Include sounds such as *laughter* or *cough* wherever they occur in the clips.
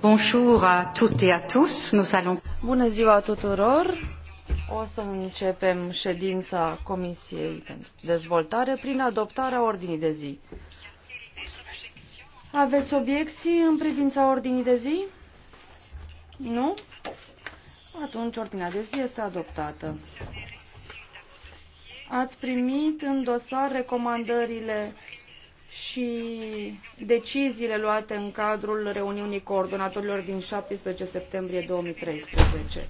Bună ziua tuturor! O să începem ședința Comisiei pentru Dezvoltare prin adoptarea ordinii de zi. Aveți obiecții în privința ordinii de zi? Nu? Atunci ordinea de zi este adoptată. Ați primit în dosar recomandările și deciziile luate în cadrul reuniunii coordonatorilor din 17 septembrie 2013.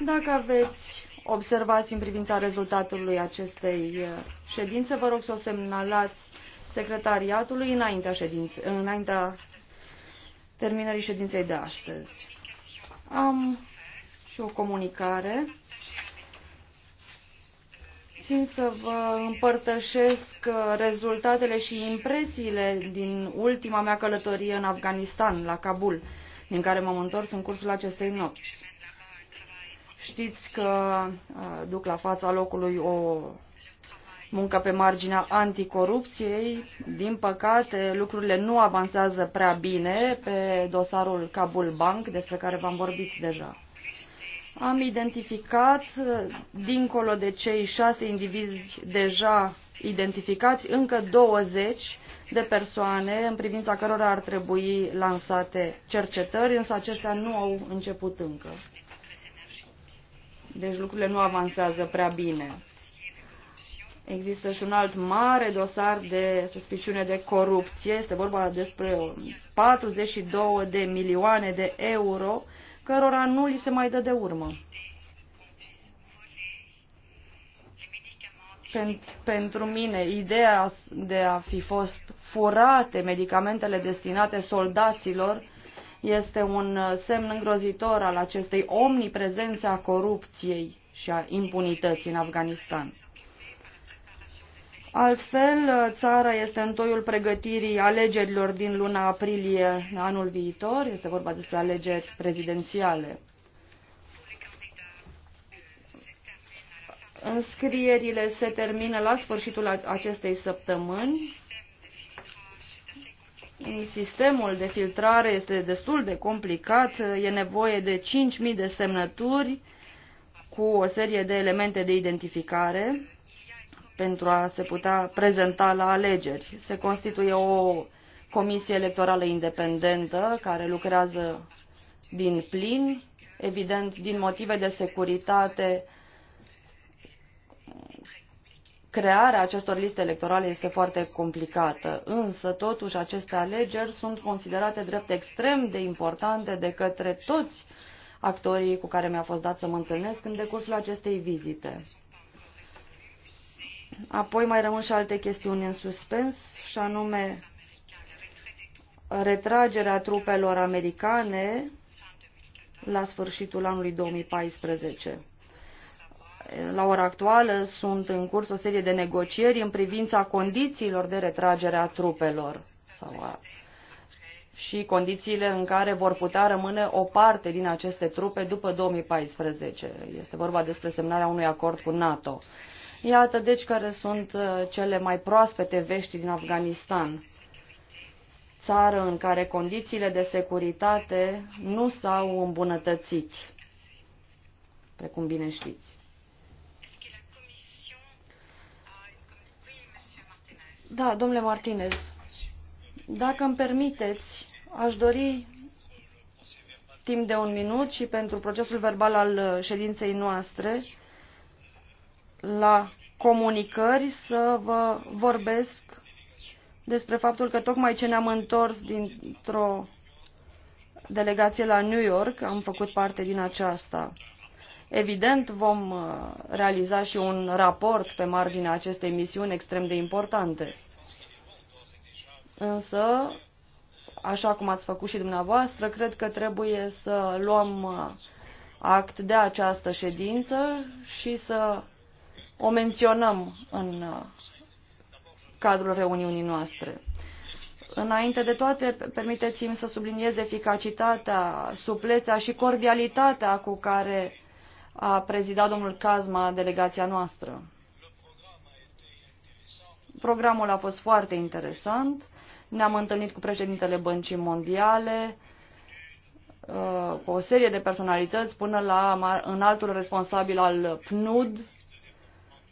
Dacă aveți observații în privința rezultatului acestei uh, ședințe, vă rog să o semnalați secretariatului înaintea, ședinței, înaintea terminării ședinței de astăzi. Am și o comunicare puțin să vă împărtășesc uh, rezultatele și impresiile din ultima mea călătorie în Afganistan, la Kabul, din care m-am întors în cursul acestei nopți. Știți că uh, duc la fața locului o muncă pe marginea anticorupției. Din păcate, lucrurile nu avansează prea bine pe dosarul Kabul Bank, despre care v-am vorbit deja. Am identificat, dincolo de cei șase indivizi deja identificați, încă 20 de persoane în privința cărora ar trebui lansate cercetări, însă acestea nu au început încă. Deci lucrurile nu avansează prea bine. Există și un alt mare dosar de suspiciune de corupție. Este vorba despre 42 de milioane de euro cărora nu li se mai dă de urmă. pentru mine ideea de a fi fost furate medicamentele destinate soldaților este un semn îngrozitor al acestei omniprezențe a corupției și a impunității în Afganistan. Altfel, țara este în toiul pregătirii alegerilor din luna aprilie anul viitor. Este vorba despre alegeri prezidențiale. Înscrierile se termină la sfârșitul acestei săptămâni. Sistemul de filtrare este destul de complicat. E nevoie de 5.000 de semnături cu o serie de elemente de identificare pentru a se putea prezenta la alegeri. Se constituie o comisie electorală independentă care lucrează din plin, evident din motive de securitate. Crearea acestor liste electorale este foarte complicată, însă totuși aceste alegeri sunt considerate drept extrem de importante de către toți actorii cu care mi-a fost dat să mă întâlnesc în decursul acestei vizite. Apoi mai rămân și alte chestiuni în suspens, și anume retragerea trupelor americane la sfârșitul anului 2014. La ora actuală sunt în curs o serie de negocieri în privința condițiilor de retragere a trupelor sau a, și condițiile în care vor putea rămâne o parte din aceste trupe după 2014. Este vorba despre semnarea unui acord cu NATO. Iată deci care sunt uh, cele mai proaspete vești din Afganistan, țară în care condițiile de securitate nu s-au îmbunătățit, precum bine știți. Da, domnule Martinez, dacă îmi permiteți, aș dori timp de un minut și pentru procesul verbal al uh, ședinței noastre la comunicări să vă vorbesc despre faptul că tocmai ce ne-am întors dintr-o delegație la New York, am făcut parte din aceasta. Evident, vom uh, realiza și un raport pe marginea acestei misiuni extrem de importante. Însă, așa cum ați făcut și dumneavoastră, cred că trebuie să luăm uh, act de această ședință și să o menționăm în uh, cadrul reuniunii noastre. Înainte de toate, permiteți-mi să subliniez eficacitatea, suplețea și cordialitatea cu care a prezidat domnul Cazma delegația noastră. Programul a fost foarte interesant. Ne-am întâlnit cu președintele Băncii Mondiale, uh, cu o serie de personalități, până la înaltul responsabil al PNUD,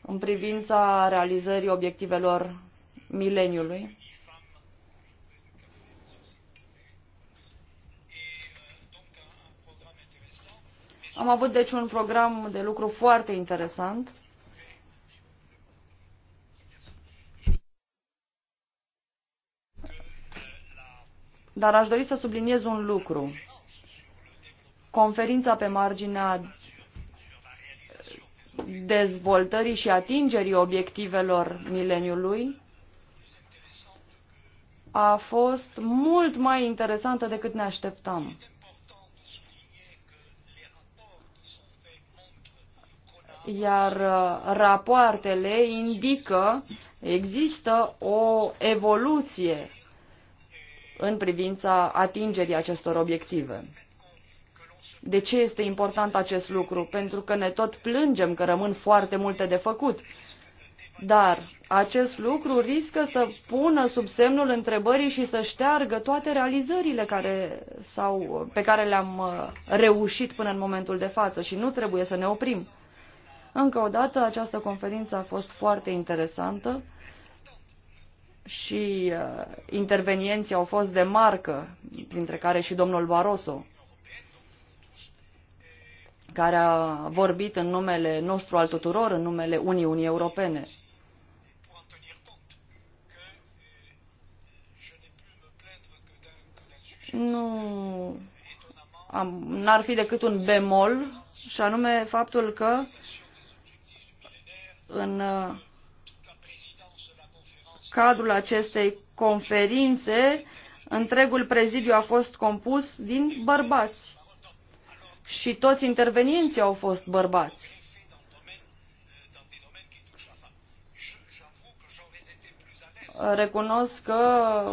în privința realizării obiectivelor mileniului. Am avut deci un program de lucru foarte interesant. Dar aș dori să subliniez un lucru. Conferința pe marginea dezvoltării și atingerii obiectivelor mileniului a fost mult mai interesantă decât ne așteptam. Iar uh, rapoartele indică există o evoluție în privința atingerii acestor obiective. De ce este important acest lucru? Pentru că ne tot plângem că rămân foarte multe de făcut. Dar acest lucru riscă să pună sub semnul întrebării și să șteargă toate realizările care, sau, pe care le-am uh, reușit până în momentul de față și nu trebuie să ne oprim. Încă o dată, această conferință a fost foarte interesantă și uh, intervenienții au fost de marcă, printre care și domnul Barroso care a vorbit în numele nostru al tuturor, în numele Uniunii Europene. Nu n-ar fi decât un bemol, și anume faptul că în cadrul acestei conferințe, întregul prezidiu a fost compus din bărbați și toți intervenienții au fost bărbați. Recunosc că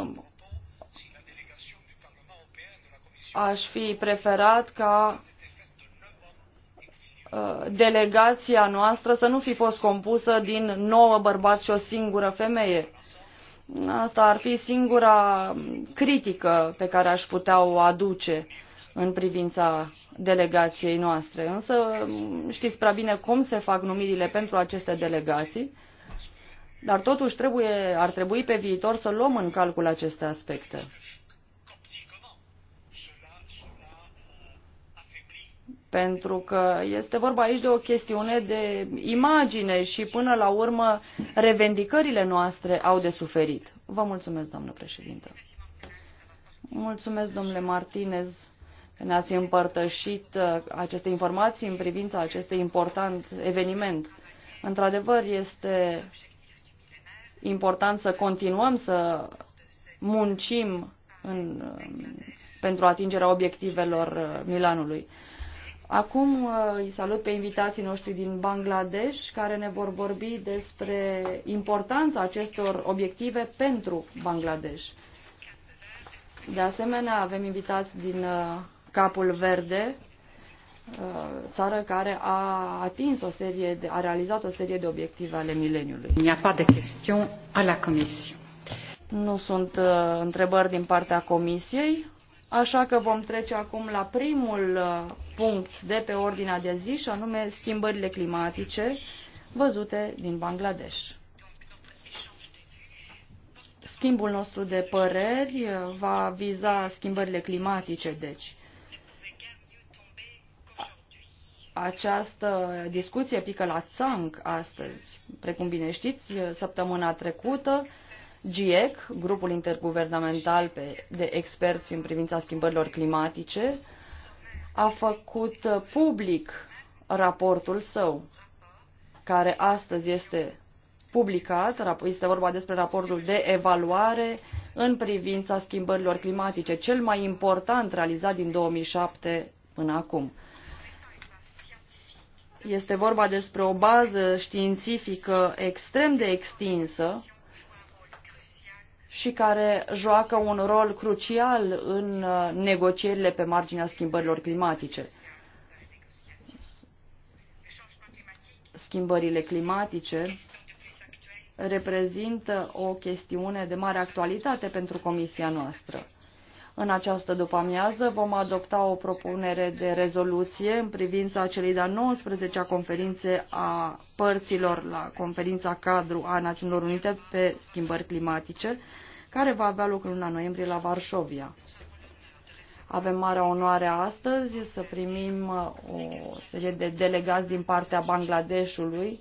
aș fi preferat ca ă, delegația noastră să nu fi fost compusă din nouă bărbați și o singură femeie. Asta ar fi singura critică pe care aș putea o aduce în privința delegației noastre. Însă știți prea bine cum se fac numirile pentru aceste delegații, dar totuși trebuie, ar trebui pe viitor să luăm în calcul aceste aspecte. pentru că este vorba aici de o chestiune de imagine și până la urmă revendicările noastre au de suferit. Vă mulțumesc, doamnă președintă. Mulțumesc, domnule Martinez ne-ați împărtășit uh, aceste informații în privința acestui important eveniment. Într-adevăr, este important să continuăm să muncim în, uh, pentru atingerea obiectivelor uh, Milanului. Acum îi salut pe invitații noștri din Bangladesh care ne vor vorbi despre importanța acestor obiective pentru Bangladesh. De asemenea, avem invitați din capul verde, uh, țară care a atins o serie, de, a realizat o serie de obiective ale mileniului. Nu a pas de question a la comisie. Nu sunt uh, întrebări din partea comisiei, așa că vom trece acum la primul uh, punct de pe ordinea de zi, și anume schimbările climatice văzute din Bangladesh. Schimbul nostru de păreri va viza schimbările climatice, deci. Această discuție pică la țang astăzi. Precum bine știți, săptămâna trecută, GIEC, grupul interguvernamental pe, de experți în privința schimbărilor climatice, a făcut public raportul său, care astăzi este publicat, este vorba despre raportul de evaluare în privința schimbărilor climatice, cel mai important realizat din 2007 până acum. Este vorba despre o bază științifică extrem de extinsă și care joacă un rol crucial în uh, negocierile pe marginea schimbărilor climatice. Schimbările climatice reprezintă o chestiune de mare actualitate pentru Comisia noastră. În această după-amiază vom adopta o propunere de rezoluție în privința celei de-a 19-a conferințe a părților la conferința cadru a Națiunilor Unite pe schimbări climatice, care va avea loc luna noiembrie la Varșovia. Avem marea onoare astăzi să primim o serie de delegați din partea Bangladeshului,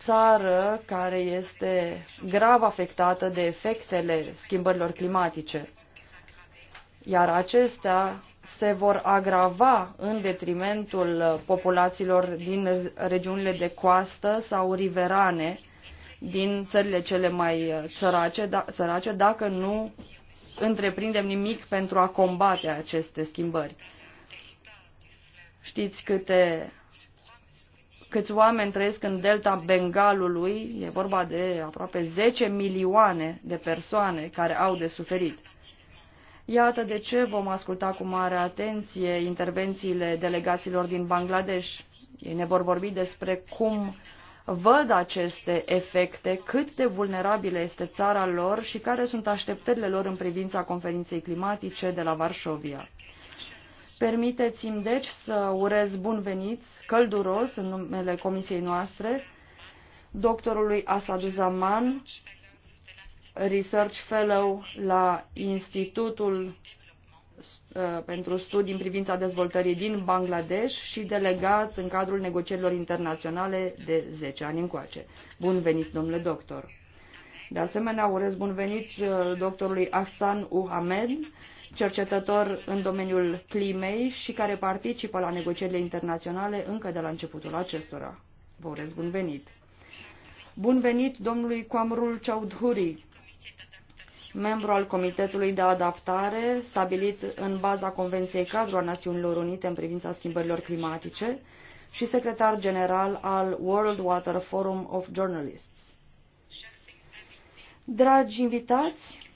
țară care este grav afectată de efectele schimbărilor climatice, iar acestea se vor agrava în detrimentul populațiilor din regiunile de coastă sau riverane din țările cele mai țărace, da, sărace dacă nu întreprindem nimic pentru a combate aceste schimbări. Știți câte câți oameni trăiesc în delta Bengalului, e vorba de aproape 10 milioane de persoane care au de suferit. Iată de ce vom asculta cu mare atenție intervențiile delegaților din Bangladesh. Ei ne vor vorbi despre cum văd aceste efecte, cât de vulnerabilă este țara lor și care sunt așteptările lor în privința conferinței climatice de la Varșovia. Permiteți-mi deci să urez bun venit, călduros, în numele comisiei noastre, doctorului Zaman, Research Fellow la Institutul uh, pentru studii în privința dezvoltării din Bangladesh și delegat în cadrul negocierilor internaționale de 10 ani încoace. Bun venit, domnule doctor! De asemenea, urez bun venit uh, doctorului Ahsan Uhamed, cercetător în domeniul climei și care participă la negocierile internaționale încă de la începutul acestora. Vă urez bun venit! Bun venit domnului Kwamrul Chaudhuri, membru al Comitetului de Adaptare, stabilit în baza Convenției Cadru a Națiunilor Unite în privința schimbărilor climatice și secretar general al World Water Forum of Journalists. Dragi invitați,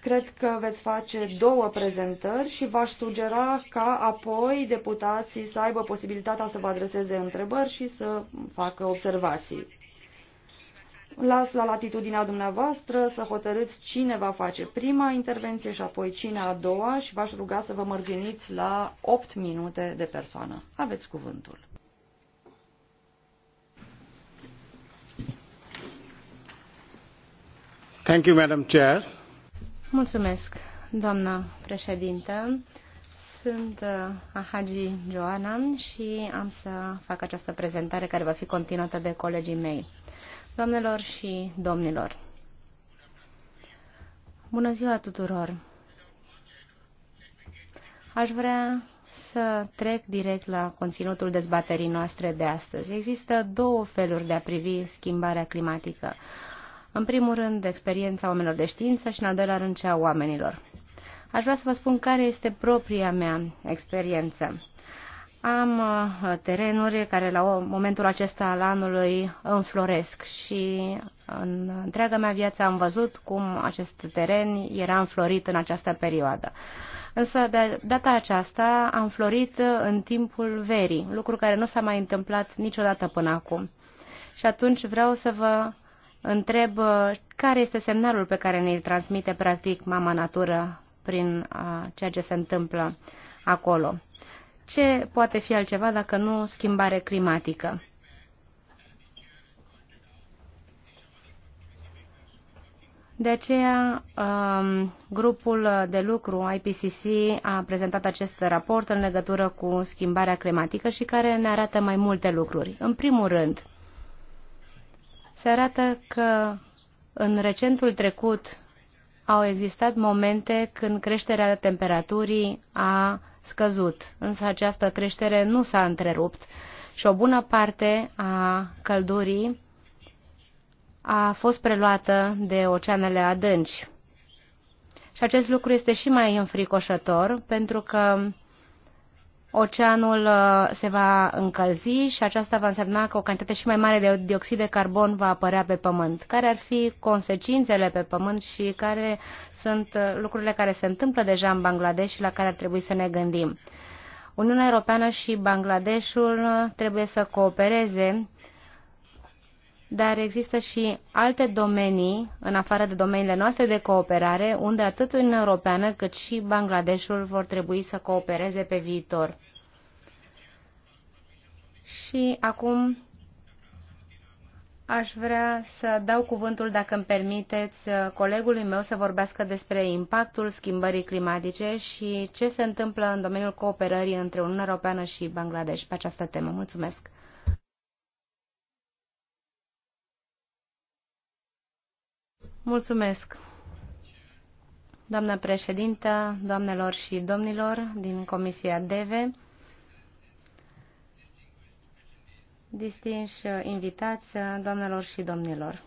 Cred că veți face două prezentări și v-aș sugera ca apoi deputații să aibă posibilitatea să vă adreseze întrebări și să facă observații. Las la latitudinea dumneavoastră să hotărâți cine va face prima intervenție și apoi cine a doua și v-aș ruga să vă mărginiți la 8 minute de persoană. Aveți cuvântul. Thank you, Madam Chair. Mulțumesc, doamna președintă. Sunt uh, Ahagi Joana și am să fac această prezentare care va fi continuată de colegii mei. Doamnelor și domnilor, bună ziua tuturor! Aș vrea să trec direct la conținutul dezbaterii noastre de astăzi. Există două feluri de a privi schimbarea climatică. În primul rând, experiența oamenilor de știință și, în al doilea rând, cea a oamenilor. Aș vrea să vă spun care este propria mea experiență. Am uh, terenuri care la momentul acesta al anului înfloresc și în întreaga mea viață am văzut cum acest teren era înflorit în această perioadă. Însă de data aceasta am florit în timpul verii, lucru care nu s-a mai întâmplat niciodată până acum. Și atunci vreau să vă întreb uh, care este semnalul pe care ne-l transmite practic mama natură prin uh, ceea ce se întâmplă acolo. Ce poate fi altceva dacă nu schimbare climatică? De aceea, um, grupul de lucru IPCC a prezentat acest raport în legătură cu schimbarea climatică și care ne arată mai multe lucruri. În primul rând, se arată că în recentul trecut au existat momente când creșterea temperaturii a scăzut, însă această creștere nu s-a întrerupt și o bună parte a căldurii a fost preluată de oceanele adânci. Și acest lucru este și mai înfricoșător pentru că oceanul uh, se va încălzi și aceasta va însemna că o cantitate și mai mare de dioxid de carbon va apărea pe Pământ. Care ar fi consecințele pe Pământ și care sunt uh, lucrurile care se întâmplă deja în Bangladesh și la care ar trebui să ne gândim? Uniunea Europeană și Bangladeshul uh, trebuie să coopereze, dar există și alte domenii, în afară de domeniile noastre de cooperare, unde atât Uniunea Europeană cât și Bangladeshul vor trebui să coopereze pe viitor. Și acum aș vrea să dau cuvântul, dacă îmi permiteți, colegului meu să vorbească despre impactul schimbării climatice și ce se întâmplă în domeniul cooperării între Uniunea Europeană și Bangladesh pe această temă. Mulțumesc! Mulțumesc! Doamna președintă, doamnelor și domnilor din Comisia DEVE, distinși uh, invitați, uh, doamnelor și domnilor.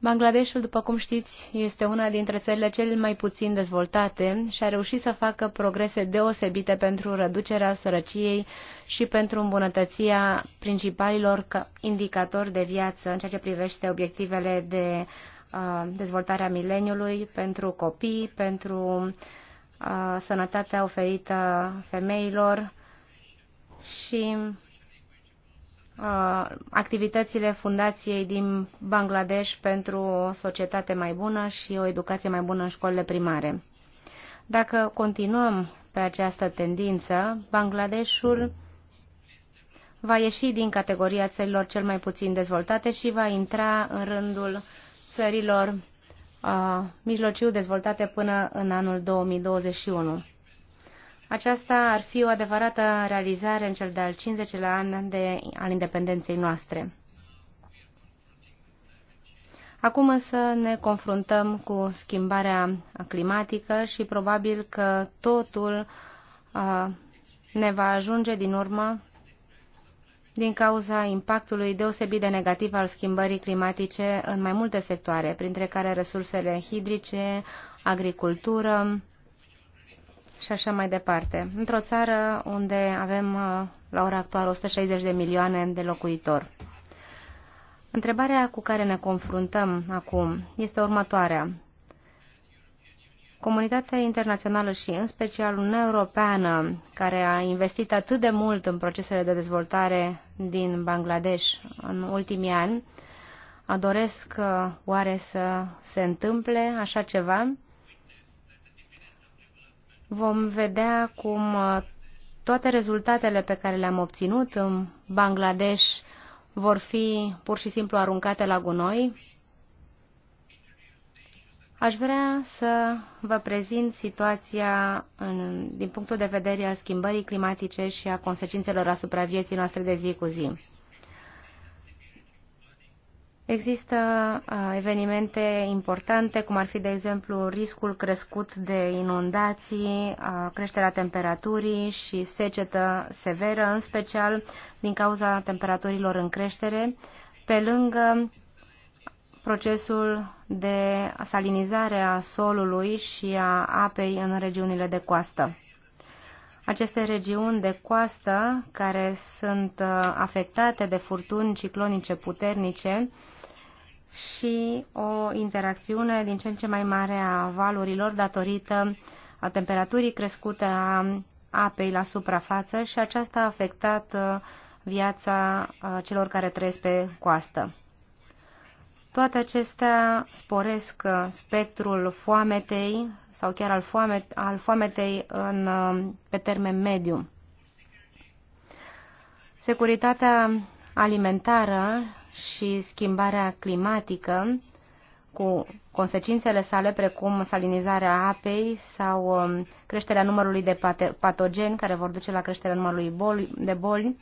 Bangladeshul, după cum știți, este una dintre țările cele mai puțin dezvoltate și a reușit să facă progrese deosebite pentru reducerea sărăciei și pentru îmbunătățirea principalilor indicatori de viață în ceea ce privește obiectivele de Uh, dezvoltarea mileniului pentru copii, pentru uh, sănătatea oferită femeilor și uh, activitățile fundației din Bangladesh pentru o societate mai bună și o educație mai bună în școlile primare. Dacă continuăm pe această tendință, Bangladeshul va ieși din categoria țărilor cel mai puțin dezvoltate și va intra în rândul țărilor uh, mijlociu dezvoltate până în anul 2021. Aceasta ar fi o adevărată realizare în cel de-al 50-lea an de, al independenței noastre. Acum însă ne confruntăm cu schimbarea climatică și probabil că totul uh, ne va ajunge din urmă din cauza impactului deosebit de negativ al schimbării climatice în mai multe sectoare, printre care resursele hidrice, agricultură și așa mai departe. Într-o țară unde avem uh, la ora actuală 160 de milioane de locuitori. Întrebarea cu care ne confruntăm acum este următoarea. Comunitatea internațională și în special Uniunea Europeană, care a investit atât de mult în procesele de dezvoltare din Bangladesh în ultimii ani, a doresc uh, oare să se întâmple așa ceva? Vom vedea cum uh, toate rezultatele pe care le-am obținut în Bangladesh vor fi pur și simplu aruncate la gunoi Aș vrea să vă prezint situația în, din punctul de vedere al schimbării climatice și a consecințelor asupra vieții noastre de zi cu zi. Există uh, evenimente importante, cum ar fi, de exemplu, riscul crescut de inundații, uh, creșterea temperaturii și secetă severă, în special din cauza temperaturilor în creștere, pe lângă procesul de salinizare a solului și a apei în regiunile de coastă. Aceste regiuni de coastă, care sunt uh, afectate de furtuni ciclonice puternice și o interacțiune din ce în ce mai mare a valurilor datorită a temperaturii crescute a apei la suprafață și aceasta a afectat uh, viața uh, celor care trăiesc pe coastă. Toate acestea sporesc uh, spectrul foametei sau chiar al, foame, al foametei în, uh, pe termen mediu. Securitatea alimentară și schimbarea climatică cu consecințele sale precum salinizarea apei sau um, creșterea numărului de patogeni care vor duce la creșterea numărului de boli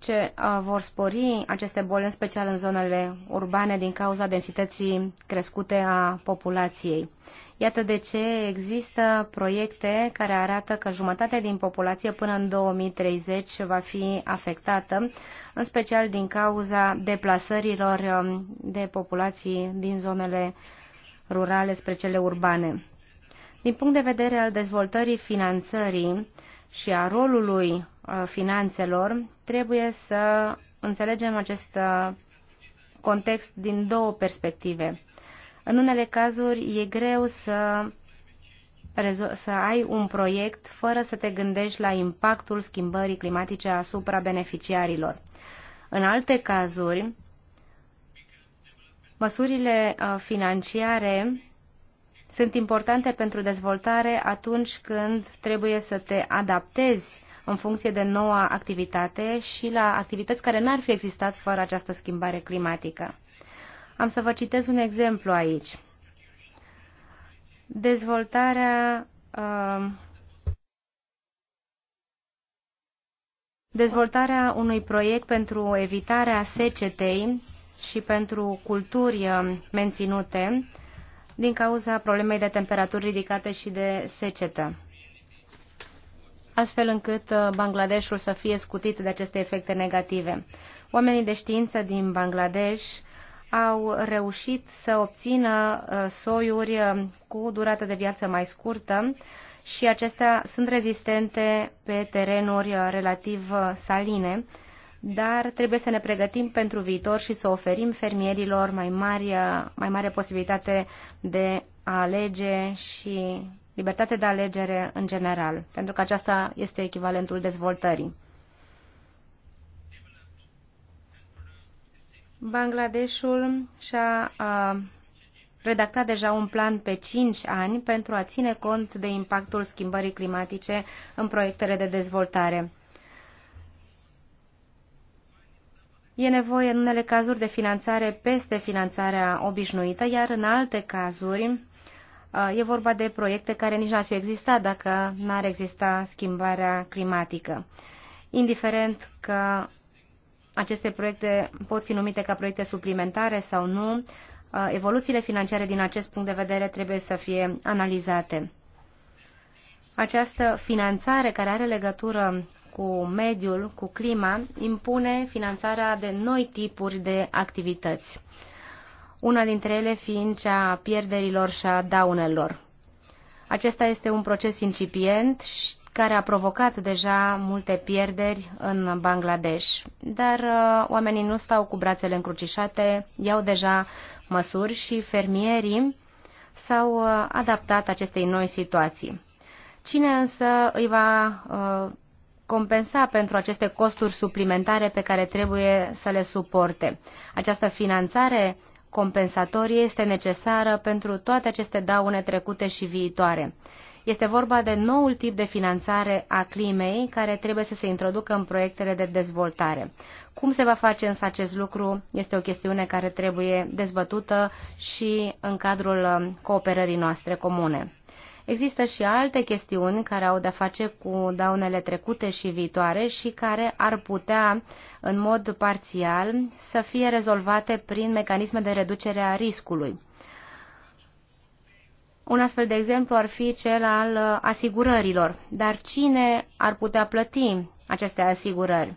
ce uh, vor spori aceste boli, în special în zonele urbane, din cauza densității crescute a populației. Iată de ce există proiecte care arată că jumătate din populație până în 2030 va fi afectată, în special din cauza deplasărilor um, de populații din zonele rurale spre cele urbane. Din punct de vedere al dezvoltării finanțării și a rolului uh, finanțelor, Trebuie să înțelegem acest uh, context din două perspective. În unele cazuri e greu să, să ai un proiect fără să te gândești la impactul schimbării climatice asupra beneficiarilor. În alte cazuri, măsurile uh, financiare sunt importante pentru dezvoltare atunci când trebuie să te adaptezi în funcție de noua activitate și la activități care n-ar fi existat fără această schimbare climatică. Am să vă citesc un exemplu aici. Dezvoltarea uh, Dezvoltarea unui proiect pentru evitarea secetei și pentru culturi uh, menținute din cauza problemei de temperaturi ridicate și de secetă astfel încât uh, Bangladeshul să fie scutit de aceste efecte negative. Oamenii de știință din Bangladesh au reușit să obțină uh, soiuri uh, cu durată de viață mai scurtă și acestea sunt rezistente pe terenuri relativ saline, dar trebuie să ne pregătim pentru viitor și să oferim fermierilor mai, mare mai mare posibilitate de a alege și libertate de alegere în general, pentru că aceasta este echivalentul dezvoltării. Bangladeshul și-a redactat deja un plan pe 5 ani pentru a ține cont de impactul schimbării climatice în proiectele de dezvoltare. E nevoie în unele cazuri de finanțare peste finanțarea obișnuită, iar în alte cazuri Uh, e vorba de proiecte care nici n-ar fi existat dacă n-ar exista schimbarea climatică. Indiferent că aceste proiecte pot fi numite ca proiecte suplimentare sau nu, uh, evoluțiile financiare din acest punct de vedere trebuie să fie analizate. Această finanțare care are legătură cu mediul, cu clima, impune finanțarea de noi tipuri de activități una dintre ele fiind cea a pierderilor și a daunelor. Acesta este un proces incipient și care a provocat deja multe pierderi în Bangladesh. Dar uh, oamenii nu stau cu brațele încrucișate, iau deja măsuri și fermierii s-au uh, adaptat acestei noi situații. Cine însă îi va uh, compensa pentru aceste costuri suplimentare pe care trebuie să le suporte? Această finanțare compensatorie este necesară pentru toate aceste daune trecute și viitoare. Este vorba de noul tip de finanțare a climei care trebuie să se introducă în proiectele de dezvoltare. Cum se va face însă acest lucru este o chestiune care trebuie dezbătută și în cadrul uh, cooperării noastre comune. Există și alte chestiuni care au de-a face cu daunele trecute și viitoare și care ar putea, în mod parțial, să fie rezolvate prin mecanisme de reducere a riscului. Un astfel de exemplu ar fi cel al asigurărilor. Dar cine ar putea plăti aceste asigurări?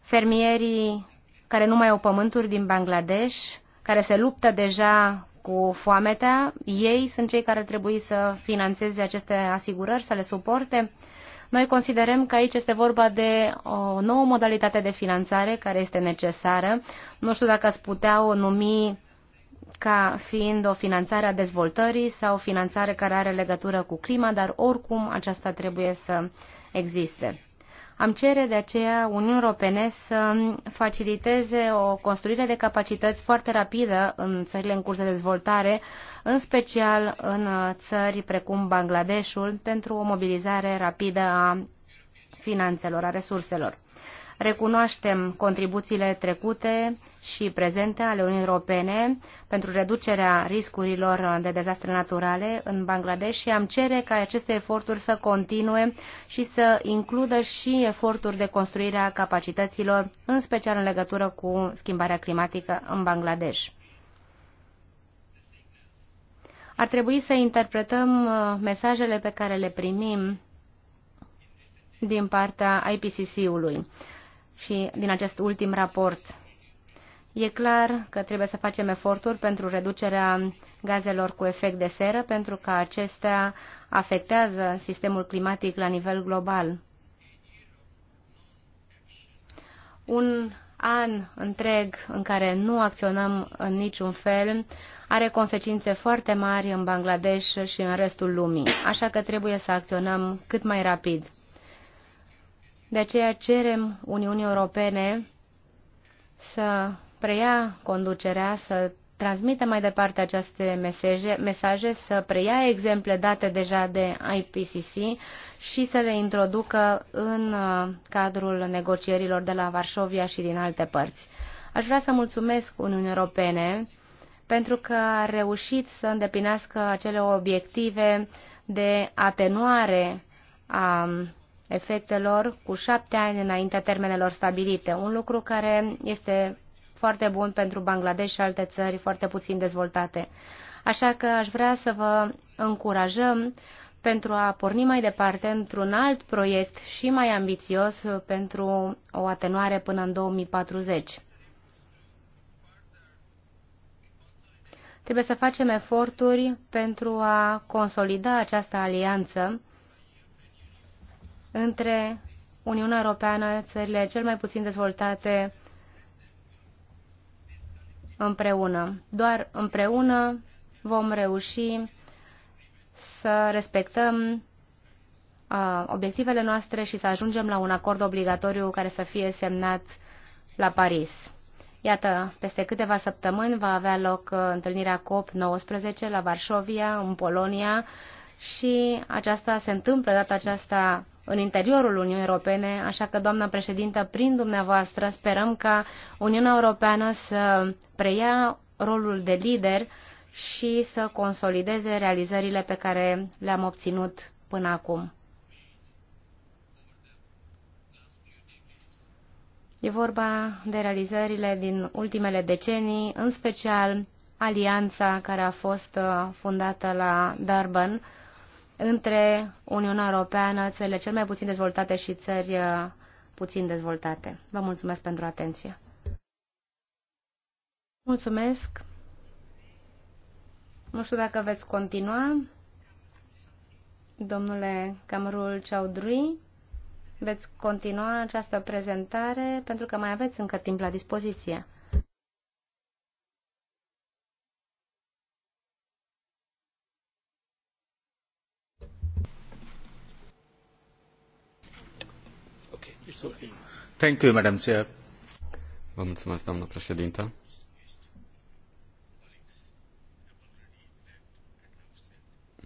Fermierii care nu mai au pământuri din Bangladesh, care se luptă deja cu foametea, ei sunt cei care trebuie să financeze aceste asigurări, să le suporte. Noi considerăm că aici este vorba de o nouă modalitate de finanțare care este necesară. Nu știu dacă ați putea o numi ca fiind o finanțare a dezvoltării sau o finanțare care are legătură cu clima, dar oricum aceasta trebuie să existe. Am cere de aceea Uniunii Europene să faciliteze o construire de capacități foarte rapidă în țările în curs de dezvoltare, în special în uh, țări precum Bangladeshul, pentru o mobilizare rapidă a finanțelor, a resurselor. Recunoaștem contribuțiile trecute și prezente ale Uniunii Europene pentru reducerea riscurilor de dezastre naturale în Bangladesh și am cere ca aceste eforturi să continue și să includă și eforturi de construire a capacităților, în special în legătură cu schimbarea climatică în Bangladesh ar trebui să interpretăm uh, mesajele pe care le primim din partea IPCC-ului și din acest ultim raport. E clar că trebuie să facem eforturi pentru reducerea gazelor cu efect de seră, pentru că acestea afectează sistemul climatic la nivel global. Un an întreg în care nu acționăm în niciun fel are consecințe foarte mari în Bangladesh și în restul lumii, așa că trebuie să acționăm cât mai rapid. De aceea cerem Uniunii Europene să preia conducerea, să transmită mai departe aceste mesaje, mesaje, să preia exemple date deja de IPCC și să le introducă în uh, cadrul negocierilor de la Varșovia și din alte părți. Aș vrea să mulțumesc Uniunii Europene pentru că a reușit să îndeplinească acele obiective de atenuare a efectelor cu șapte ani înaintea termenelor stabilite, un lucru care este foarte bun pentru Bangladesh și alte țări foarte puțin dezvoltate. Așa că aș vrea să vă încurajăm pentru a porni mai departe într-un alt proiect și mai ambițios pentru o atenuare până în 2040. Trebuie să facem eforturi pentru a consolida această alianță între Uniunea Europeană, țările cel mai puțin dezvoltate împreună. Doar împreună vom reuși să respectăm obiectivele noastre și să ajungem la un acord obligatoriu care să fie semnat la Paris. Iată, peste câteva săptămâni va avea loc întâlnirea COP19 la Varșovia, în Polonia, și aceasta se întâmplă data aceasta în interiorul Uniunii Europene, așa că, doamna președintă, prin dumneavoastră sperăm ca Uniunea Europeană să preia rolul de lider și să consolideze realizările pe care le-am obținut până acum. E vorba de realizările din ultimele decenii, în special alianța care a fost uh, fundată la Durban, între Uniunea Europeană, țările cel mai puțin dezvoltate și țări uh, puțin dezvoltate. Vă mulțumesc pentru atenție. Mulțumesc. Nu știu dacă veți continua. Domnule Camrul Chaudhry, veți continua această prezentare pentru că mai aveți încă timp la dispoziție. Thank you, Madam Chair. Vă mulțumesc, doamnă președintă.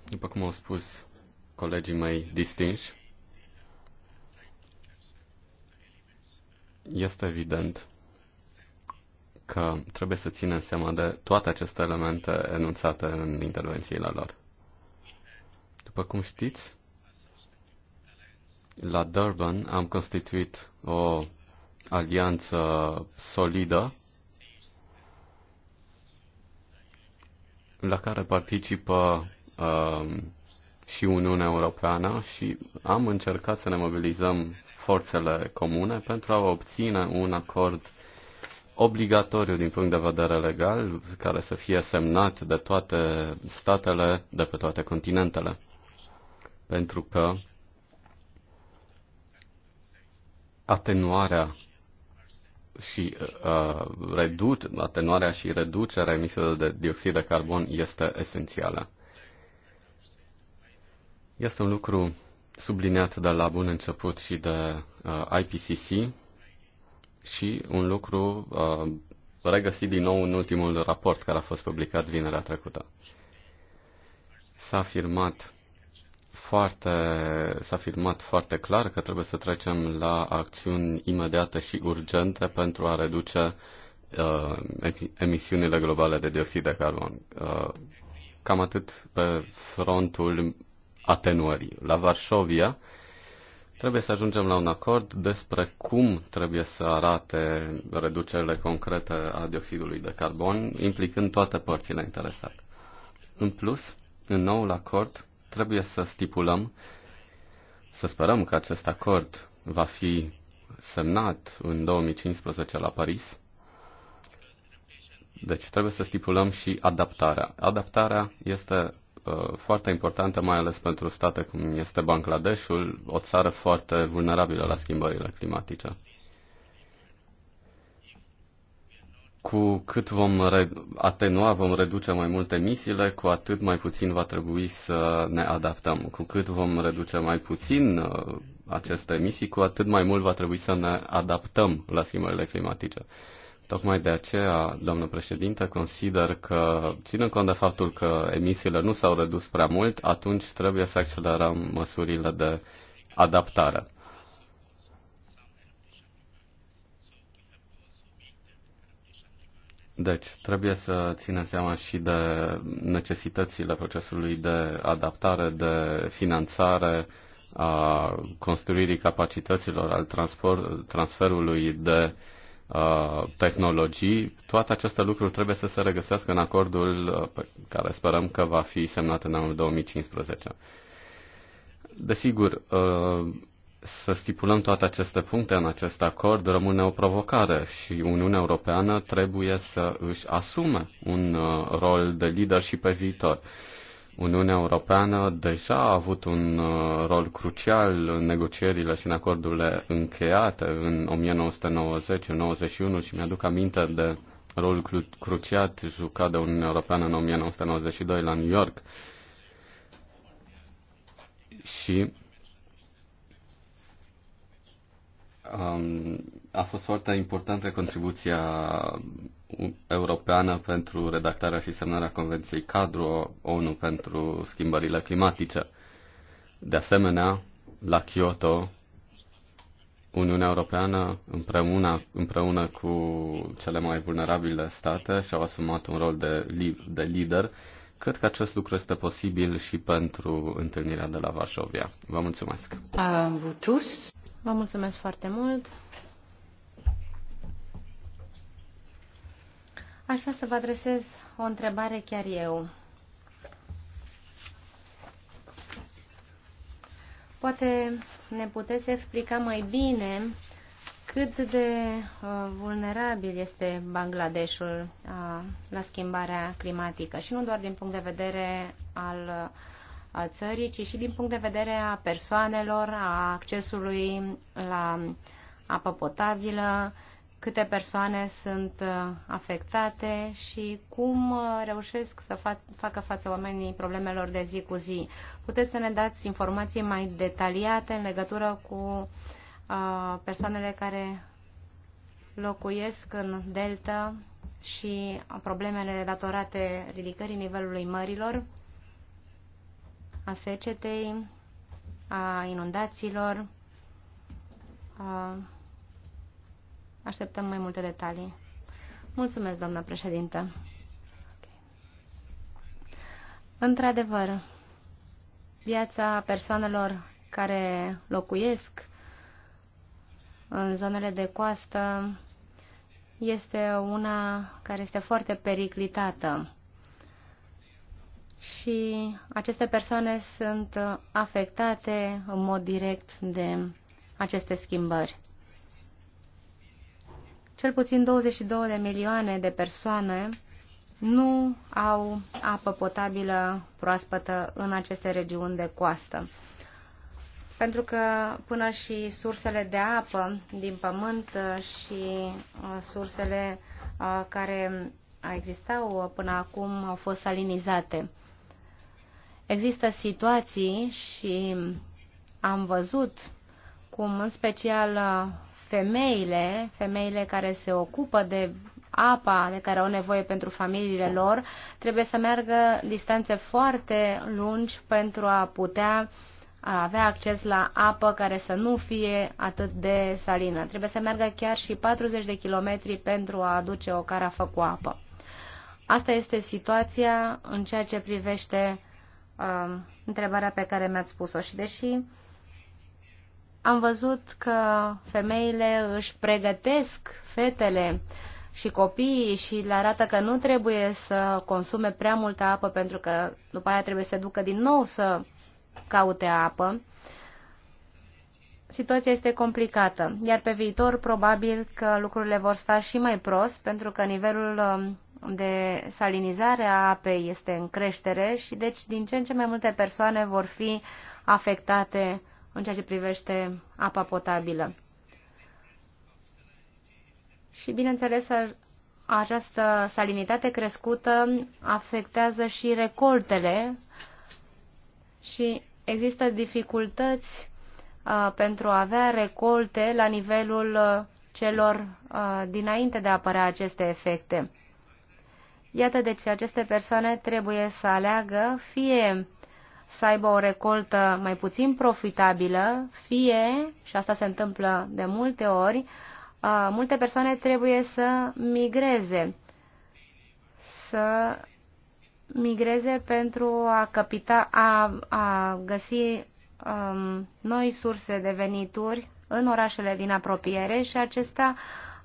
După cum au spus colegii mei distinși, este evident că trebuie să ținem seama de toate aceste elemente enunțate în intervențiile lor. După cum știți, la Durban am constituit o alianță solidă la care participă uh, și Uniunea Europeană și am încercat să ne mobilizăm forțele comune pentru a obține un acord obligatoriu din punct de vedere legal, care să fie semnat de toate statele de pe toate continentele. Pentru că atenuarea și uh, reduc, atenuarea și reducerea emisiilor de dioxid de carbon este esențială. Este un lucru subliniat de la bun început și de uh, IPCC și un lucru uh, regăsit din nou în ultimul raport care a fost publicat vinerea trecută. S-a afirmat foarte, s-a afirmat foarte clar că trebuie să trecem la acțiuni imediate și urgente pentru a reduce uh, emisiunile globale de dioxid de carbon. Uh, cam atât pe frontul atenuării. La Varșovia trebuie să ajungem la un acord despre cum trebuie să arate reducerile concrete a dioxidului de carbon, implicând toate părțile interesate. În plus, în noul acord, Trebuie să stipulăm, să sperăm că acest acord va fi semnat în 2015 la Paris. Deci trebuie să stipulăm și adaptarea. Adaptarea este uh, foarte importantă, mai ales pentru state cum este Bangladeshul, o țară foarte vulnerabilă la schimbările climatice. cu cât vom atenua, vom reduce mai mult emisiile, cu atât mai puțin va trebui să ne adaptăm. Cu cât vom reduce mai puțin uh, aceste emisii, cu atât mai mult va trebui să ne adaptăm la schimbările climatice. Tocmai de aceea, doamnă președinte, consider că, ținând cont de faptul că emisiile nu s-au redus prea mult, atunci trebuie să accelerăm măsurile de adaptare. Deci, trebuie să ținem seama și de necesitățile procesului de adaptare, de finanțare, a construirii capacităților, al transfer, transferului de a, tehnologii. Toate aceste lucruri trebuie să se regăsească în acordul pe care sperăm că va fi semnat în anul 2015. Desigur, uh, să stipulăm toate aceste puncte în acest acord rămâne o provocare și Uniunea Europeană trebuie să își asume un uh, rol de lider și pe viitor. Uniunea Europeană deja a avut un uh, rol crucial în negocierile și în acordurile încheiate în 1990, 91 și mi-aduc aminte de rolul cruciat jucat de Uniunea Europeană în 1992 la New York. Și Um, a fost foarte importantă contribuția europeană pentru redactarea și semnarea Convenției Cadru ONU pentru schimbările climatice. De asemenea, la Kyoto, Uniunea Europeană împreună, împreună cu cele mai vulnerabile state și-au asumat un rol de, li- de lider. Cred că acest lucru este posibil și pentru întâlnirea de la Varșovia. Vă mulțumesc! Am Vă mulțumesc foarte mult. Aș vrea să vă adresez o întrebare chiar eu. Poate ne puteți explica mai bine cât de uh, vulnerabil este Bangladeshul uh, la schimbarea climatică și nu doar din punct de vedere al uh, a țării, ci și din punct de vedere a persoanelor, a accesului la apă potabilă, câte persoane sunt uh, afectate și cum uh, reușesc să facă față oamenii problemelor de zi cu zi. Puteți să ne dați informații mai detaliate în legătură cu uh, persoanele care locuiesc în delta și problemele datorate ridicării nivelului mărilor a secetei, a inundațiilor. Așteptăm mai multe detalii. Mulțumesc, doamna președintă. Într-adevăr, viața persoanelor care locuiesc în zonele de coastă este una care este foarte periclitată și aceste persoane sunt afectate în mod direct de aceste schimbări. Cel puțin 22 de milioane de persoane nu au apă potabilă proaspătă în aceste regiuni de coastă. Pentru că până și sursele de apă din pământ și uh, sursele uh, care existau până acum au fost salinizate. Există situații și am văzut cum în special femeile, femeile care se ocupă de apa de care au nevoie pentru familiile lor, trebuie să meargă distanțe foarte lungi pentru a putea avea acces la apă care să nu fie atât de salină. Trebuie să meargă chiar și 40 de kilometri pentru a aduce o carafă cu apă. Asta este situația în ceea ce privește uh, întrebarea pe care mi-ați spus-o și deși am văzut că femeile își pregătesc fetele și copiii și le arată că nu trebuie să consume prea multă apă pentru că după aia trebuie să se ducă din nou să caute apă, situația este complicată, iar pe viitor probabil că lucrurile vor sta și mai prost pentru că nivelul um, de salinizare a apei este în creștere și deci din ce în ce mai multe persoane vor fi afectate în ceea ce privește apa potabilă. Și bineînțeles, această salinitate crescută afectează și recoltele și există dificultăți uh, pentru a avea recolte la nivelul celor uh, dinainte de a apărea aceste efecte. Iată de ce aceste persoane trebuie să aleagă fie să aibă o recoltă mai puțin profitabilă, fie, și asta se întâmplă de multe ori, multe persoane trebuie să migreze, să migreze pentru a, capita, a, a găsi um, noi surse de venituri în orașele din apropiere și acesta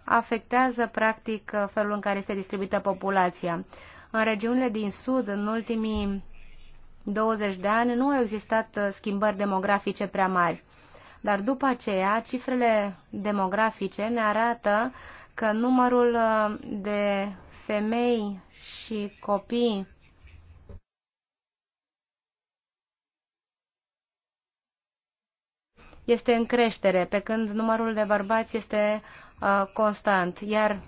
afectează practic felul în care este distribuită populația. În regiunile din sud, în ultimii 20 de ani, nu au existat schimbări demografice prea mari. Dar după aceea, cifrele demografice ne arată că numărul uh, de femei și copii este în creștere, pe când numărul de bărbați este Uh, constant, iar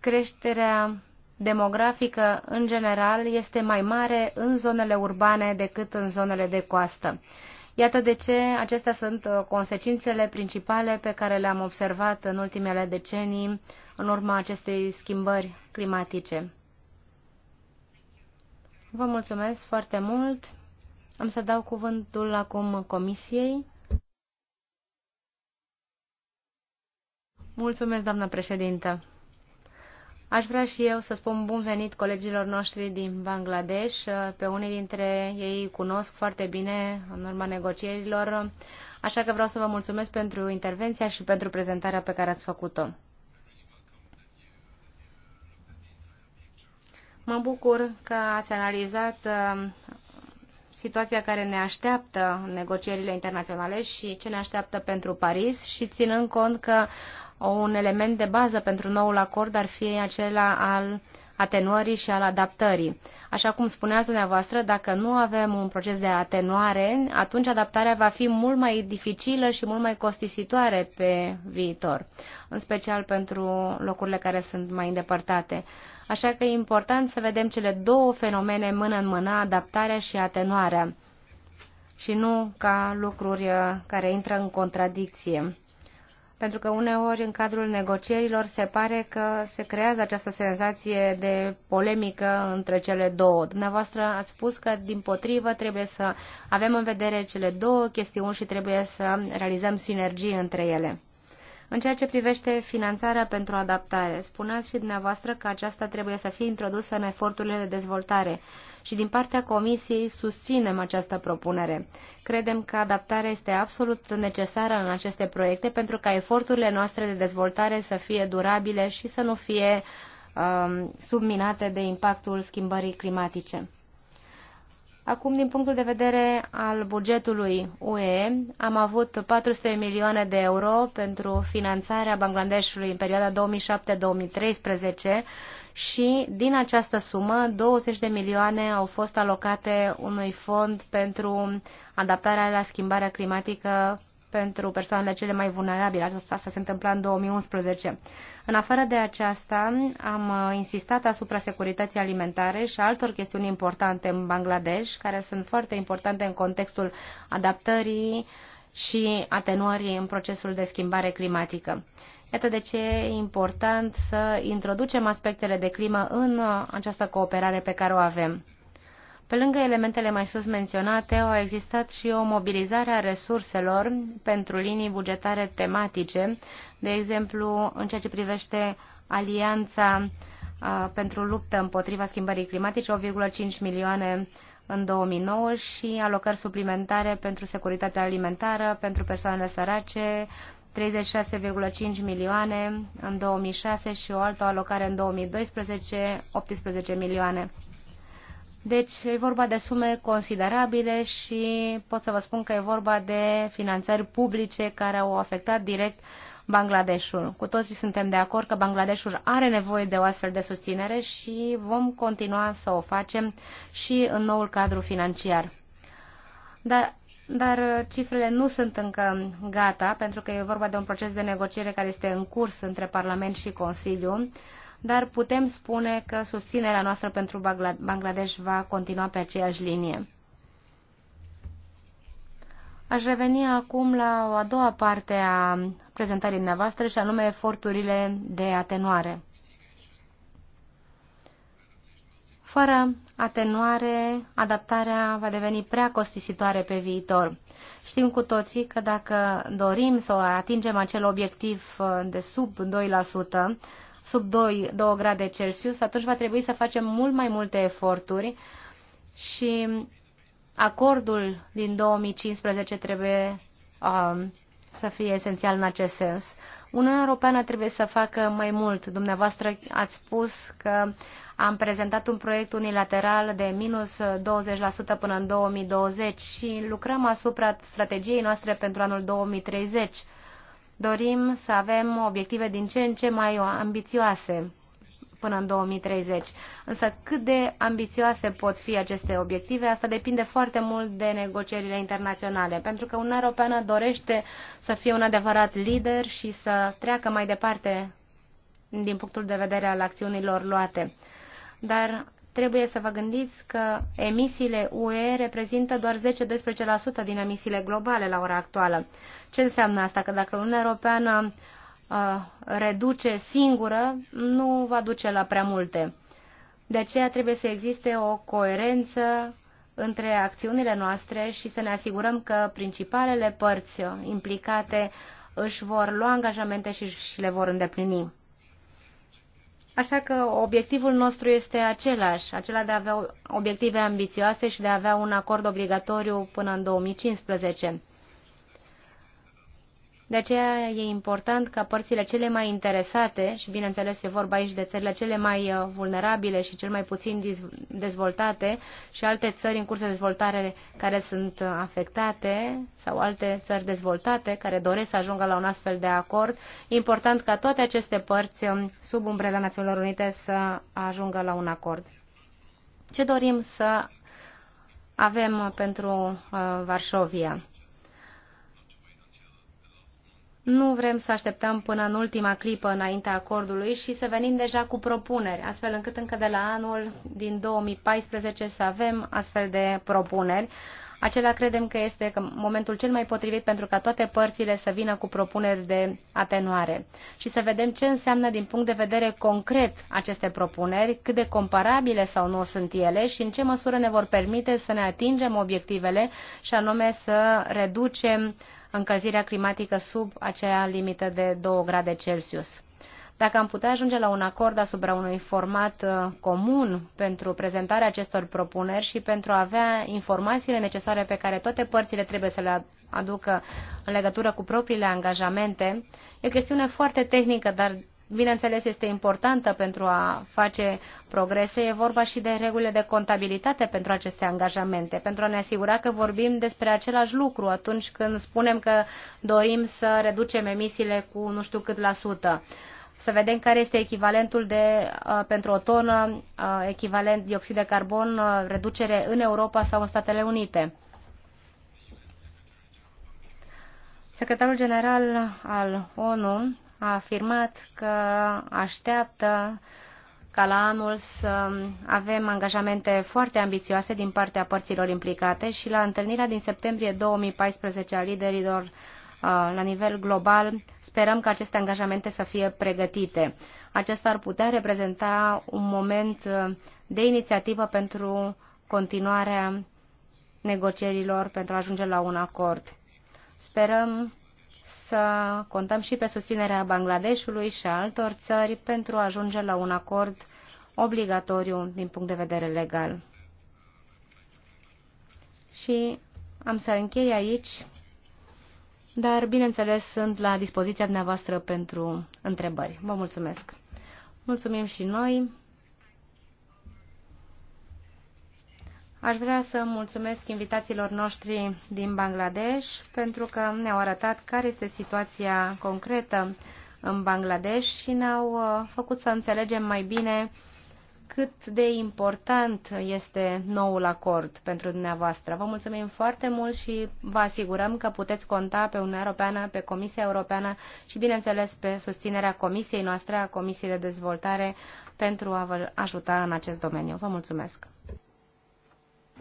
creșterea demografică în general este mai mare în zonele urbane decât în zonele de coastă. Iată de ce acestea sunt uh, consecințele principale pe care le-am observat în ultimele decenii în urma acestei schimbări climatice. Vă mulțumesc foarte mult. Am să dau cuvântul acum Comisiei. Mulțumesc, doamnă președintă. Aș vrea și eu să spun bun venit colegilor noștri din Bangladesh. Pe unii dintre ei cunosc foarte bine în urma negocierilor, așa că vreau să vă mulțumesc pentru intervenția și pentru prezentarea pe care ați făcut-o. Mă bucur că ați analizat situația care ne așteaptă în negocierile internaționale și ce ne așteaptă pentru Paris și ținând cont că un element de bază pentru noul acord ar fi acela al atenuării și al adaptării. Așa cum spuneați dumneavoastră, dacă nu avem un proces de atenuare, atunci adaptarea va fi mult mai dificilă și mult mai costisitoare pe viitor, în special pentru locurile care sunt mai îndepărtate. Așa că e important să vedem cele două fenomene mână în mână, adaptarea și atenuarea, și nu ca lucruri uh, care intră în contradicție pentru că uneori în cadrul negocierilor se pare că se creează această senzație de polemică între cele două. Dumneavoastră ați spus că, din potrivă, trebuie să avem în vedere cele două chestiuni și trebuie să realizăm sinergii între ele. În ceea ce privește finanțarea pentru adaptare, spuneați și dumneavoastră că aceasta trebuie să fie introdusă în eforturile de dezvoltare și din partea Comisiei susținem această propunere. Credem că adaptarea este absolut necesară în aceste proiecte pentru ca eforturile noastre de dezvoltare să fie durabile și să nu fie um, subminate de impactul schimbării climatice. Acum, din punctul de vedere al bugetului UE, am avut 400 milioane de euro pentru finanțarea Bangladeshului în perioada 2007-2013 și din această sumă 20 de milioane au fost alocate unui fond pentru adaptarea la schimbarea climatică pentru persoanele cele mai vulnerabile. Asta se întâmpla în 2011. În afară de aceasta, am uh, insistat asupra securității alimentare și altor chestiuni importante în Bangladesh, care sunt foarte importante în contextul adaptării și atenuării în procesul de schimbare climatică. Iată de ce e important să introducem aspectele de climă în uh, această cooperare pe care o avem. Pe lângă elementele mai sus menționate, au existat și o mobilizare a resurselor pentru linii bugetare tematice, de exemplu în ceea ce privește alianța pentru luptă împotriva schimbării climatice, 8,5 milioane în 2009 și alocări suplimentare pentru securitatea alimentară, pentru persoanele sărace, 36,5 milioane în 2006 și o altă alocare în 2012, 18 milioane. Deci e vorba de sume considerabile și pot să vă spun că e vorba de finanțări publice care au afectat direct Bangladeshul. Cu toții suntem de acord că Bangladeshul are nevoie de o astfel de susținere și vom continua să o facem și în noul cadru financiar. Dar dar cifrele nu sunt încă gata, pentru că e vorba de un proces de negociere care este în curs între Parlament și Consiliu dar putem spune că susținerea noastră pentru Bangladesh va continua pe aceeași linie. Aș reveni acum la o a doua parte a prezentării dumneavoastră și anume eforturile de atenuare. Fără atenuare, adaptarea va deveni prea costisitoare pe viitor. Știm cu toții că dacă dorim să atingem acel obiectiv uh, de sub 2%, sub 2, 2 grade Celsius, atunci va trebui să facem mult mai multe eforturi și acordul din 2015 trebuie uh, să fie esențial în acest sens. Uniunea Europeană trebuie să facă mai mult. Dumneavoastră ați spus că am prezentat un proiect unilateral de minus 20% până în 2020 și lucrăm asupra strategiei noastre pentru anul 2030 dorim să avem obiective din ce în ce mai ambițioase până în 2030. Însă cât de ambițioase pot fi aceste obiective, asta depinde foarte mult de negocierile internaționale, pentru că Uniunea Europeană dorește să fie un adevărat lider și să treacă mai departe din punctul de vedere al acțiunilor luate. Dar trebuie să vă gândiți că emisiile UE reprezintă doar 10-12% din emisiile globale la ora actuală. Ce înseamnă asta? Că dacă Uniunea Europeană uh, reduce singură, nu va duce la prea multe. De aceea trebuie să existe o coerență între acțiunile noastre și să ne asigurăm că principalele părți implicate își vor lua angajamente și, și le vor îndeplini. Așa că obiectivul nostru este același, acela de a avea obiective ambițioase și de a avea un acord obligatoriu până în 2015. De aceea e important ca părțile cele mai interesate, și bineînțeles e vorba aici de țările cele mai uh, vulnerabile și cel mai puțin dezvoltate și alte țări în curs de dezvoltare care sunt uh, afectate sau alte țări dezvoltate care doresc să ajungă la un astfel de acord, e important ca toate aceste părți um, sub umbrela Națiunilor Unite să ajungă la un acord. Ce dorim să avem uh, pentru uh, Varșovia? Nu vrem să așteptăm până în ultima clipă înaintea acordului și să venim deja cu propuneri, astfel încât încă de la anul din 2014 să avem astfel de propuneri. Acela credem că este momentul cel mai potrivit pentru ca toate părțile să vină cu propuneri de atenuare și să vedem ce înseamnă din punct de vedere concret aceste propuneri, cât de comparabile sau nu sunt ele și în ce măsură ne vor permite să ne atingem obiectivele și anume să reducem uh, încălzirea climatică sub acea limită de 2 grade Celsius. Dacă am putea ajunge la un acord asupra unui format uh, comun pentru prezentarea acestor propuneri și pentru a avea informațiile necesare pe care toate părțile trebuie să le aducă în legătură cu propriile angajamente, e o chestiune foarte tehnică, dar bineînțeles, este importantă pentru a face progrese. E vorba și de regulile de contabilitate pentru aceste angajamente, pentru a ne asigura că vorbim despre același lucru atunci când spunem că dorim să reducem emisiile cu nu știu cât la sută să vedem care este echivalentul de, uh, pentru o tonă, uh, echivalent dioxid de carbon, uh, reducere în Europa sau în Statele Unite. Secretarul General al ONU a afirmat că așteaptă ca la anul să avem angajamente foarte ambițioase din partea părților implicate și la întâlnirea din septembrie 2014 a liderilor uh, la nivel global, sperăm că aceste angajamente să fie pregătite. Acesta ar putea reprezenta un moment uh, de inițiativă pentru continuarea negocierilor pentru a ajunge la un acord. Sperăm să contăm și pe susținerea Bangladeshului și a altor țări pentru a ajunge la un acord obligatoriu din punct de vedere legal. Și am să închei aici, dar bineînțeles sunt la dispoziția dumneavoastră pentru întrebări. Vă mulțumesc! Mulțumim și noi! Aș vrea să mulțumesc invitațiilor noștri din Bangladesh pentru că ne-au arătat care este situația concretă în Bangladesh și ne-au uh, făcut să înțelegem mai bine cât de important este noul acord pentru dumneavoastră. Vă mulțumim foarte mult și vă asigurăm că puteți conta pe Uniunea Europeană, pe Comisia Europeană și, bineînțeles, pe susținerea Comisiei noastre, a Comisiei de Dezvoltare, pentru a vă ajuta în acest domeniu. Vă mulțumesc!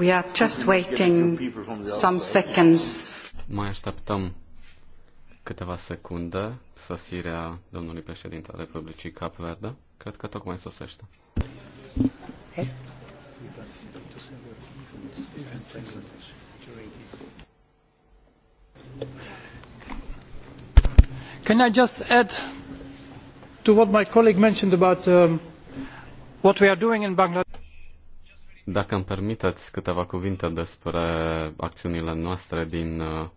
We are just waiting some seconds. Mai așteptăm câteva secunde sosirea domnului președinte al Republicii Cap Verde. Cred că tocmai sosește. Can I just add to what my colleague mentioned about um, what we are doing in Bangladesh? Dacă îmi permiteți câteva cuvinte despre acțiunile noastre din uh,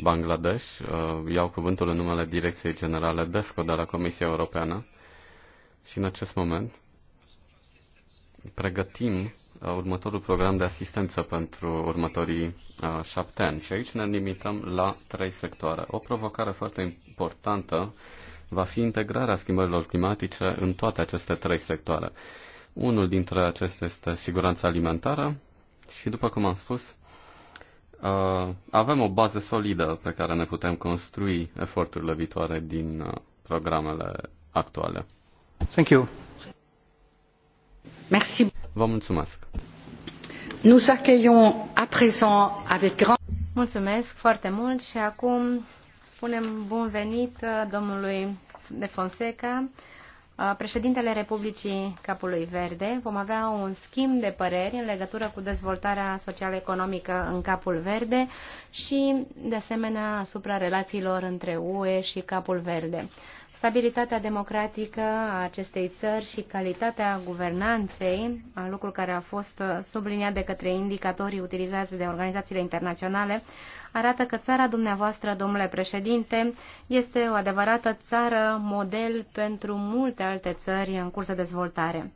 Bangladesh, uh, iau cuvântul în numele Direcției Generale DEFCO de la Comisia Europeană și în acest moment pregătim uh, următorul program de asistență pentru următorii șapte ani și aici ne limităm la trei sectoare. O provocare foarte importantă va fi integrarea schimbărilor climatice în toate aceste trei sectoare. Unul dintre acestea este siguranța alimentară și, după cum am spus, uh, avem o bază solidă pe care ne putem construi eforturile viitoare din uh, programele actuale. Thank you. Merci. Vă mulțumesc. Nous accueillons à présent avec grand Mulțumesc foarte mult și acum spunem bun venit uh, domnului de Fonseca, președintele Republicii Capului Verde. Vom avea un schimb de păreri în legătură cu dezvoltarea social-economică în Capul Verde și, de asemenea, asupra relațiilor între UE și Capul Verde. Stabilitatea democratică a acestei țări și calitatea guvernanței, lucru care a fost subliniat de către indicatorii utilizați de organizațiile internaționale, arată că țara dumneavoastră, domnule președinte, este o adevărată țară model pentru multe alte țări în curs de dezvoltare.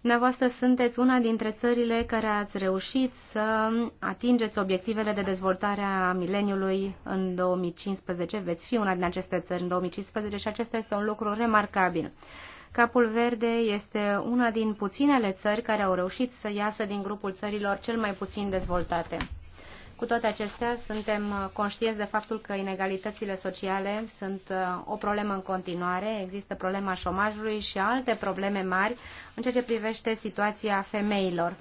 Dumneavoastră sunteți una dintre țările care ați reușit să atingeți obiectivele de dezvoltare a mileniului în 2015. Veți fi una din aceste țări în 2015 și acesta este un lucru remarcabil. Capul Verde este una din puținele țări care au reușit să iasă din grupul țărilor cel mai puțin dezvoltate. Cu toate acestea, suntem conștienți de faptul că inegalitățile sociale sunt uh, o problemă în continuare, există problema șomajului și alte probleme mari în ceea ce privește situația femeilor.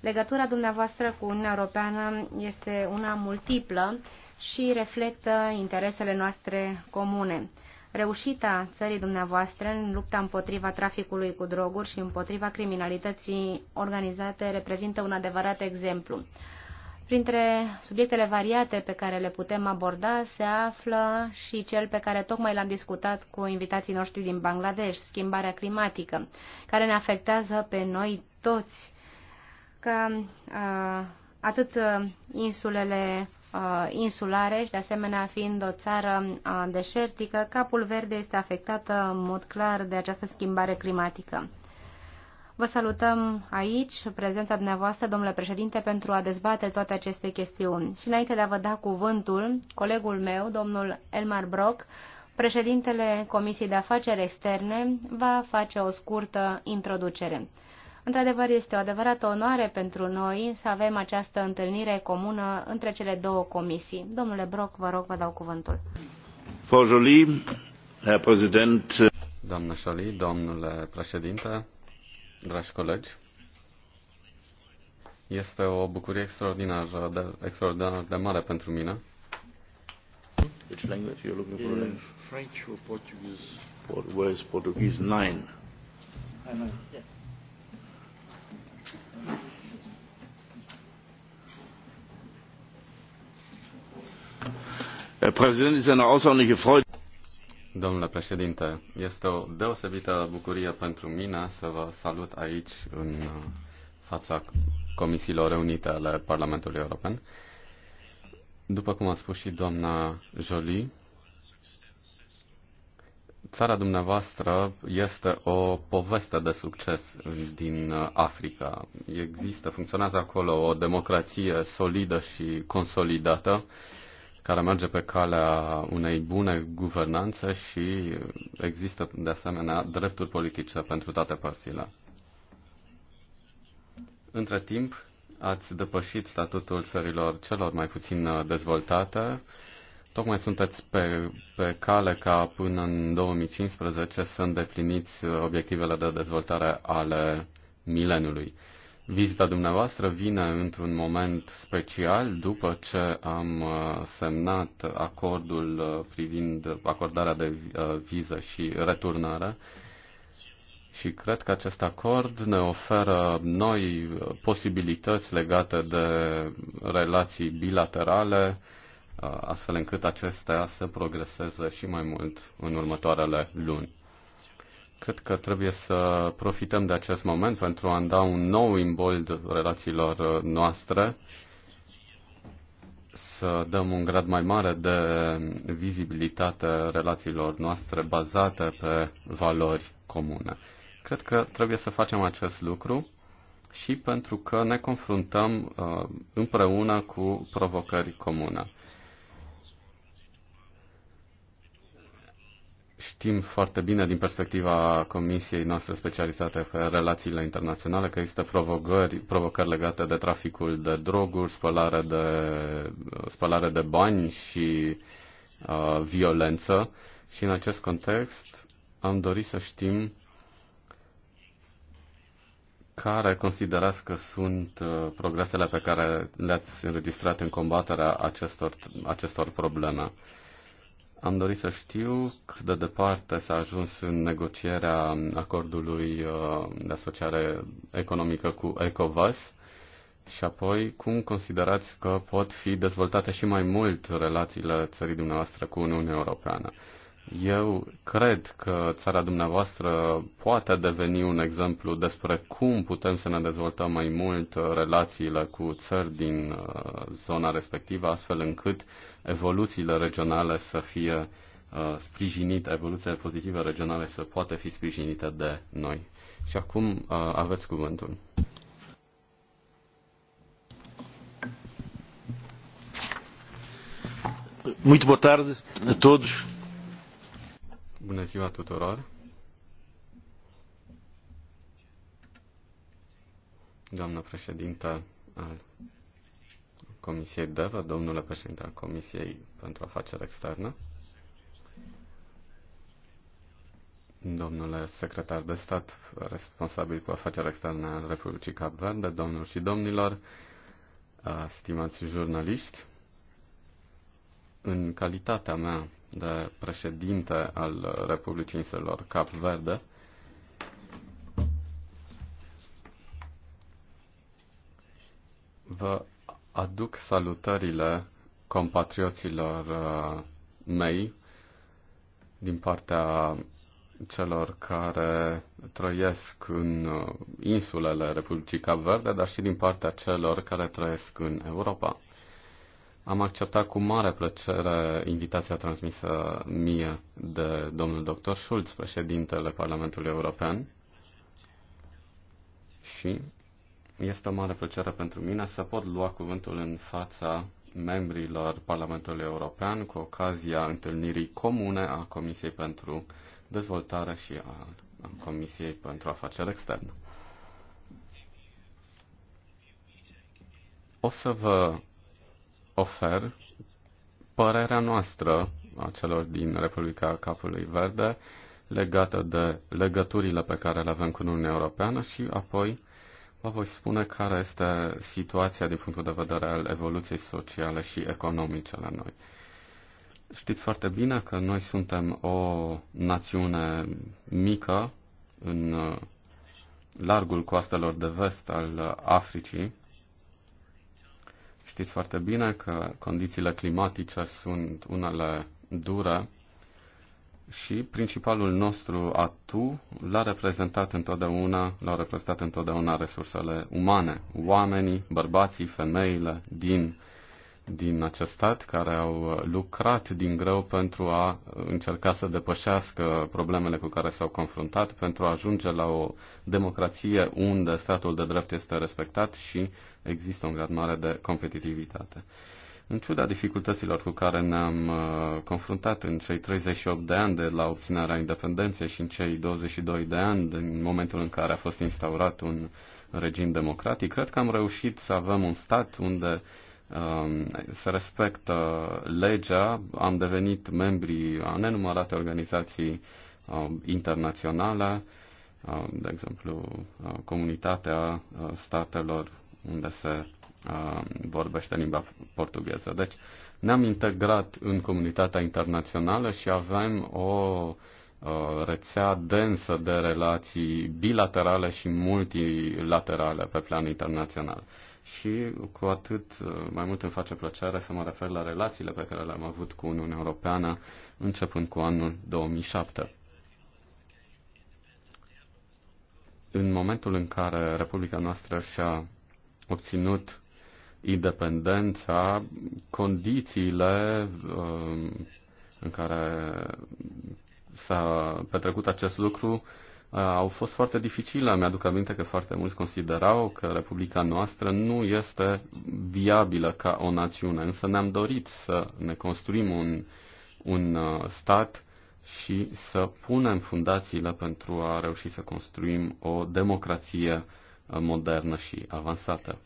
Legătura dumneavoastră cu Uniunea Europeană este una multiplă și reflectă interesele noastre comune. Reușita țării dumneavoastră în lupta împotriva traficului cu droguri și împotriva criminalității organizate reprezintă un adevărat exemplu. Printre subiectele variate pe care le putem aborda se află și cel pe care tocmai l-am discutat cu invitații noștri din Bangladesh, schimbarea climatică, care ne afectează pe noi toți, că a, atât insulele Uh, insulare și de asemenea fiind o țară uh, deșertică, capul verde este afectată uh, în mod clar de această schimbare climatică. Vă salutăm aici, prezența dumneavoastră, domnule președinte, pentru a dezbate toate aceste chestiuni. Și înainte de a vă da cuvântul, colegul meu, domnul Elmar Brock, președintele Comisiei de Afaceri Externe, va face o scurtă introducere. Într-adevăr, este o adevărată onoare pentru noi să avem această întâlnire comună între cele două comisii. Domnule Broc, vă rog, vă dau cuvântul. Frau Herr Präsident. Doamnă Șoli, domnule președinte, dragi colegi, este o bucurie extraordinară de, extraordinar de mare pentru mine. Which language are you looking for? In French or Portuguese? Port, where is Portuguese? Nine. I know. Yes. Domnule președinte, este o deosebită bucurie pentru mine să vă salut aici în uh, fața Comisiilor Reunite ale Parlamentului European. După cum a spus și doamna Jolie, țara dumneavoastră este o poveste de succes din uh, Africa. Există, funcționează acolo o democrație solidă și consolidată care merge pe calea unei bune guvernanțe și există, de asemenea, drepturi politice pentru toate părțile. Între timp, ați depășit statutul țărilor celor mai puțin dezvoltate. Tocmai sunteți pe, pe cale ca până în 2015 să îndepliniți obiectivele de dezvoltare ale mileniului. Vizita dumneavoastră vine într-un moment special după ce am uh, semnat acordul uh, privind acordarea de uh, viză și returnare și cred că acest acord ne oferă noi posibilități legate de relații bilaterale, astfel încât acestea să progreseze și mai mult în următoarele luni. Cred că trebuie să profităm de acest moment pentru a da un nou imbold relațiilor uh, noastre, să dăm un grad mai mare de vizibilitate relațiilor noastre bazate pe valori comune. Cred că trebuie să facem acest lucru și pentru că ne confruntăm uh, împreună cu provocări comune. Știm foarte bine din perspectiva Comisiei noastre specializate pe relațiile internaționale că există provocări, provocări legate de traficul de droguri, spălare de, spălare de bani și uh, violență. Și în acest context am dorit să știm care considerați că sunt uh, progresele pe care le-ați înregistrat în combaterea acestor, acestor probleme. Am dorit să știu cât de departe s-a ajuns în negocierea acordului uh, de asociare economică cu ECOVAS și apoi cum considerați că pot fi dezvoltate și mai mult relațiile țării dumneavoastră cu Uniunea Europeană. Eu cred că țara dumneavoastră poate deveni un exemplu despre cum putem să ne dezvoltăm mai mult uh, relațiile cu țări din uh, zona respectivă, astfel încât evoluțiile regionale să fie uh, sprijinite, evoluțiile pozitive regionale să poate fi sprijinite de noi. Și acum aveți cuvântul. Muito boa tarde a todos. Bună ziua tuturor! Doamnă președintă al Comisiei DEVA, domnule președinte al Comisiei pentru Afaceri Externe, domnule secretar de stat responsabil cu afaceri externe al Republicii Cap Verde, domnul și domnilor, stimați jurnaliști, în calitatea mea de președinte al Republicii Inselor Cap Verde, vă aduc salutările compatrioților uh, mei din partea celor care trăiesc în uh, insulele Republicii Cap Verde, dar și din partea celor care trăiesc în Europa. Am acceptat cu mare plăcere invitația transmisă mie de domnul doctor Schulz, președintele Parlamentului European. Și este o mare plăcere pentru mine să pot lua cuvântul în fața membrilor Parlamentului European cu ocazia întâlnirii comune a Comisiei pentru Dezvoltare și a Comisiei pentru Afaceri Externe. O să vă ofer părerea noastră a celor din Republica Capului Verde legată de legăturile pe care le avem cu Uniunea Europeană și apoi vă voi spune care este situația din punctul de vedere al evoluției sociale și economice la noi. Știți foarte bine că noi suntem o națiune mică în uh, largul coastelor de vest al Africii, Știți foarte bine că condițiile climatice sunt unele dure și principalul nostru atu l-a reprezentat întotdeauna, l-au reprezentat întotdeauna resursele umane, oamenii, bărbații, femeile din uh, din acest stat care au lucrat din greu pentru a încerca să depășească problemele cu care s-au confruntat, pentru a ajunge la o democrație unde statul de drept este respectat și există un grad mare de competitivitate. În ciuda dificultăților cu care ne-am uh, confruntat în cei 38 de ani de la obținerea independenței și în cei 22 de ani din momentul în care a fost instaurat un regim democratic, cred că am reușit să avem un stat unde Um, se respectă legea, am devenit membri a nenumărate organizații um, internaționale, um, de exemplu uh, Comunitatea uh, Statelor unde se vorbește limba portugheză. Deci ne-am integrat în comunitatea internațională și avem o uh, rețea densă de relații bilaterale și multilaterale pe plan internațional și cu atât uh, mai mult îmi face plăcere să mă refer la relațiile pe care le-am avut cu Uniunea Europeană începând cu anul 2007. În momentul în care Republica noastră și-a obținut independența, condițiile uh, în care s-a petrecut acest lucru au fost foarte dificile. Mi-aduc aminte că foarte mulți considerau că Republica noastră nu este viabilă ca o națiune, însă ne-am dorit să ne construim un, un uh, stat și să punem fundațiile pentru a reuși să construim o democrație uh, modernă și avansată.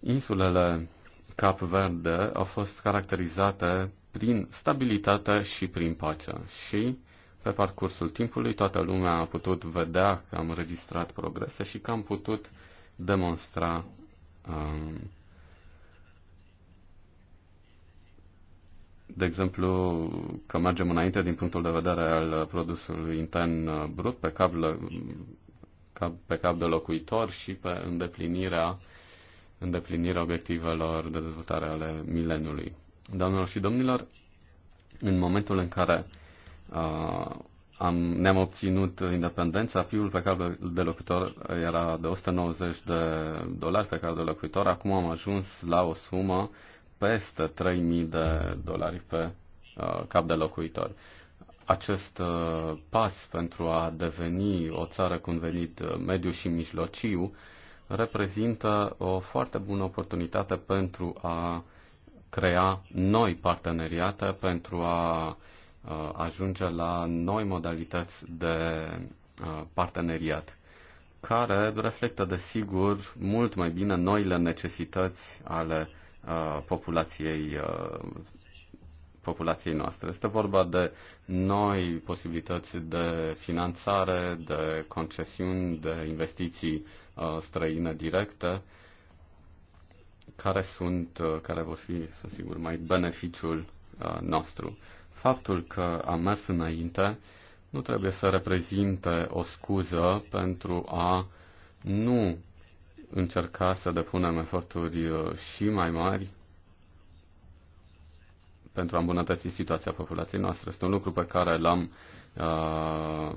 Insulele Cap Verde au fost caracterizate prin stabilitate și prin pace și pe parcursul timpului, toată lumea a putut vedea că am registrat progrese și că am putut demonstra um, de exemplu, că mergem înainte din punctul de vedere al produsului intern uh, brut pe cap, cap, pe cap de locuitor și pe îndeplinirea, îndeplinirea obiectivelor de dezvoltare ale mileniului. Doamnelor și domnilor, în momentul în care Uh, am, ne-am obținut independența, fiul pe care de locuitor era de 190 de dolari pe care de locuitor, acum am ajuns la o sumă peste 3000 de dolari pe uh, cap de locuitor. Acest uh, pas pentru a deveni o țară cu un venit uh, mediu și mijlociu reprezintă o foarte bună oportunitate pentru a crea noi parteneriate, pentru a uh, Uh, ajunge la noi modalități de uh, parteneriat, care reflectă, desigur, mult mai bine noile necesități ale uh, populației populației noastre. Este vorba de noi posibilități de finanțare, de concesiuni, de investiții străine directe, care sunt, care vor fi, să sigur, mai beneficiul nostru faptul că am mers înainte nu trebuie să reprezinte o scuză pentru a nu încerca să depunem eforturi uh, și mai mari pentru a îmbunătăți situația populației noastre. Este un lucru pe care l-am, uh,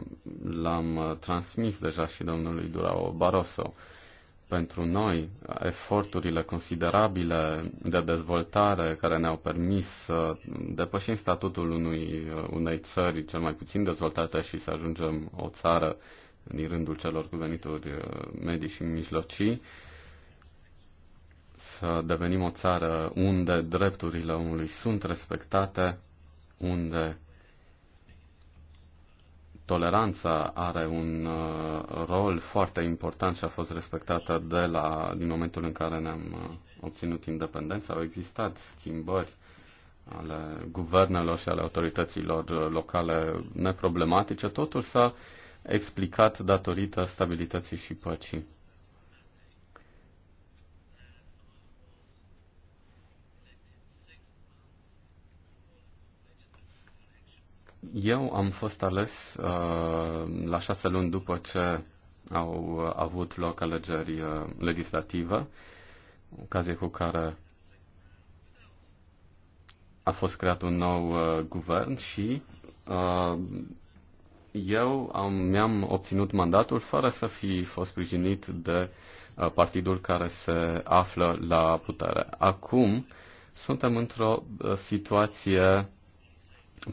l-am transmis deja și domnului Durao Barroso pentru noi eforturile considerabile de dezvoltare care ne-au permis să depășim statutul unui, unei țări cel mai puțin dezvoltate și să ajungem o țară din rândul celor cu venituri uh, medii și mijlocii, să devenim o țară unde drepturile omului sunt respectate, unde toleranța are un uh, rol foarte important și a fost respectată de la, din momentul în care ne-am uh, obținut independența. Au existat schimbări ale guvernelor și ale autorităților uh, locale neproblematice, totul s-a explicat datorită stabilității și păcii. Eu am fost ales uh, la șase luni după ce au avut loc alegeri uh, legislative, ocazie cu care a fost creat un nou uh, guvern și uh, eu am, mi-am obținut mandatul fără să fi fost sprijinit de uh, partidul care se află la putere. Acum suntem într-o uh, situație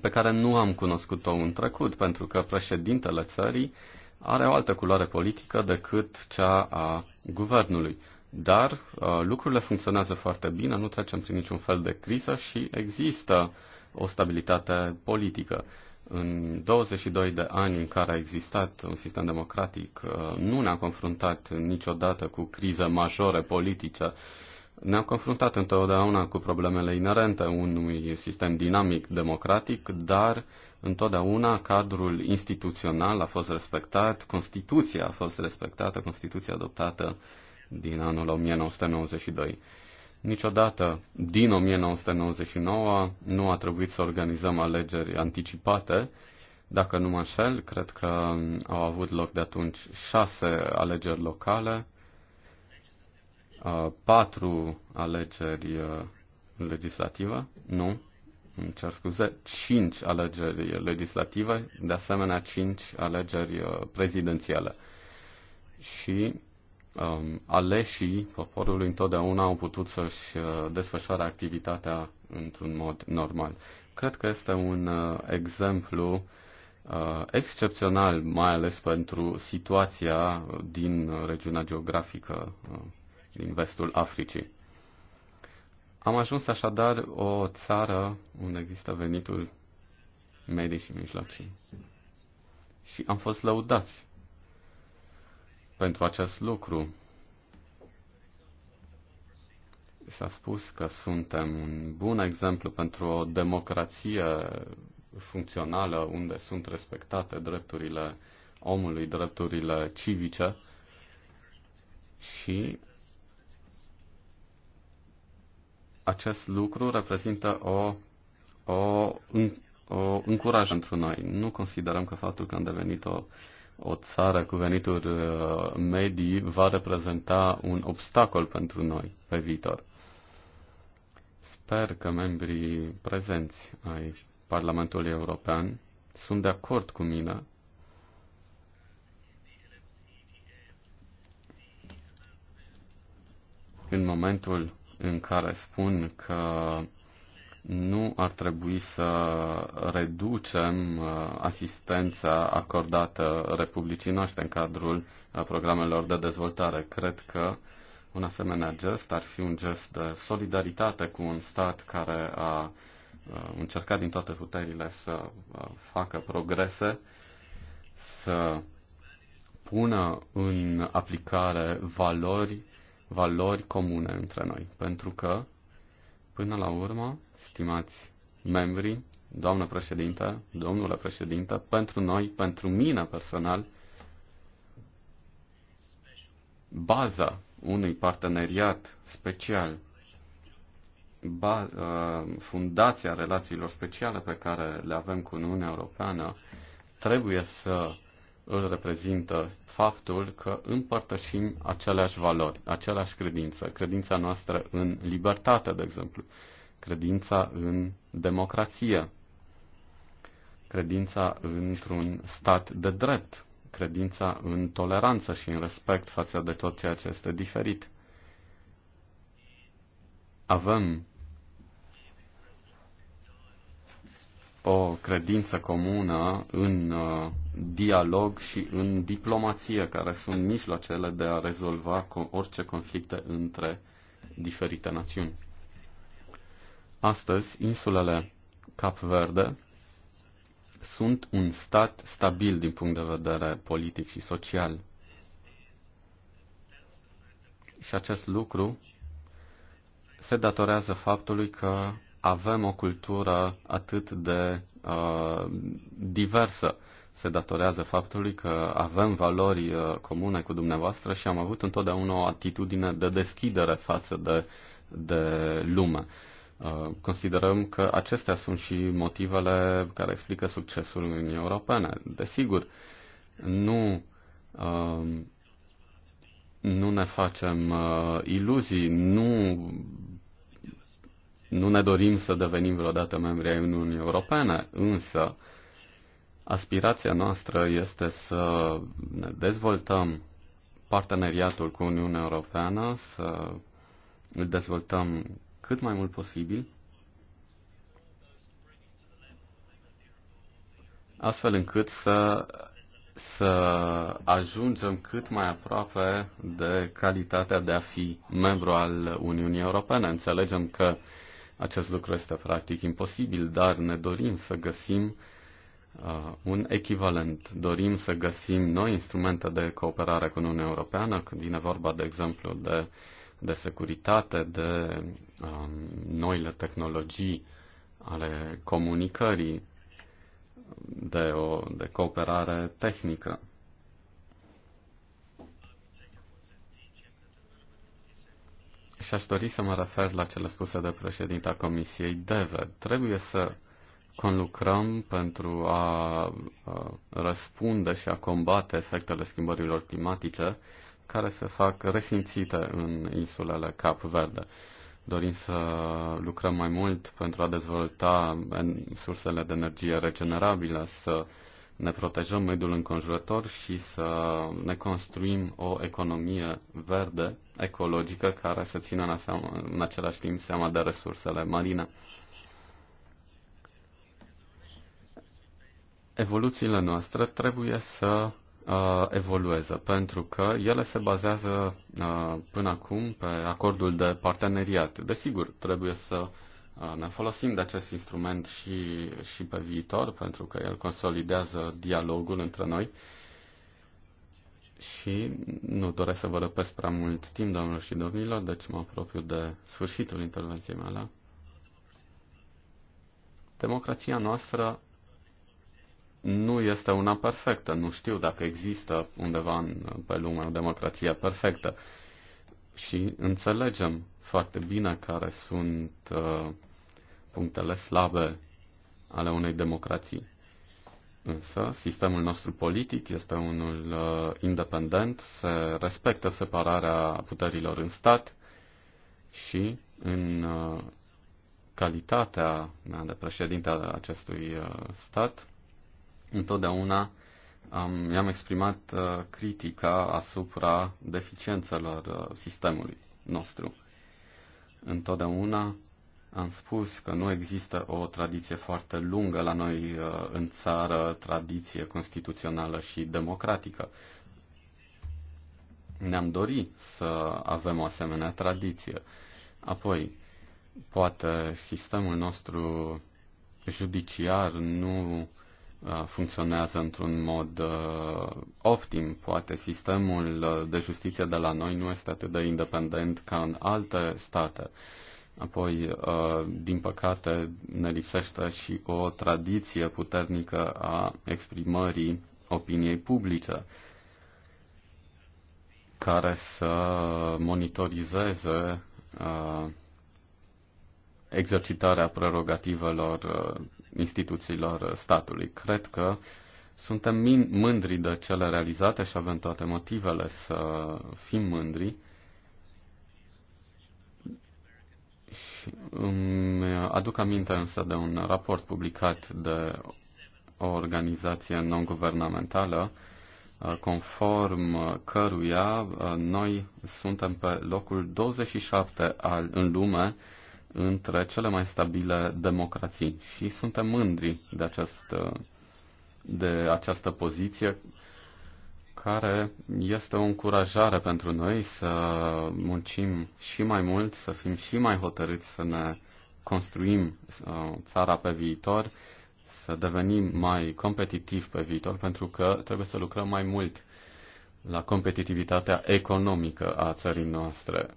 pe care nu am cunoscut-o în trecut, pentru că președintele țării are o altă culoare politică decât cea a guvernului. Dar uh, lucrurile funcționează foarte bine, nu trecem prin niciun fel de criză și există o stabilitate politică. În 22 de ani în care a existat un sistem democratic, uh, nu ne-a confruntat niciodată cu crize majore politice. Uh, ne-am confruntat întotdeauna cu problemele inerente unui sistem dinamic democratic, dar întotdeauna cadrul instituțional a fost respectat, Constituția a fost respectată, Constituția adoptată din anul 1992. Niciodată din 1999 nu a trebuit să organizăm alegeri anticipate. Dacă nu mă înșel, cred că au avut loc de atunci șase alegeri locale, Uh, patru alegeri uh, legislative, nu, îmi cer scuze, cinci alegeri legislative, de asemenea cinci alegeri uh, prezidențiale. Și um, aleșii poporului întotdeauna au putut să-și desfășoare activitatea într-un mod normal. Cred că este un uh, exemplu uh, excepțional, mai ales pentru situația din regiunea geografică uh, din vestul Africii. Am ajuns așadar o țară unde există venitul medii și mijlocii. Și am fost lăudați pentru acest lucru. S-a spus că suntem un bun exemplu pentru o democrație funcțională unde sunt respectate drepturile omului, drepturile civice și acest lucru reprezintă o, o, o încuraj pentru noi. Nu considerăm că faptul că am devenit o, o țară cu venituri uh, medii va reprezenta un obstacol pentru noi pe viitor. Sper că membrii prezenți ai Parlamentului European sunt de acord cu mine în momentul în care spun că nu ar trebui să reducem uh, asistența acordată Republicii noastre în cadrul uh, programelor de dezvoltare. Cred că un asemenea gest ar fi un gest de solidaritate cu un stat care a uh, încercat din toate puterile să facă progrese, să pună în aplicare valori valori comune între noi. Pentru că, până la urmă, stimați membri, doamnă președinte, domnule președinte, pentru noi, pentru mine personal, baza unui parteneriat special, ba, uh, fundația relațiilor speciale pe care le avem cu Uniunea Europeană, trebuie să îl reprezintă faptul că împărtășim aceleași valori, aceleași credință, credința noastră în libertate, de exemplu, credința în democrație, credința într-un stat de drept, credința în toleranță și în respect față de tot ceea ce este diferit. Avem o credință comună în uh, dialog și în diplomație, care sunt mijloacele de a rezolva orice conflicte între diferite națiuni. Astăzi, insulele Cap Verde sunt un stat stabil din punct de vedere politic și social. Și acest lucru se datorează faptului că avem o cultură atât de uh, diversă. Se datorează faptului că avem valori uh, comune cu dumneavoastră și am avut întotdeauna o atitudine de deschidere față de, de lume. Uh, considerăm că acestea sunt și motivele care explică succesul Uniunii Europene. Desigur, nu uh, nu ne facem uh, iluzii, nu nu ne dorim să devenim vreodată membri ai Uniunii Europene, însă aspirația noastră este să ne dezvoltăm parteneriatul cu Uniunea Europeană, să îl dezvoltăm cât mai mult posibil, astfel încât să, să ajungem cât mai aproape de calitatea de a fi membru al Uniunii Europene. Înțelegem că uh, acest lucru este practic imposibil, dar ne dorim să găsim uh, un echivalent. Dorim să găsim noi instrumente de cooperare cu Uniunea Europeană, când vine vorba, de exemplu, de, de securitate, de um, noile tehnologii ale comunicării, de, o, de cooperare tehnică. aș dori să mă refer la cele spuse de președinta Comisiei DEVE. Trebuie să conlucrăm pentru a răspunde și a combate efectele schimbărilor climatice care se fac resimțite în insulele Cap Verde. Dorim să lucrăm mai mult pentru a dezvolta sursele de energie regenerabile, să ne protejăm mediul înconjurător și să ne construim o economie verde, ecologică, care să țină în, seama, în același timp seama de resursele marine. Evoluțiile noastre trebuie să uh, evolueze, pentru că ele se bazează uh, până acum pe acordul de parteneriat. Desigur, trebuie să Uh, ne folosim de acest instrument și, și pe viitor, pentru că el consolidează dialogul între noi. Și nu doresc să vă răpesc prea mult timp, doamnelor și domnilor, deci mă apropiu de sfârșitul intervenției mele. Democrația noastră nu este una perfectă. Nu știu dacă există undeva în, pe lume o democrație perfectă. Și înțelegem foarte bine care sunt uh, punctele slabe ale unei democrații. Însă, sistemul nostru politic este unul uh, independent, se respectă separarea puterilor în stat și în uh, calitatea mea de președinte a acestui stat, întotdeauna am, i-am exprimat critica asupra deficiențelor sistemului nostru. Întotdeauna am spus că nu există o tradiție foarte lungă la noi uh, în țară, tradiție constituțională și democratică. Ne-am dorit să avem o asemenea tradiție. Apoi, poate sistemul nostru judiciar nu Uh, funcționează într-un mod uh, optim. Poate sistemul uh, de justiție de la noi nu este atât de independent ca în alte state. Apoi, din păcate, ne lipsește și o tradiție puternică a exprimării opiniei publice care să monitorizeze exercitarea prerogativelor instituțiilor statului. Cred că suntem mândri de cele realizate și avem toate motivele să fim mândri. Și îmi aduc aminte însă de un raport publicat de o organizație non-guvernamentală conform căruia uh, noi suntem pe locul 27 al, în lume între cele mai stabile democrații și suntem mândri de, această, de această poziție care este o încurajare pentru noi să muncim și mai mult, să fim și mai hotărâți să ne construim uh, țara pe viitor, să devenim mai competitivi pe viitor, pentru că trebuie să lucrăm mai mult la competitivitatea economică a țării noastre.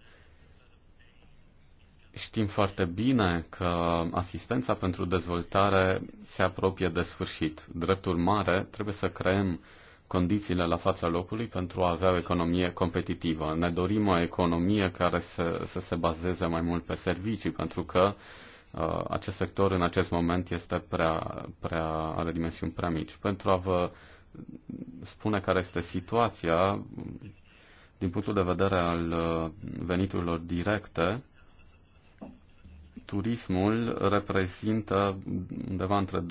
Știm foarte bine că asistența pentru dezvoltare se apropie de sfârșit. Dreptul mare trebuie să creăm condițiile la fața locului pentru a avea o economie competitivă. Ne dorim o economie care să, să se bazeze mai mult pe servicii, pentru că uh, acest sector în acest moment este prea, prea, are dimensiuni prea mici. Pentru a vă spune care este situația, din punctul de vedere al uh, veniturilor directe, turismul reprezintă undeva între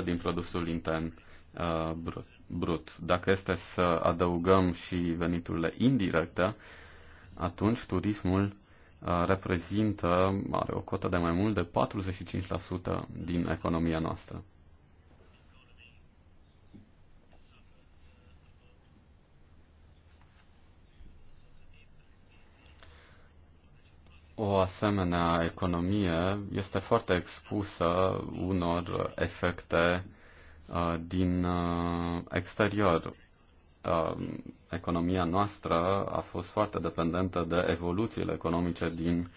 20-22% din produsul intern uh, brut. Dacă este să adăugăm și veniturile indirecte, atunci turismul uh, reprezintă, are o cotă de mai mult de 45% din economia noastră. o asemenea economie este foarte expusă unor efecte uh, din uh, exterior. Uh, economia noastră a fost foarte dependentă de evoluțiile economice din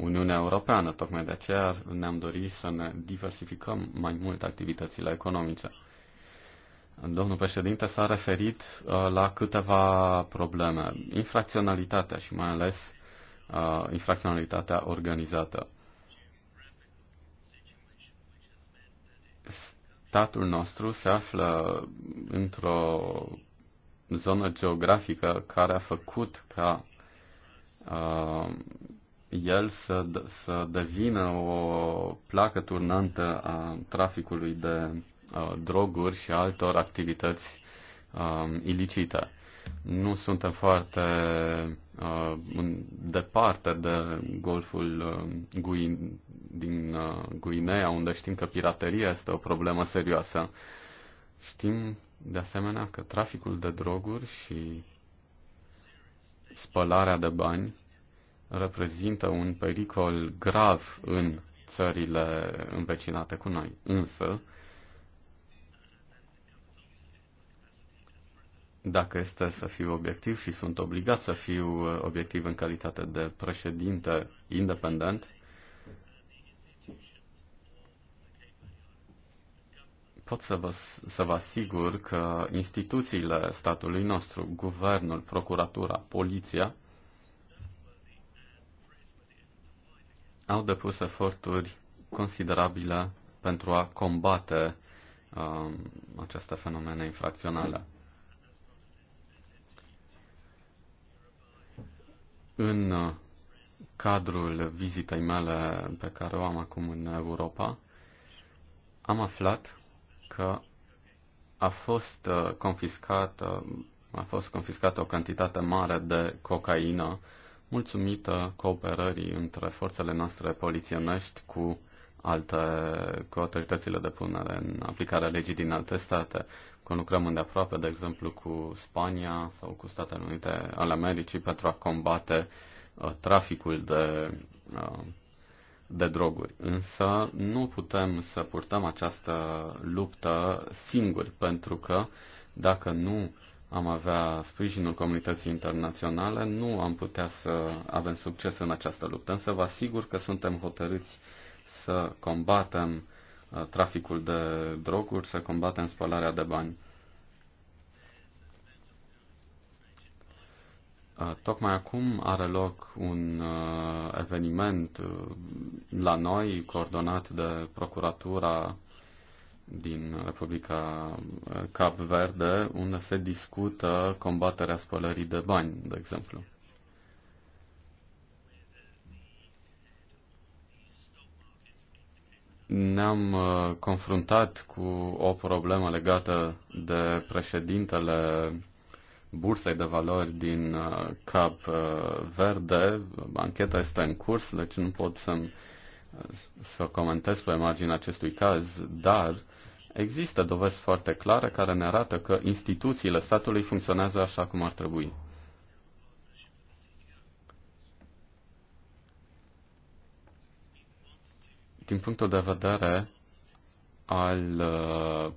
Uniunea Europeană. Tocmai de aceea ne-am dorit să ne diversificăm mai mult activitățile economice. Domnul președinte s-a referit la câteva probleme. Infracționalitatea și mai ales uh, infracționalitatea organizată. Statul nostru se află într-o zonă geografică care a făcut ca uh, el să, să devină o placă turnantă a traficului de uh, droguri și altor activități uh, ilicite. Nu suntem foarte Uh, departe de golful uh, Gui- din uh, Guinea, unde știm că pirateria este o problemă serioasă. Știm de asemenea că traficul de droguri și spălarea de bani reprezintă un pericol grav în țările învecinate cu noi. Însă, Dacă este să fiu obiectiv și sunt obligat să fiu uh, obiectiv în calitate de președinte independent, pot să vă, să vă asigur că instituțiile statului nostru, guvernul, procuratura, poliția, au depus eforturi considerabile pentru a combate um, aceste fenomene infracționale. În uh, cadrul vizitei mele pe care o am acum în Europa, am aflat că a fost uh, confiscată, uh, a fost confiscată o cantitate mare de cocaină mulțumită cooperării între forțele noastre polițienești cu alte, cu autoritățile de punere în aplicare a legii din alte state lucrăm îndeaproape, de exemplu, cu Spania sau cu Statele Unite ale Americii pentru a combate uh, traficul de, uh, de droguri. Însă nu putem să purtăm această luptă singuri, pentru că dacă nu am avea sprijinul comunității internaționale, nu am putea să avem succes în această luptă. Însă vă asigur că suntem hotărâți să combatem Uh, traficul de droguri, să combatem spălarea de bani. Uh, tocmai acum are loc un uh, eveniment la noi, coordonat de Procuratura din Republica Cap Verde, unde se discută combaterea spălării de bani, de exemplu. ne-am uh, confruntat cu o problemă legată de președintele Bursei de Valori din uh, Cap uh, Verde. Ancheta este în curs, deci nu pot să-mi, să comentez pe marginea acestui caz, dar există dovezi foarte clare care ne arată că instituțiile statului funcționează așa cum ar trebui. din punctul de vedere al, uh,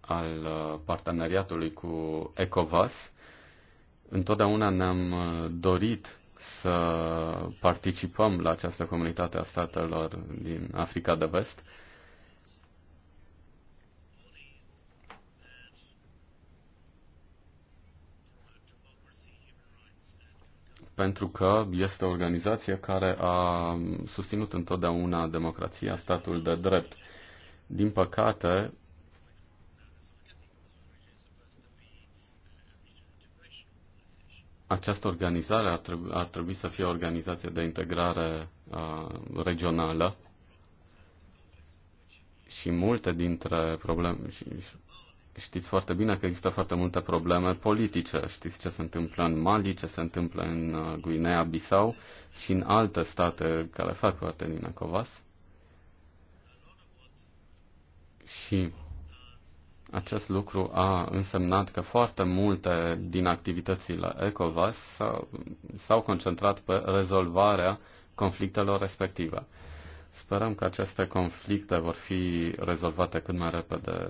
al uh, parteneriatului cu ECOVAS, întotdeauna ne-am uh, dorit să participăm la această comunitate a statelor din Africa de Vest pentru că este o organizație care a susținut întotdeauna democrația, statul de drept. Din păcate, această organizare ar trebui, ar trebui să fie o organizație de integrare uh, regională și multe dintre probleme și, Știți foarte bine că există foarte multe probleme politice. Știți ce se întâmplă în Mali, ce se întâmplă în uh, Guinea-Bissau și în alte state care fac parte din Ecovas. Și acest lucru a însemnat că foarte multe din activitățile ECOVAS s-au concentrat pe rezolvarea conflictelor respective. Sperăm că aceste conflicte vor fi rezolvate cât mai repede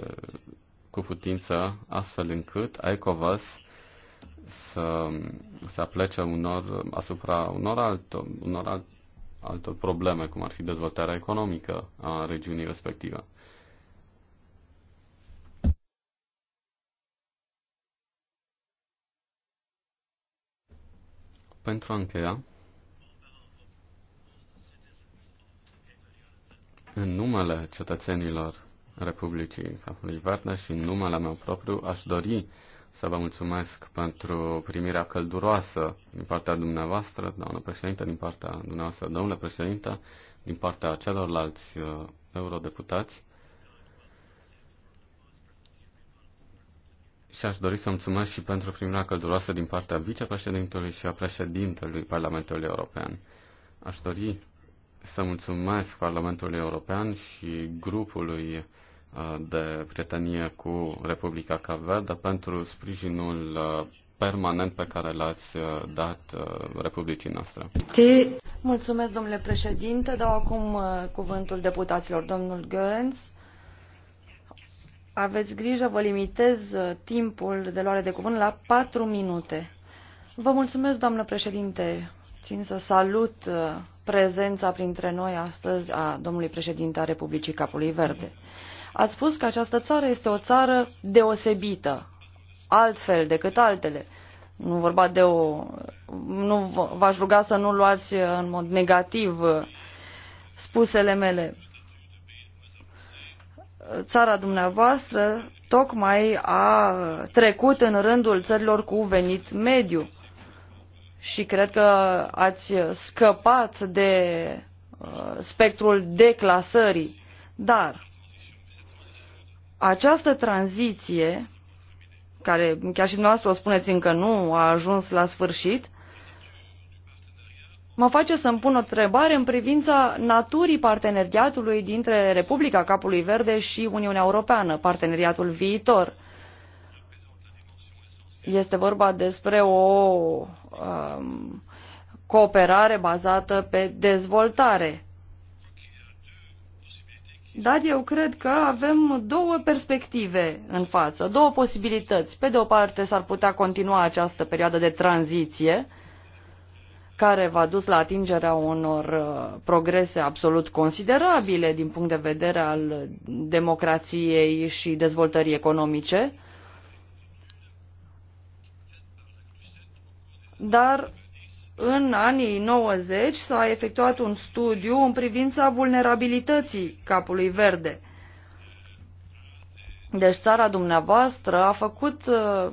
cu putință, astfel încât ECOVAS să se aplece unor, asupra unor, alt unor alt, altor probleme, cum ar fi dezvoltarea economică a regiunii respective. Pentru a încheia, în numele cetățenilor Republicii Capului Verde și în numele meu propriu aș dori să vă mulțumesc pentru primirea călduroasă din partea dumneavoastră, doamnă președinte, din partea dumneavoastră, domnule președinte, din partea celorlalți uh, eurodeputați. Și aș dori să mulțumesc și pentru primirea călduroasă din partea vicepreședintelui și a președintelui Parlamentului European. Aș dori să mulțumesc Parlamentului European și grupului uh, de prietenie cu Republica Caverde pentru sprijinul uh, permanent pe care l-ați uh, dat Republicii noastre. Mulțumesc, domnule președinte. Dau acum cuvântul deputaților. Domnul Görens. aveți grijă, vă limitez timpul de luare de cuvânt la patru minute. Vă mulțumesc, doamnă președinte. Țin să salut uh, prezența printre noi astăzi a domnului președinte a Republicii Capului Verde. Ați spus că această țară este o țară deosebită, altfel decât altele. Nu vorba de o... Nu v-aș ruga să nu luați uh, în mod negativ uh, spusele mele. Țara dumneavoastră tocmai a trecut în rândul țărilor cu venit mediu și cred că ați scăpat de uh, spectrul declasării, dar această tranziție, care chiar și dumneavoastră o spuneți încă nu a ajuns la sfârșit, mă face să-mi pun o întrebare în privința naturii parteneriatului dintre Republica Capului Verde și Uniunea Europeană, parteneriatul viitor. Este vorba despre o um, cooperare bazată pe dezvoltare. Dar eu cred că avem două perspective în față, două posibilități. Pe de o parte s-ar putea continua această perioadă de tranziție, care va dus la atingerea unor uh, progrese absolut considerabile din punct de vedere al democrației și dezvoltării economice. dar în anii 90 s-a efectuat un studiu în privința vulnerabilității capului verde. Deci țara dumneavoastră a făcut uh,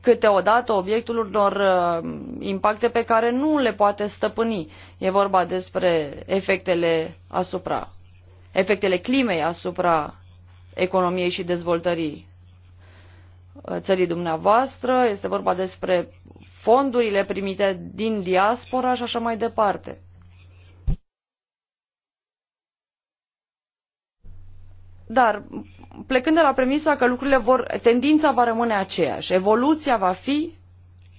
câteodată obiectul unor uh, impacte pe care nu le poate stăpâni. E vorba despre efectele asupra, efectele climei asupra economiei și dezvoltării Uh, țării dumneavoastră, este vorba despre fondurile primite din diaspora și așa mai departe. Dar plecând de la premisa că lucrurile vor, tendința va rămâne aceeași, evoluția va fi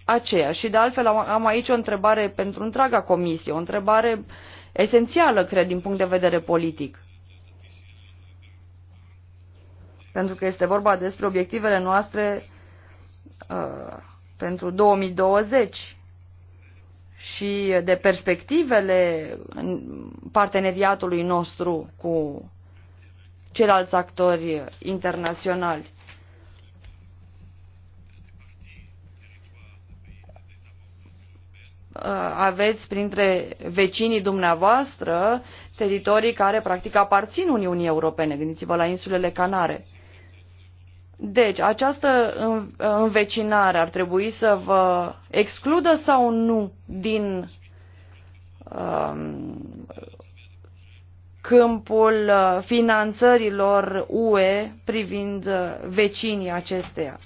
aceeași. Și de altfel am aici o întrebare pentru întreaga comisie, o întrebare esențială, cred, din punct de vedere politic pentru că este vorba despre obiectivele noastre uh, pentru 2020 și de perspectivele parteneriatului nostru cu ceilalți actori internaționali. Uh, aveți printre vecinii dumneavoastră teritorii care practic aparțin Uniunii Europene. Gândiți-vă la insulele Canare. Deci, această învecinare ar trebui să vă excludă sau nu din um, câmpul uh, finanțărilor UE privind uh, vecinii acesteia?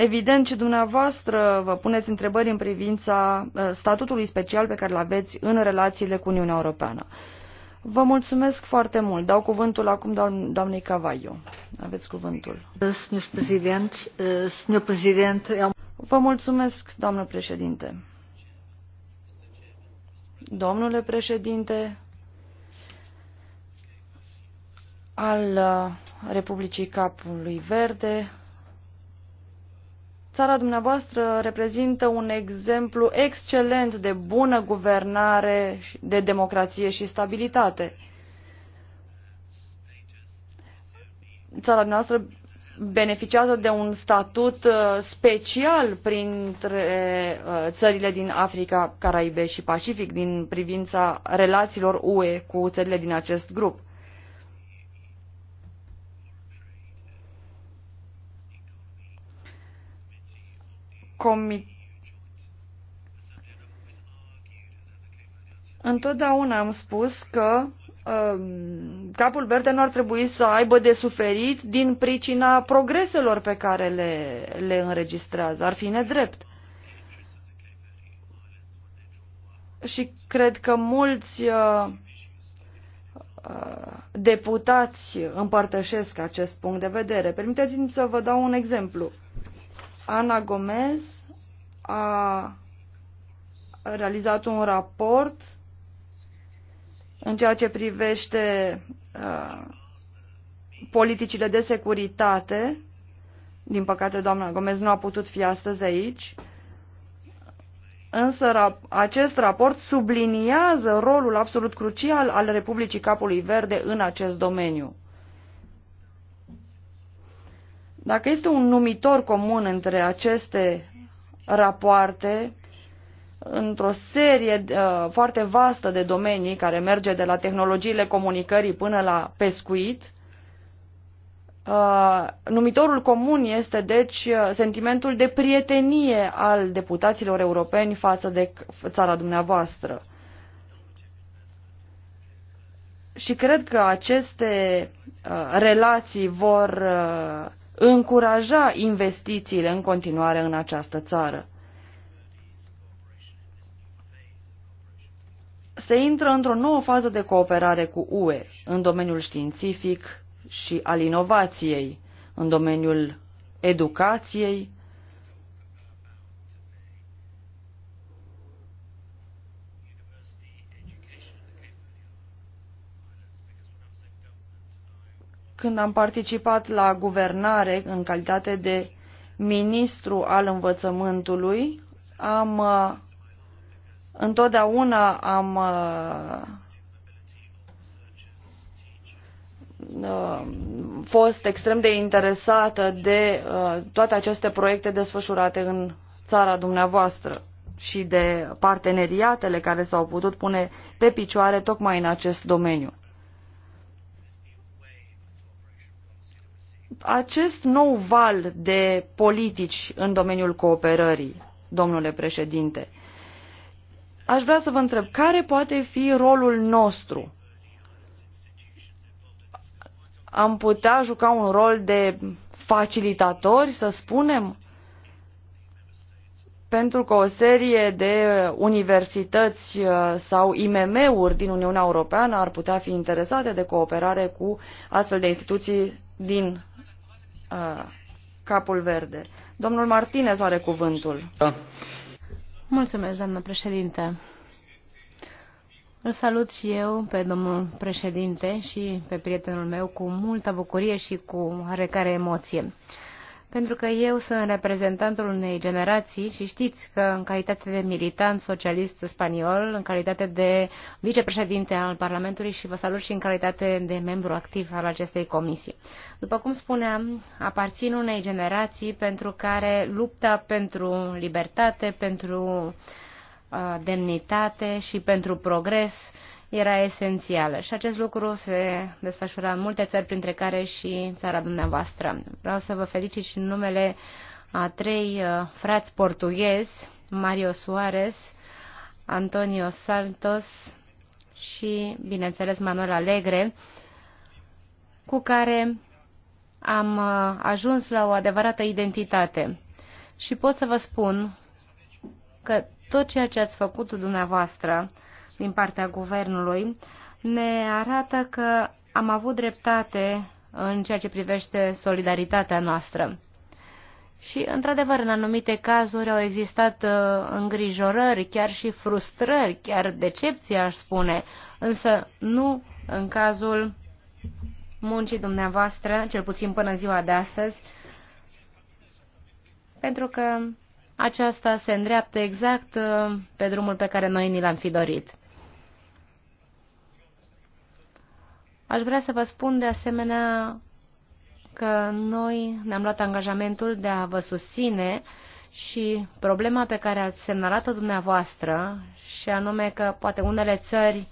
Evident și dumneavoastră vă puneți întrebări în privința uh, statutului special pe care îl aveți în relațiile cu Uniunea Europeană. Vă mulțumesc foarte mult. Dau cuvântul acum doamnei Cavaiu. Aveți cuvântul. Vă mulțumesc, doamnă președinte. Domnule președinte al uh, Republicii Capului Verde, Țara dumneavoastră reprezintă un exemplu excelent de bună guvernare, de democrație și stabilitate. Țara noastră beneficiază de un statut uh, special printre uh, țările din Africa, Caraibe și Pacific din privința relațiilor UE cu țările din acest grup. comit Întotdeauna am spus că um, capul verde nu ar trebui să aibă de suferit din pricina progreselor pe care le, le înregistrează. Ar fi nedrept. Și cred că mulți uh, uh, deputați împărtășesc acest punct de vedere. Permiteți-mi să vă dau un exemplu. Uh, Ana Gomez a realizat un raport în ceea ce privește uh, politicile de securitate. Din păcate, doamna Gomez nu a putut fi astăzi aici. Însă acest raport subliniază rolul absolut crucial al Republicii Capului Verde în acest domeniu. Dacă este un numitor comun între aceste rapoarte, într-o serie uh, foarte vastă de domenii care merge de la tehnologiile comunicării până la pescuit, uh, numitorul comun este deci uh, sentimentul de prietenie al deputaților europeni față de țara dumneavoastră. Și cred că aceste uh, relații vor uh, încuraja investițiile în continuare în această țară. Se intră într-o nouă fază de cooperare cu UE în domeniul științific și al inovației, în domeniul educației, Când am participat la guvernare în calitate de ministru al învățământului, am uh, întotdeauna am uh, uh, fost extrem de interesată de toate aceste proiecte desfășurate în țara dumneavoastră și de parteneriatele care s-au putut pune pe picioare tocmai în acest domeniu. acest nou val de politici în domeniul cooperării, domnule președinte, aș vrea să vă întreb, care poate fi rolul nostru? Am putea juca un rol de facilitatori, să spunem? Pentru că o serie de universități uh, sau IMM-uri din Uniunea Europeană ar putea fi interesate de cooperare cu astfel de instituții din uh, capul verde. Domnul Martinez are cuvântul. Da. Mulțumesc, doamnă președinte. Îl salut și eu pe domnul președinte și pe prietenul meu cu multă bucurie și cu oarecare emoție. Uh, pentru că eu sunt reprezentantul unei generații și știți că în calitate de militant socialist spaniol, în calitate de vicepreședinte al Parlamentului și vă salut și în calitate de membru activ al acestei comisii. După cum spuneam, aparțin unei generații pentru care lupta pentru libertate, pentru uh, demnitate și pentru progres uh, era esențială și acest lucru se desfășura în multe țări, printre care și țara dumneavoastră. Vreau să vă felicit și în numele a trei uh, frați portughezi, Mario Suarez, Antonio Santos și, bineînțeles, Manuel Alegre, cu care am uh, ajuns la o adevărată identitate. Și pot să vă spun că tot ceea ce ați făcut dumneavoastră din partea guvernului ne arată că am avut dreptate în ceea ce privește solidaritatea noastră. Și, într-adevăr, în anumite cazuri au existat uh, îngrijorări, chiar și frustrări, chiar decepții, aș spune, însă nu în cazul muncii dumneavoastră, cel puțin până ziua de astăzi, pentru că aceasta se îndreaptă exact uh, pe drumul pe care noi ni l-am fi dorit. Aș vrea să vă spun de asemenea că noi ne-am luat angajamentul de a vă susține și problema pe care ați semnalat-o dumneavoastră, și anume că poate unele țări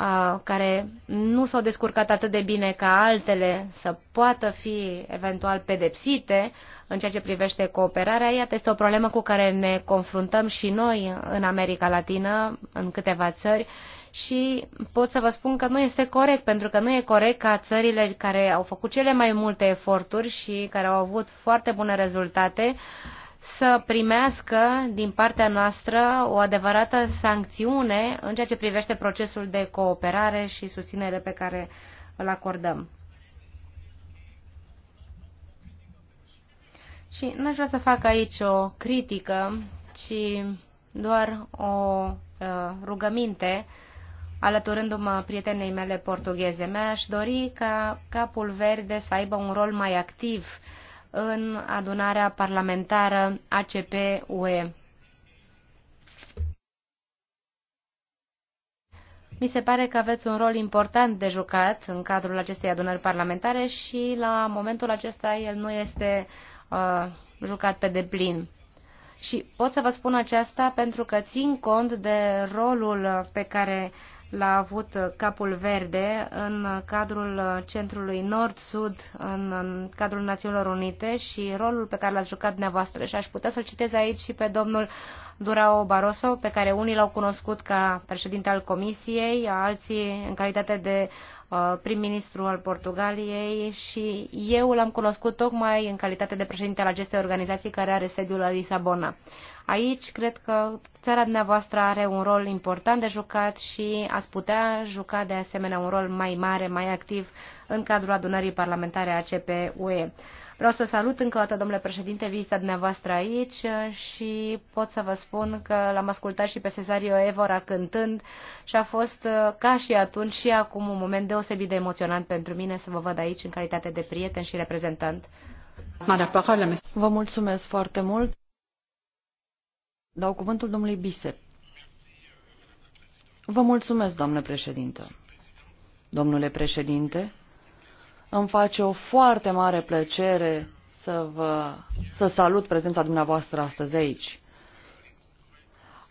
uh, care nu s-au descurcat atât de bine ca altele să poată fi eventual pedepsite în ceea ce privește cooperarea, iată este o problemă cu care ne confruntăm și noi în America Latină, în câteva țări, uh, și pot să vă spun că nu este corect, pentru că nu e corect ca țările care au făcut cele mai multe eforturi și care au avut foarte bune rezultate să primească din partea noastră o adevărată sancțiune în ceea ce privește procesul de cooperare și susținere pe care îl acordăm. Și nu aș vrea să fac aici o critică, ci doar o uh, rugăminte alăturându-mă prietenei mele portugheze. Mi-aș dori ca capul verde să aibă un rol mai activ în adunarea parlamentară ACP-UE. Mi se pare că aveți un rol important de jucat în cadrul acestei adunări parlamentare și la momentul acesta el nu este uh, jucat pe deplin. Și pot să vă spun aceasta pentru că țin cont de rolul pe care l-a avut capul verde în cadrul centrului Nord-Sud, în, în cadrul Națiunilor Unite și rolul pe care l-ați jucat dumneavoastră. Și aș putea să-l citez aici și pe domnul Durao Barroso, pe care unii l-au cunoscut ca președinte al Comisiei, alții în calitate de uh, prim-ministru al Portugaliei și eu l-am cunoscut tocmai în calitate de președinte al acestei organizații care are sediul la Lisabona. Aici cred că țara dumneavoastră are un rol important de jucat și ați putea juca de asemenea un rol mai mare, mai activ în cadrul adunării parlamentare ACP-UE. Vreau să salut încă o dată, domnule președinte, vizita dumneavoastră aici și pot să vă spun că l-am ascultat și pe Cesario Evora cântând și a fost uh, ca și atunci și acum un moment deosebit de emoționant pentru mine să vă văd aici în calitate de prieten și reprezentant. Vă mulțumesc foarte mult. Dau cuvântul domnului Bisep. Vă mulțumesc, doamnă președintă. Domnule președinte, îmi face o foarte mare plăcere să, vă, să salut prezența dumneavoastră astăzi aici.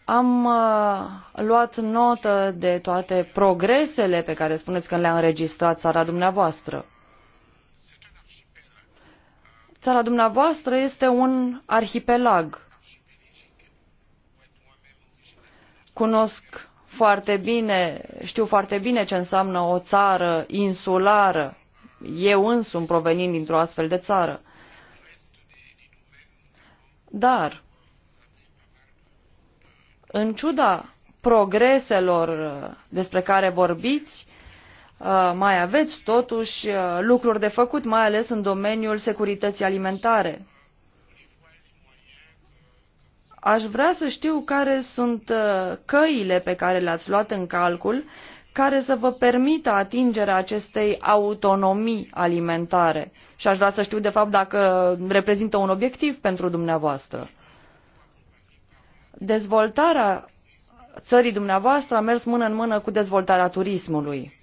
Am uh, luat notă de toate progresele pe care spuneți că le-a înregistrat țara dumneavoastră. Țara dumneavoastră este un arhipelag. Cunosc foarte bine, știu foarte bine ce înseamnă o țară insulară eu însumi provenind dintr-o astfel de țară. Dar, în ciuda progreselor uh, despre care vorbiți, uh, mai aveți totuși uh, lucruri de făcut, mai ales în domeniul securității alimentare. Aș vrea să știu care sunt căile pe care le-ați luat în calcul care să vă permită atingerea acestei autonomii alimentare. Și aș vrea să știu, de fapt, dacă reprezintă un obiectiv pentru dumneavoastră. Dezvoltarea țării dumneavoastră a mers mână în mână cu dezvoltarea turismului.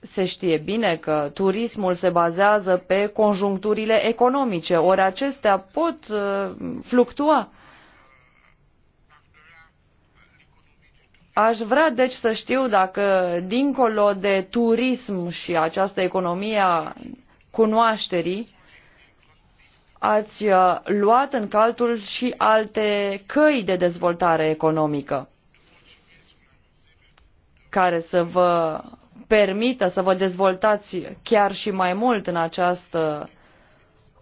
Se știe bine că turismul se bazează pe conjuncturile economice, ori acestea pot uh, fluctua Aș vrea deci să știu dacă, dincolo de turism și această economie a cunoașterii, ați uh, luat în calcul și alte căi de dezvoltare economică care să vă permită să vă dezvoltați chiar și mai mult în această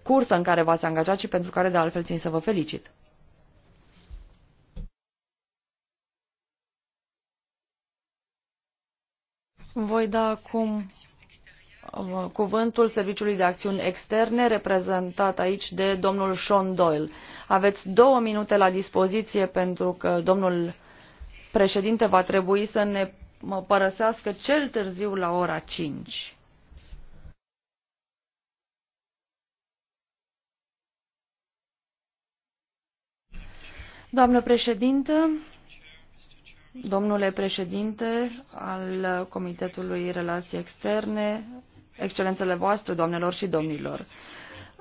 cursă în care v-ați angajat și pentru care de altfel țin să vă felicit. Voi da acum uh, cuvântul Serviciului de Acțiuni Externe, reprezentat aici de domnul Sean Doyle. Aveți două minute la dispoziție pentru că domnul președinte va trebui să ne părăsească cel târziu la ora 5. Doamnă președintă, Domnule președinte al Comitetului Relații Externe, excelențele voastre, doamnelor și domnilor,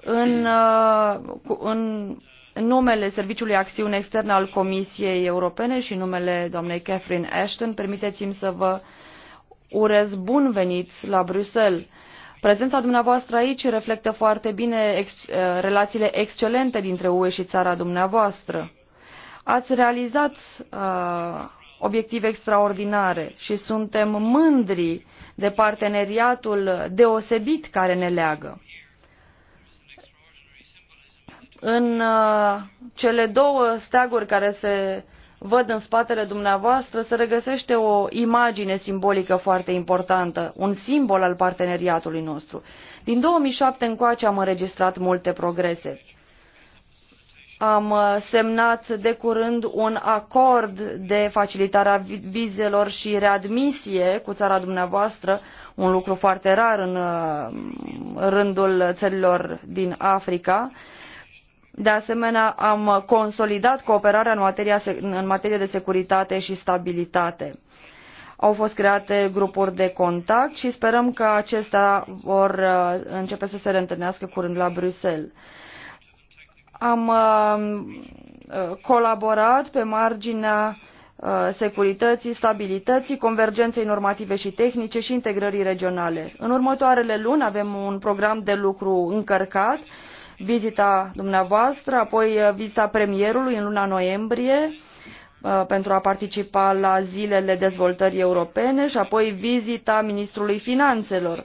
în, uh, în numele Serviciului Acțiune Externă al Comisiei Europene și numele doamnei Catherine Ashton, permiteți-mi să vă urez bun venit la Bruxelles. Prezența dumneavoastră aici reflectă foarte bine ex uh, relațiile excelente dintre UE și țara dumneavoastră. Ați realizat uh, obiective extraordinare și suntem mândri de parteneriatul deosebit care ne leagă. În uh, cele două steaguri care se văd în spatele dumneavoastră se regăsește o imagine simbolică foarte importantă, un simbol al parteneriatului nostru. Din 2007 încoace am înregistrat multe progrese. Am uh, semnat de curând un acord de facilitare a vizelor și readmisie cu țara dumneavoastră, un lucru foarte rar în uh, rândul țărilor din Africa. De asemenea, am consolidat cooperarea în, materia, în materie de securitate și stabilitate. Au fost create grupuri de contact și sperăm că acestea vor uh, începe să se reîntâlnească curând la Bruxelles. Am uh, colaborat pe marginea uh, securității, stabilității, convergenței normative și tehnice și integrării regionale. În următoarele luni avem un program de lucru încărcat, vizita dumneavoastră, apoi uh, vizita premierului în luna noiembrie pentru a participa la zilele dezvoltării europene și apoi vizita ministrului finanțelor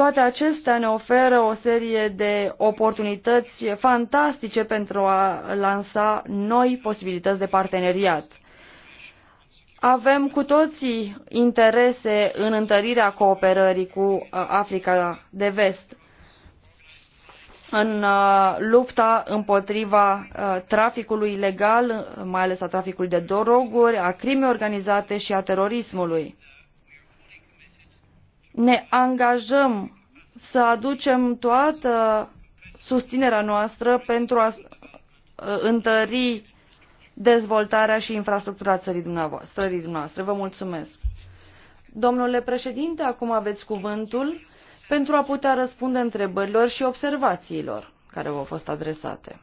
toate acestea ne oferă o serie de oportunități fantastice pentru a lansa noi posibilități de parteneriat. Avem cu toții interese în întărirea cooperării cu uh, Africa de Vest, în uh, lupta împotriva uh, traficului ilegal, mai ales a traficului de droguri, a crimei organizate și a terorismului ne angajăm să aducem toată susținerea noastră pentru a uh, întări dezvoltarea și infrastructura țării dumneavoastră. Țării dumneavoastră. Vă mulțumesc. Domnule președinte, acum aveți cuvântul pentru a putea răspunde întrebărilor și observațiilor care v-au fost adresate.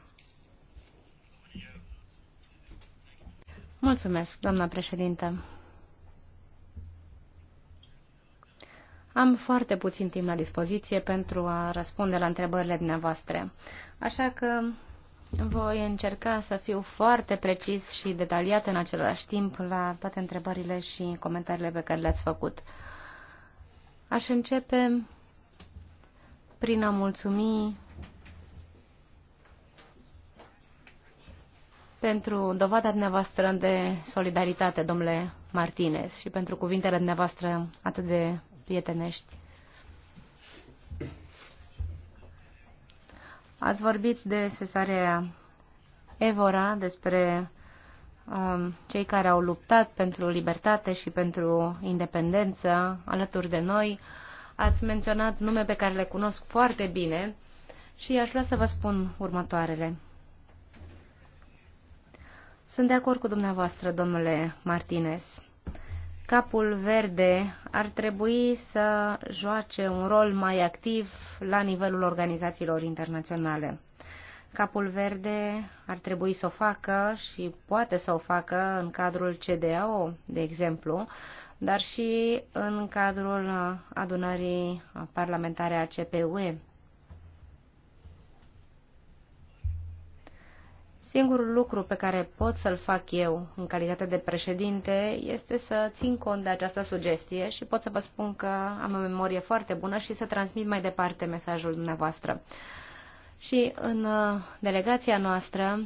Mulțumesc, doamna președinte. Am foarte puțin timp la dispoziție pentru a răspunde la întrebările dumneavoastră, așa că voi încerca să fiu foarte precis și detaliat în același timp la toate întrebările și comentariile pe care le-ați făcut. Aș începe prin a mulțumi pentru dovada dumneavoastră de solidaritate, domnule Martinez, și pentru cuvintele dumneavoastră atât de prietenești. Ați vorbit de cesarea Evora, despre um, cei care au luptat pentru libertate și pentru independență alături de noi. Ați menționat nume pe care le cunosc foarte bine și aș vrea să vă spun următoarele. Sunt de acord cu dumneavoastră, domnule Martinez capul verde ar trebui să joace un rol mai activ la nivelul organizațiilor internaționale. Capul verde ar trebui să o facă și poate să o facă în cadrul CDAO, de exemplu, dar și în cadrul adunării parlamentare a CPUE. Singurul lucru pe care pot să-l fac eu în calitate de președinte este să țin cont de această sugestie și pot să vă spun că am o memorie foarte bună și să transmit mai departe mesajul dumneavoastră. Și în uh, delegația noastră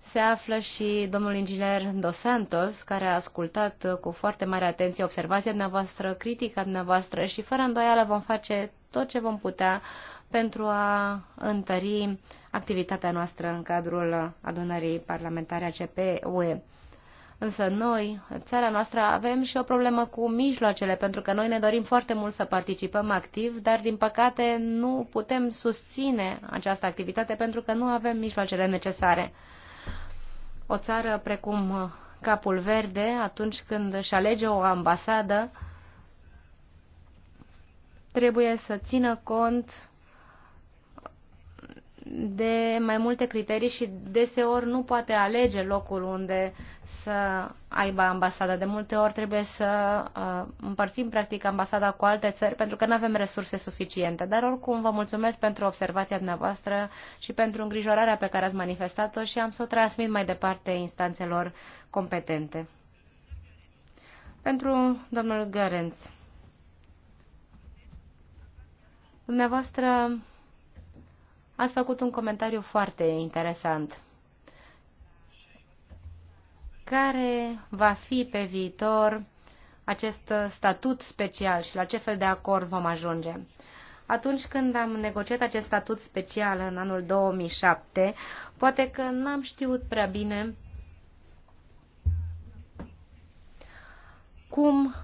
se află și domnul inginer Dos Santos, care a ascultat uh, cu foarte mare atenție observația dumneavoastră, critica dumneavoastră și fără îndoială vom face tot ce vom putea pentru a întări activitatea noastră în cadrul adunării parlamentare ACP-UE. Însă noi, țara noastră, avem și o problemă cu mijloacele, pentru că noi ne dorim foarte mult să participăm activ, dar din păcate nu putem susține această activitate pentru că nu avem mijloacele necesare. O țară precum Capul Verde, atunci când își alege o ambasadă, trebuie să țină cont de mai multe criterii și deseori nu poate alege locul unde să aibă ambasada. De multe ori trebuie să uh, împărțim practic ambasada cu alte țări pentru că nu avem resurse suficiente. Dar oricum vă mulțumesc pentru observația dumneavoastră și pentru îngrijorarea pe care ați manifestat-o și am să o transmit mai departe instanțelor competente. Pentru domnul Gărenț. Dumneavoastră Ați făcut un comentariu foarte interesant. Care va fi pe viitor acest statut special și la ce fel de acord vom ajunge? Atunci când am negociat acest statut special în anul 2007, poate că n-am știut prea bine cum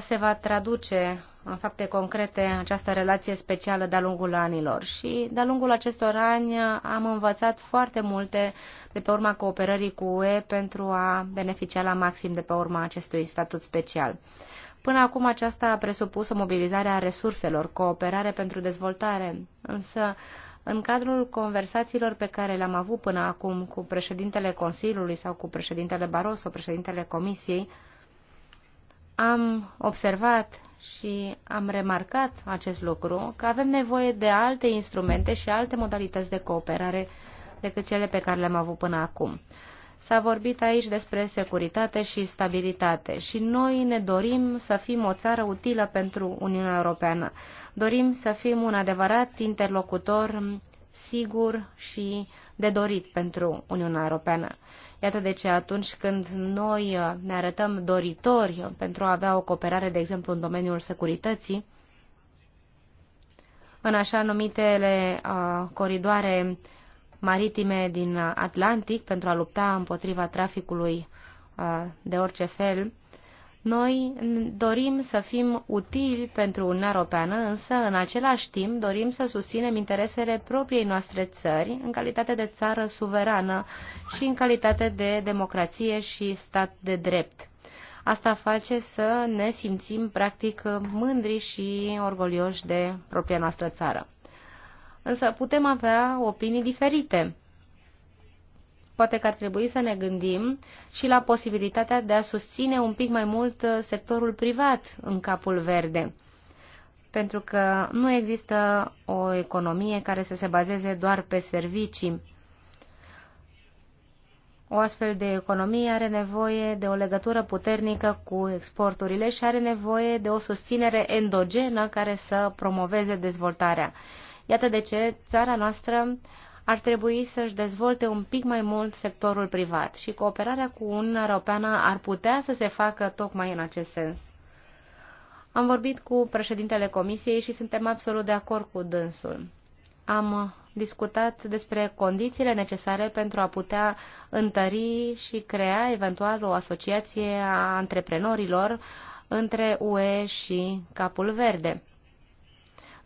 se va traduce în fapte concrete această relație specială de-a lungul anilor. Și de-a lungul acestor ani am învățat foarte multe de pe urma cooperării cu UE pentru a beneficia la maxim de pe urma acestui statut special. Până acum aceasta a presupus o mobilizare a resurselor, cooperare pentru dezvoltare, însă în cadrul conversațiilor pe care le-am avut până acum cu președintele Consiliului sau cu președintele Barroso, președintele Comisiei, am observat și am remarcat acest lucru, că avem nevoie de alte instrumente și alte modalități de cooperare decât cele pe care le-am avut până acum. S-a vorbit aici despre securitate și stabilitate și noi ne dorim să fim o țară utilă pentru Uniunea Europeană. Dorim să fim un adevărat interlocutor sigur și de dorit pentru Uniunea Europeană. Iată de ce atunci când noi uh, ne arătăm doritori pentru a avea o cooperare, de exemplu, în domeniul securității, în așa numitele uh, coridoare maritime din Atlantic pentru a lupta împotriva traficului uh, de orice fel, noi dorim să fim utili pentru Uniunea Europeană, însă în același timp dorim să susținem interesele propriei noastre țări în calitate de țară suverană și în calitate de democrație și stat de drept. Asta face să ne simțim practic mândri și orgolioși de propria noastră țară. Însă putem avea opinii diferite Poate că ar trebui să ne gândim și la posibilitatea de a susține un pic mai mult uh, sectorul privat în capul verde. Pentru că nu există o economie care să se bazeze doar pe servicii. O astfel de economie are nevoie de o legătură puternică cu exporturile și are nevoie de o susținere endogenă care să promoveze dezvoltarea. Iată de ce țara noastră ar trebui să-și dezvolte un pic mai mult sectorul privat și cooperarea cu Uniunea Europeană ar putea să se facă tocmai în acest sens. Am vorbit cu președintele Comisiei și suntem absolut de acord cu dânsul. Am discutat despre condițiile necesare pentru a putea întări și crea eventual o asociație a antreprenorilor între UE și Capul Verde.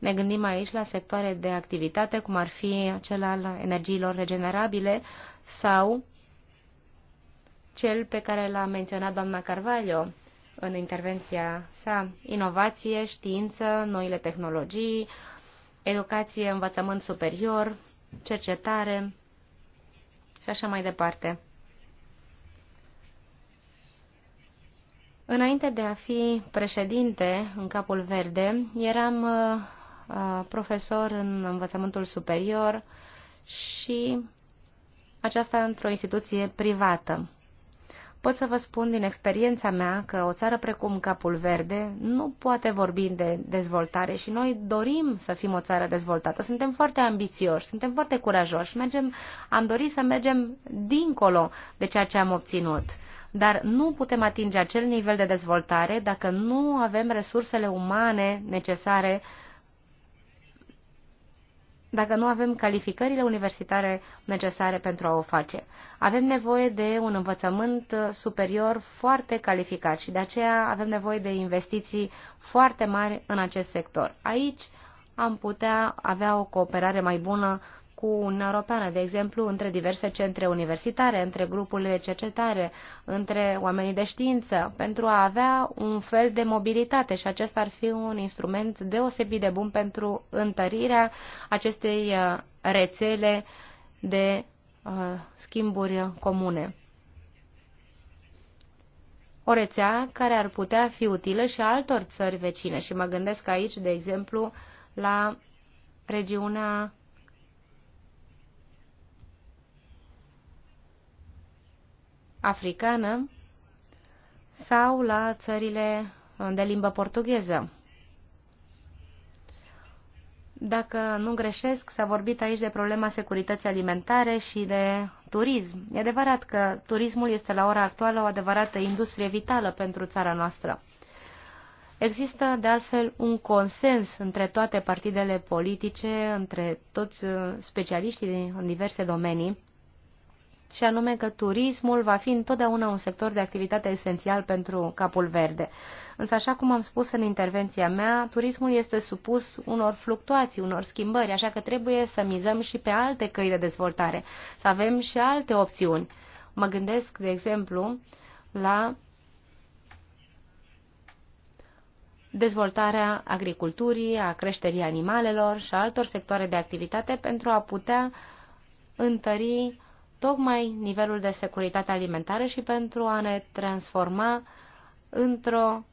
Ne gândim aici la sectoare de activitate, cum ar fi cel al energiilor regenerabile sau cel pe care l-a menționat doamna Carvalho în intervenția sa, inovație, știință, noile tehnologii, educație, învățământ superior, cercetare și așa mai departe. Înainte de a fi președinte în Capul Verde, eram uh, Uh, profesor în învățământul superior și aceasta într-o instituție privată. Pot să vă spun din experiența mea că o țară precum Capul Verde nu poate vorbi de dezvoltare și noi dorim să fim o țară dezvoltată. Suntem foarte ambițioși, suntem foarte curajoși, mergem, am dorit să mergem dincolo de ceea ce am obținut. Dar nu putem atinge acel nivel de dezvoltare dacă nu avem resursele umane necesare uh, dacă nu avem calificările universitare necesare pentru a o face. Avem nevoie de un învățământ superior foarte calificat și de aceea avem nevoie de investiții foarte mari în acest sector. Aici am putea avea o cooperare mai bună cu Uniunea Europeană, de exemplu, între diverse centre universitare, între grupurile de cercetare, între oamenii de știință, pentru a avea un fel de mobilitate și acesta ar fi un instrument deosebit de bun pentru întărirea acestei uh, rețele de uh, schimburi comune o rețea care ar putea fi utilă și altor țări vecine. Și mă gândesc aici, de exemplu, la regiunea africană sau la țările de limbă portugheză. Dacă nu greșesc, s-a vorbit aici de problema securității alimentare și de turism. E adevărat că turismul este la ora actuală o adevărată industrie vitală pentru țara noastră. Există, de altfel, un consens între toate partidele politice, între toți uh, specialiștii din diverse domenii, și anume că turismul va fi întotdeauna un sector de activitate esențial pentru Capul Verde. Însă, așa cum am spus în intervenția mea, turismul este supus unor fluctuații, unor schimbări, așa că trebuie să mizăm și pe alte căi de dezvoltare, să avem și alte opțiuni. Mă gândesc, de exemplu, la dezvoltarea agriculturii, a creșterii animalelor și a altor sectoare de activitate pentru a putea întări tocmai nivelul de securitate alimentară și pentru a ne transforma într-o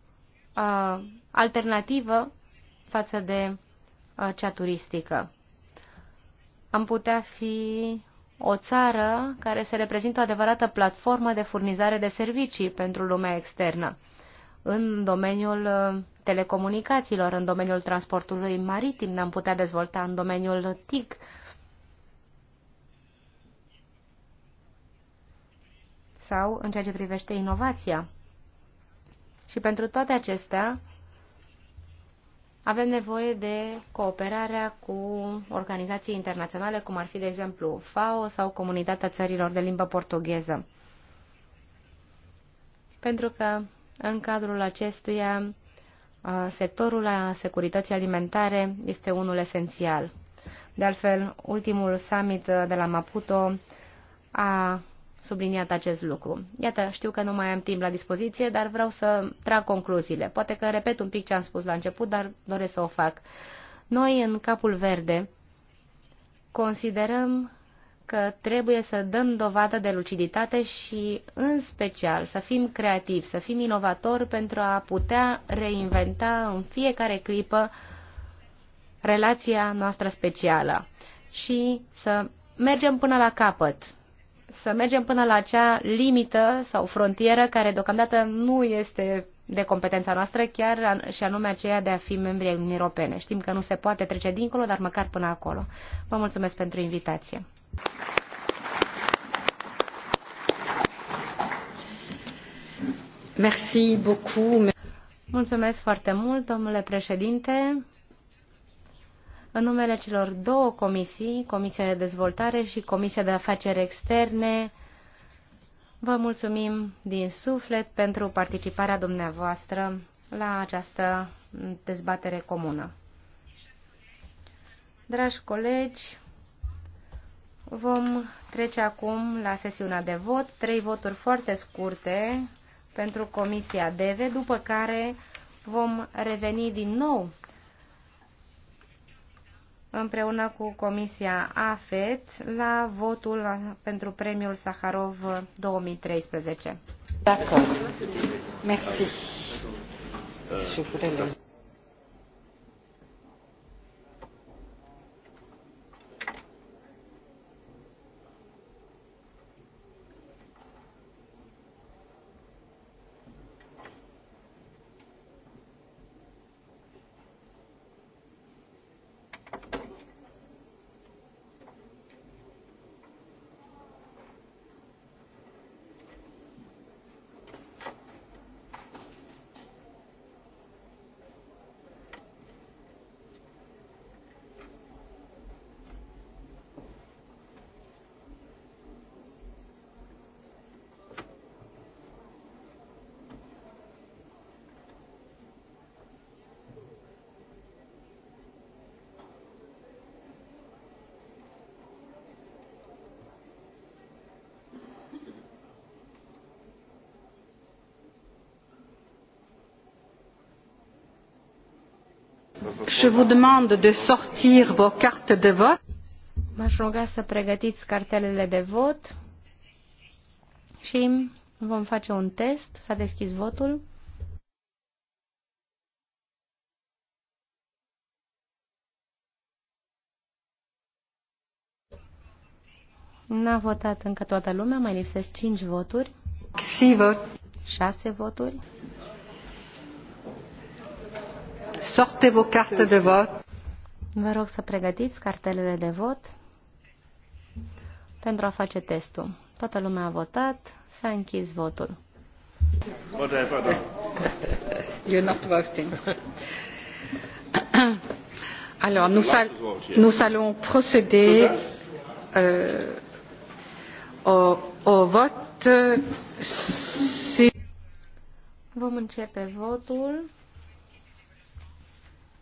uh, alternativă față de uh, cea turistică. Am putea fi o țară care se reprezintă o adevărată platformă de furnizare de servicii pentru lumea externă în domeniul uh, telecomunicațiilor, în domeniul transportului maritim, ne-am putea dezvolta în domeniul TIC, sau în ceea ce privește inovația. Și pentru toate acestea avem nevoie de cooperarea cu organizații internaționale, cum ar fi, de exemplu, FAO sau Comunitatea Țărilor de Limbă Portugheză. Pentru că în cadrul acestuia sectorul a securității alimentare este unul esențial. De altfel, ultimul summit de la Maputo a subliniat acest lucru. Iată, știu că nu mai am timp la dispoziție, dar vreau să trag concluziile. Poate că repet un pic ce am spus la început, dar doresc să o fac. Noi, în Capul Verde, considerăm că trebuie să dăm dovadă de luciditate și, în special, să fim creativi, să fim inovatori pentru a putea reinventa în fiecare clipă relația noastră specială și să mergem până la capăt să mergem până la acea limită sau frontieră care deocamdată nu este de competența noastră, chiar și anume aceea de a fi membri ai Uniunii Europene. Știm că nu se poate trece dincolo, dar măcar până acolo. Vă mulțumesc pentru invitație. Merci beaucoup. Mulțumesc foarte mult, domnule președinte în numele celor două comisii, Comisia de Dezvoltare și Comisia de Afaceri Externe, vă mulțumim din suflet pentru participarea dumneavoastră la această dezbatere comună. Dragi colegi, vom trece acum la sesiunea de vot. Trei voturi foarte scurte pentru Comisia DEVE, după care vom reveni din nou împreună cu Comisia AFET la votul pentru premiul Saharov 2013. Uh, D'accord. Merci. Je voulais le... je vous demande de sortir vos cartes de vote. M-aș ruga să pregătiți cartelele de vot și vom face un test. S-a deschis votul. N-a votat încă toată lumea, mai lipsesc 5 voturi. 6 voturi. Sortez vos cartes de vot. Vă rog să pregătiți cartelele de vot pentru a face testul. Toată lumea a votat, s-a închis votul. Da. *laughs* You're not voting. *clears throat* Alors, nous, al nous allons procéder euh, au, au vote. Euh, si... Vom începe votul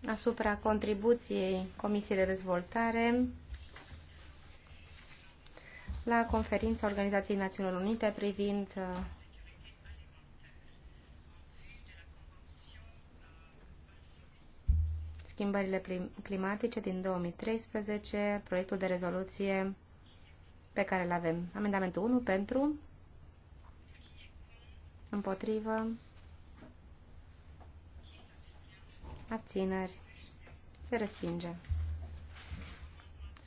asupra contribuției Comisiei de Dezvoltare la conferința Organizației Națiunilor Unite privind uh, schimbările climatice din 2013, proiectul de rezoluție pe care îl avem. Amendamentul 1 pentru, împotrivă, abțineri, se respinge.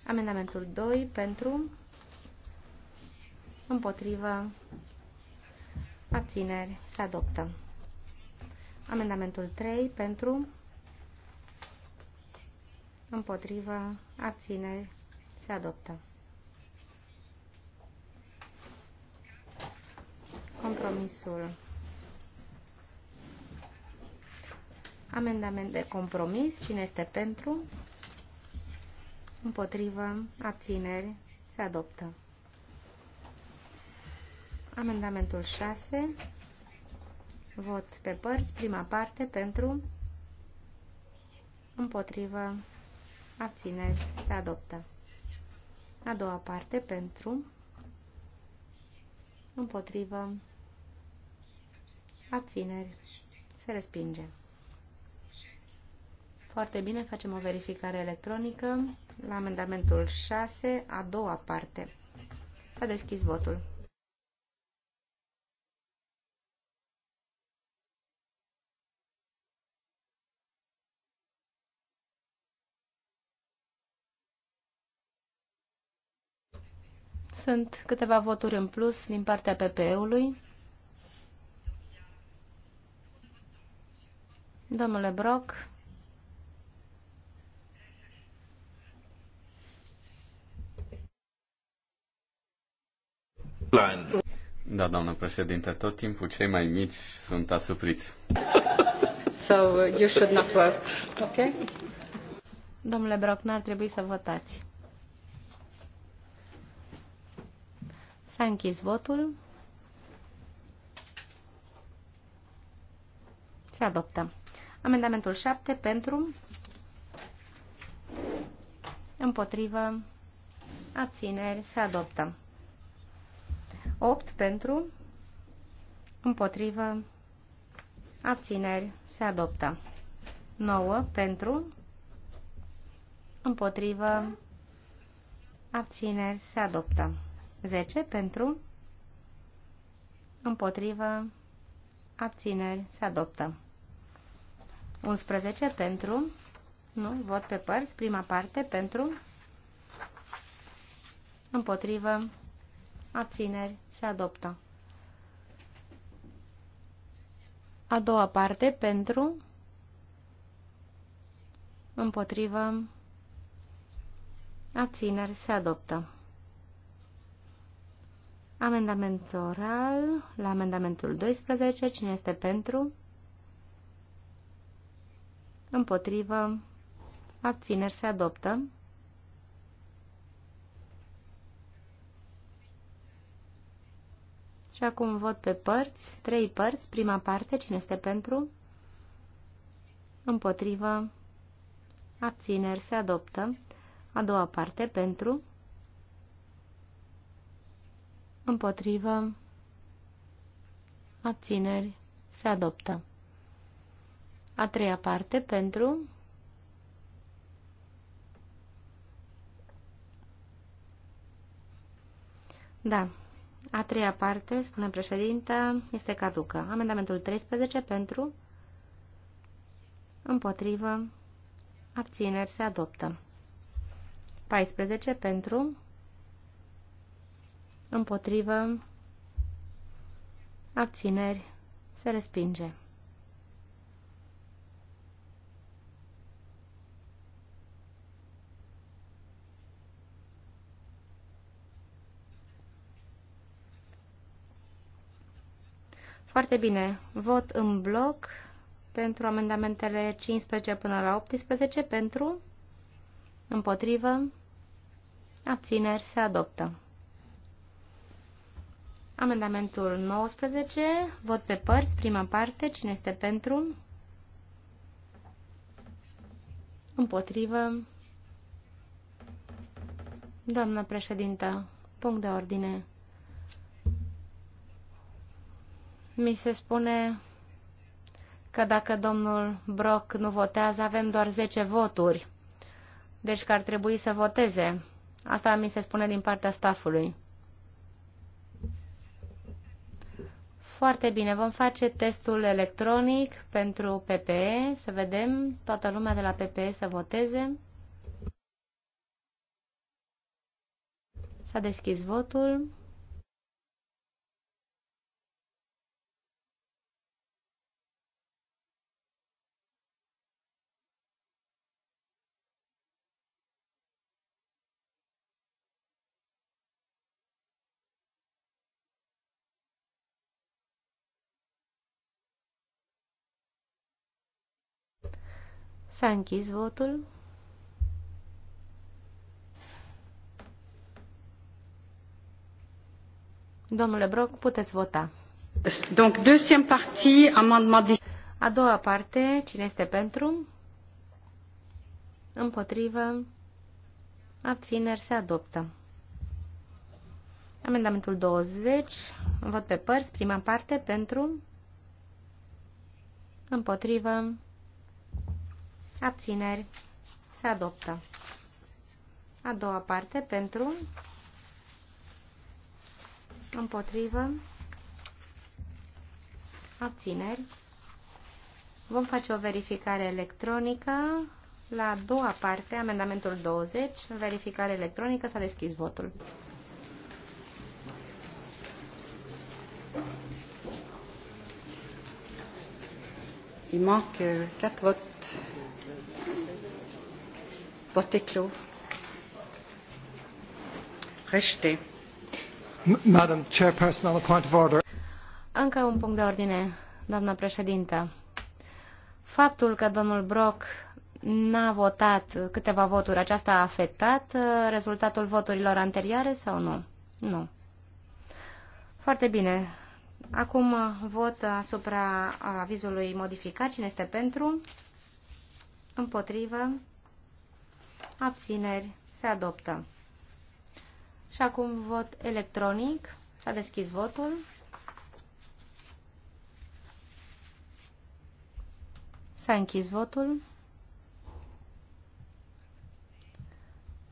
Amendamentul 2 pentru, împotrivă, abțineri, se adoptă. Amendamentul 3 pentru, împotrivă, abțineri, se adoptă. Compromisul Amendament de compromis. Cine este pentru? Împotrivă. Abțineri. Se adoptă. Amendamentul 6. Vot pe părți. Prima parte pentru. Împotrivă. Abțineri. Se adoptă. A doua parte pentru. Împotrivă. Abțineri. Se respinge. Foarte bine, facem o verificare electronică la amendamentul 6, a doua parte. S-a deschis votul. Sunt câteva voturi în plus din partea PPE-ului. Domnule Brock, Plan. Da, doamnă președinte, tot timpul cei mai mici sunt asupriți. So you should not vote, okay? Domnule Brock, n-ar trebui să votați. S-a închis votul. Se adoptă. Amendamentul 7 pentru, împotrivă, abțineri, se adoptă. 8 pentru, împotrivă, abțineri, se adoptă. 9 pentru, împotrivă, abțineri, se adoptă. 10 pentru, împotrivă, abțineri, se adoptă. 11 pentru, nu, vot pe părți, prima parte pentru, împotrivă, abțineri, se adoptă. A doua parte, pentru, împotrivă, abțineri, se adoptă. Amendament oral la amendamentul 12. Cine este pentru? Împotrivă. Abțineri se adoptă. Și acum văd pe părți, trei părți, prima parte, cine este pentru, împotrivă, abțineri, se adoptă, a doua parte, pentru, împotrivă, abțineri, se adoptă. A treia parte, pentru, da, a treia parte, spune președinte, este caducă. Amendamentul 13 pentru, împotrivă, abțineri se adoptă. 14 pentru, împotrivă, abțineri se respinge. Foarte bine. Vot în bloc pentru amendamentele 15 până la 18 pentru, împotrivă, abțineri se adoptă. Amendamentul 19, vot pe părți, prima parte, cine este pentru, împotrivă, doamnă președintă, punct de ordine. mi se spune că dacă domnul Brock nu votează, avem doar 10 voturi, deci că ar trebui să voteze. Asta mi se spune din partea staffului. Foarte bine, vom face testul electronic pentru PPE, să vedem toată lumea de la PPE să voteze. S-a deschis votul. S-a închis votul. Domnule Broc, puteți vota. Donc, deuxième partie, amendement... A doua parte, cine este pentru? Împotrivă. Abțineri se adoptă. Amendamentul 20. Vot pe părți. Prima parte pentru. Împotrivă abțineri, se adoptă. A doua parte, pentru, împotrivă, abțineri. Vom face o verificare electronică la a doua parte, amendamentul 20, verificare electronică, s-a deschis votul. Il manque 4 votes. Madam Chairperson, on a point of order. Încă un punct de ordine, doamnă președintă. Faptul că domnul Brock n-a votat câteva voturi, aceasta a afectat uh, rezultatul voturilor anterioare sau nu? Nu. Foarte bine. Acum vot asupra avizului modificat. Cine este pentru? Împotrivă? abțineri, se adoptă. Și acum vot electronic. S-a deschis votul. S-a închis votul.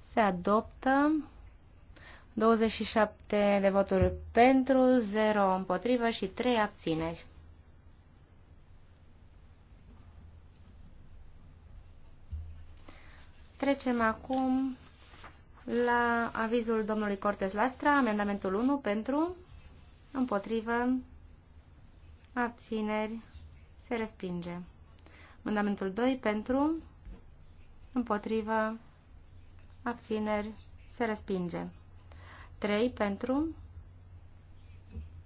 Se adoptă 27 de voturi pentru, 0 împotrivă și 3 abțineri. Trecem acum la avizul domnului Cortes Lastra, amendamentul 1 pentru, împotrivă, abțineri, se respinge. Amendamentul 2 pentru, împotrivă, abțineri, se respinge. 3 pentru,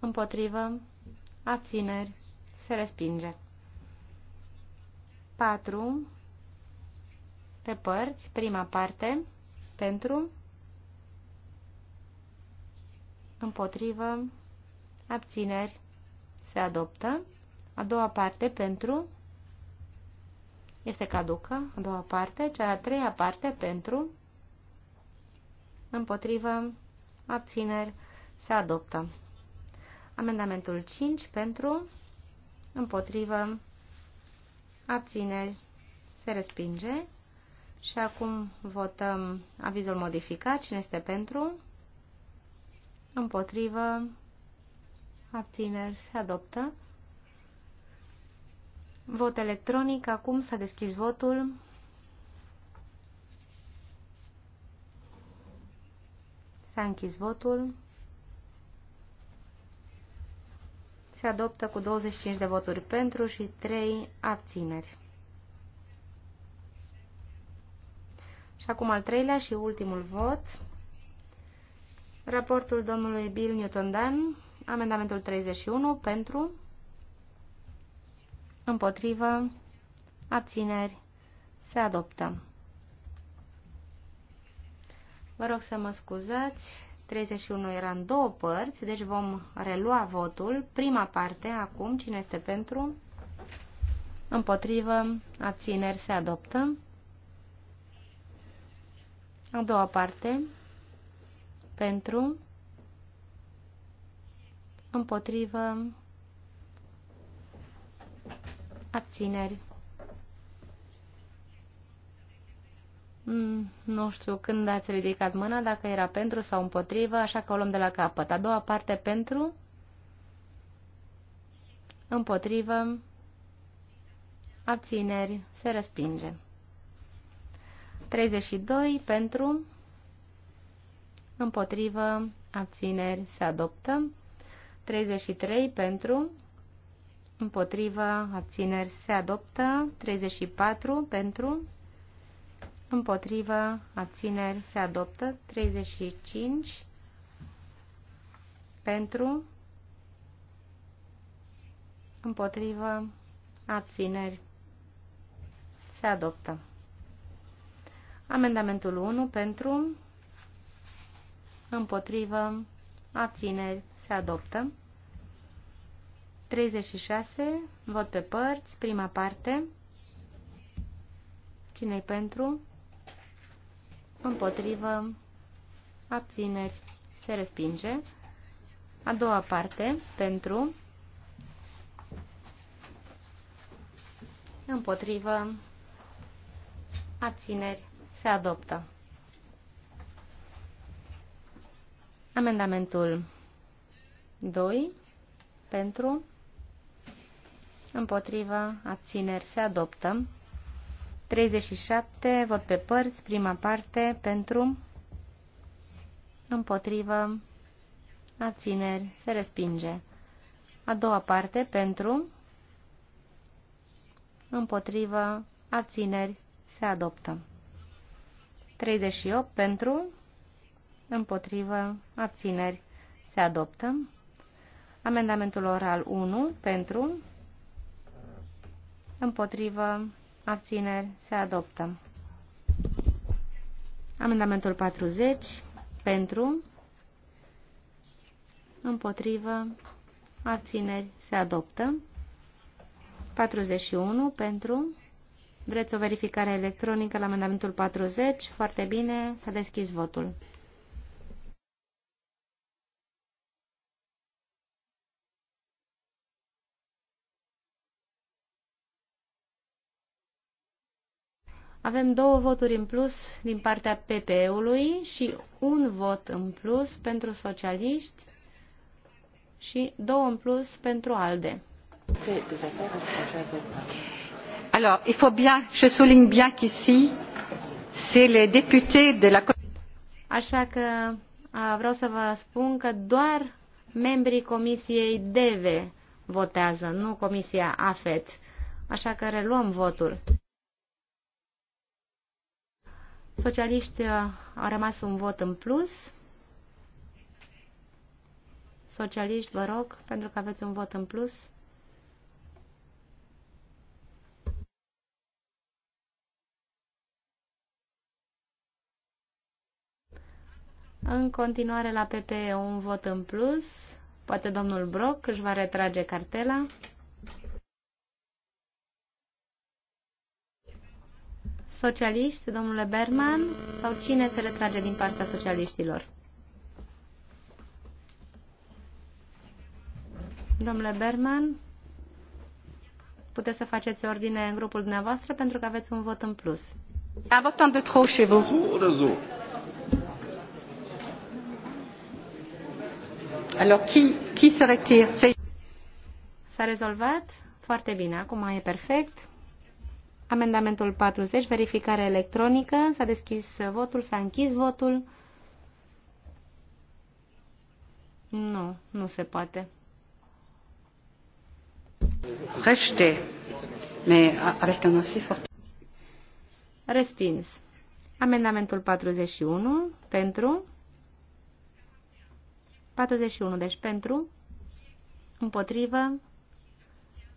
împotrivă, abțineri, se respinge. 4 pe părți, prima parte, pentru, împotrivă, abțineri, se adoptă. A doua parte, pentru, este caducă, a doua parte, cea a treia parte, pentru, împotrivă, abțineri, se adoptă. Amendamentul 5 pentru, împotrivă, abțineri, se respinge. Și acum votăm avizul modificat. Cine este pentru? Împotrivă. Abțineri. Se adoptă. Vot electronic. Acum s-a deschis votul. S-a închis votul. Se adoptă cu 25 de voturi pentru și 3 abțineri. Și acum al treilea și ultimul vot. Raportul domnului Bill Newton Dan, amendamentul 31 pentru, împotrivă, abțineri, se adoptă. Vă rog să mă scuzați, 31 era în două părți, deci vom relua votul. Prima parte, acum, cine este pentru? Împotrivă, abțineri, se adoptă. A doua parte. Pentru. Împotrivă. Abțineri. Mm, nu știu când ați ridicat mâna, dacă era pentru sau împotrivă, așa că o luăm de la capăt. A doua parte pentru, împotrivă, abțineri, se respinge. 32 pentru, împotrivă, abțineri, se adoptă. 33 pentru, împotrivă, abțineri, se adoptă. 34 pentru, împotrivă, abțineri, se adoptă. 35 pentru, împotrivă, abțineri, se adoptă. Amendamentul 1 pentru, împotrivă, abțineri, se adoptă. 36, vot pe părți, prima parte. cine pentru? Împotrivă, abțineri, se respinge. A doua parte, pentru, împotrivă, abțineri, se adoptă. Amendamentul 2 pentru împotriva abțineri se adoptă. 37 vot pe părți, prima parte pentru împotrivă abțineri se respinge. A doua parte pentru împotrivă abțineri se adoptă. 38 pentru, împotrivă, abțineri, se adoptă. Amendamentul oral 1 pentru, împotrivă, abțineri, se adoptă. Amendamentul 40 pentru, împotrivă, abțineri, se adoptă. 41 pentru, Vreți o verificare electronică la amendamentul 40? Foarte bine, s-a deschis votul. Avem două voturi în plus din partea PPE-ului și un vot în plus pentru socialiști și două în plus pentru ALDE il faut bien, je souligne bien qu'ici, c'est les députés de la Așa că vreau să vă spun că doar membrii Comisiei DEVE votează, nu Comisia AFET. Așa că reluăm votul. Socialiști au rămas un vot în plus. Socialiști, vă rog, pentru că aveți un vot în plus. În continuare la PP, un vot în plus. Poate domnul Broc își va retrage cartela. Socialiști, domnule Berman, sau cine se retrage din partea socialiștilor? Domnule Berman, puteți să faceți ordine în grupul dumneavoastră pentru că aveți un vot în plus. A de trop chez vous. Alors, qui, qui se retire S-a rezolvat foarte bine. Acum e perfect. Amendamentul 40, verificare electronică. S-a deschis votul, s-a închis votul. Nu, nu se poate. Rejeté. Mais avec un aussi fort. Respins. Amendamentul 41 pentru 41. Deci pentru, împotrivă,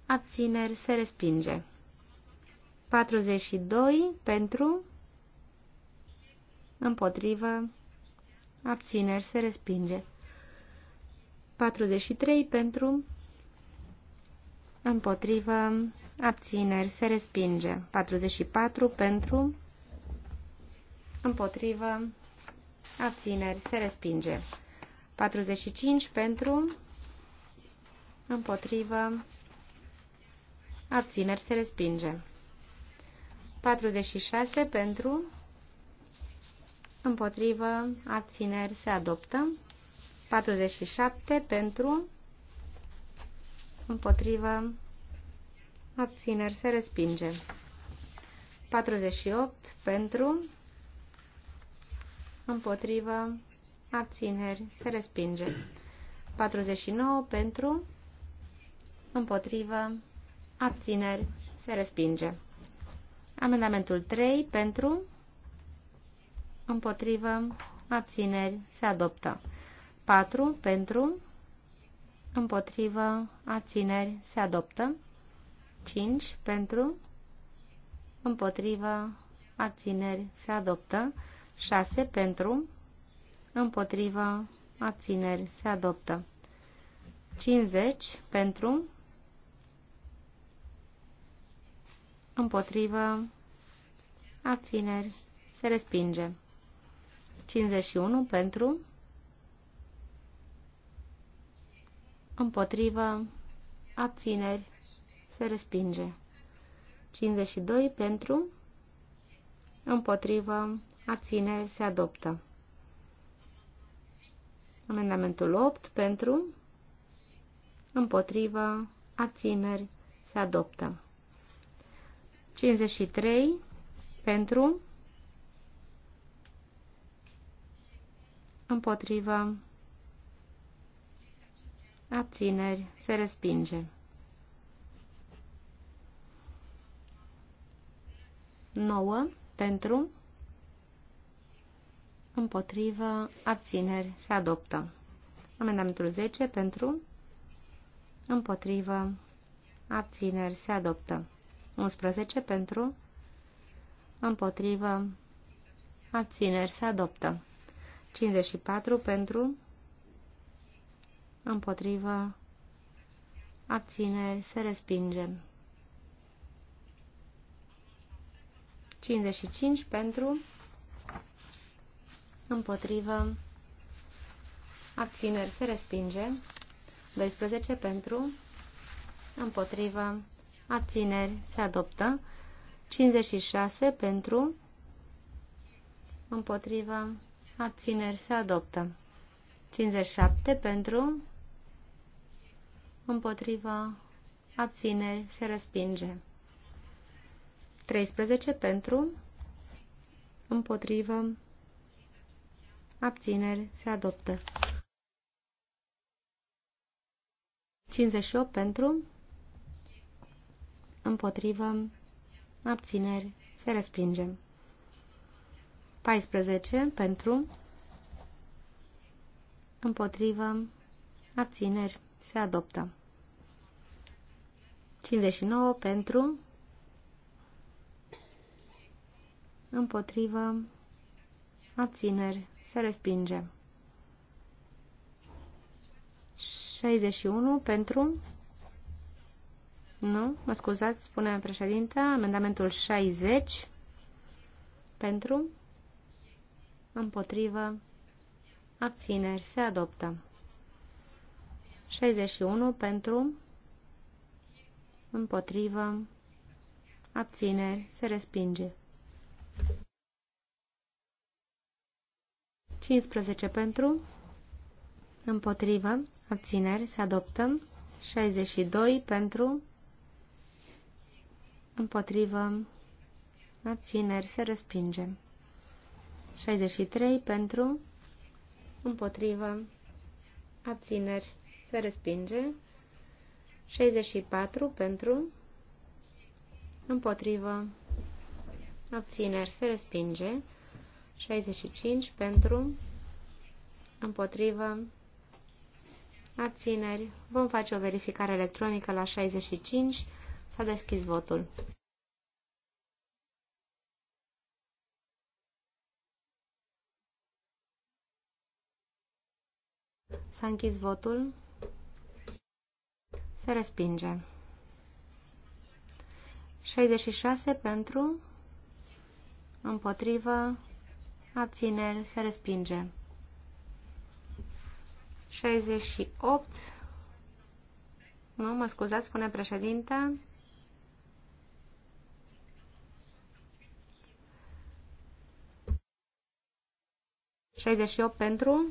abțineri, se respinge. 42. Pentru, împotrivă, abțineri, se respinge. 43. Pentru, împotrivă, abțineri, se respinge. 44. Pentru, împotrivă, abțineri, se respinge. 45 pentru, împotrivă, abțineri se respinge. 46 pentru, împotrivă, abțineri se adoptă. 47 pentru, împotrivă, abțineri se respinge. 48 pentru, împotrivă, abțineri, se respinge. 49 pentru, împotrivă, abțineri, se respinge. Amendamentul 3 pentru, împotrivă, abțineri, se adoptă. 4 pentru, împotrivă, abțineri, se adoptă. 5 pentru, împotrivă, abțineri, se adoptă. 6 pentru, Împotriva abțineri, se adoptă. 50 pentru, Împotriva abțineri, se respinge. 51 pentru, Împotriva abțineri, se respinge. 52 pentru, Împotriva abțineri, se adoptă. Amendamentul 8 pentru, împotrivă, abțineri, se adoptă. 53 pentru, împotrivă, abțineri, se respinge. 9 pentru, împotrivă, abțineri, se adoptă. Amendamentul 10 pentru, împotrivă, abțineri, se adoptă. 11 pentru, împotrivă, abțineri, se adoptă. 54 pentru, împotrivă, abțineri, se respinge. 55 pentru, împotrivă, abțineri se respinge, 12 pentru, împotrivă, abțineri se adoptă, 56 pentru, împotrivă, abțineri se adoptă, 57 pentru, împotrivă, abțineri se respinge, 13 pentru, împotrivă, abțineri, se adoptă. 58 pentru, împotrivă, abțineri, se respinge. 14 pentru, împotrivă, abțineri, se adoptă. 59 pentru, împotrivă, abțineri, se respinge. 61 pentru... Nu, mă scuzați, spune președinta, amendamentul 60 pentru, împotrivă, abțineri, se adoptă. 61 pentru, împotrivă, abțineri, se respinge. 15 pentru, împotrivă, abțineri, se adoptă. 62 pentru, împotrivă, abțineri, se respinge. 63 pentru, împotrivă, abțineri, se respinge. 64 pentru, împotrivă, abțineri, se respinge. 65 pentru, împotrivă, abțineri. Vom face o verificare electronică la 65. S-a deschis votul. S-a închis votul. Se respinge. 66 pentru, împotrivă, abțineri, se respinge. 68, nu, mă scuzați, spune președinte. Șaizeci opt pentru,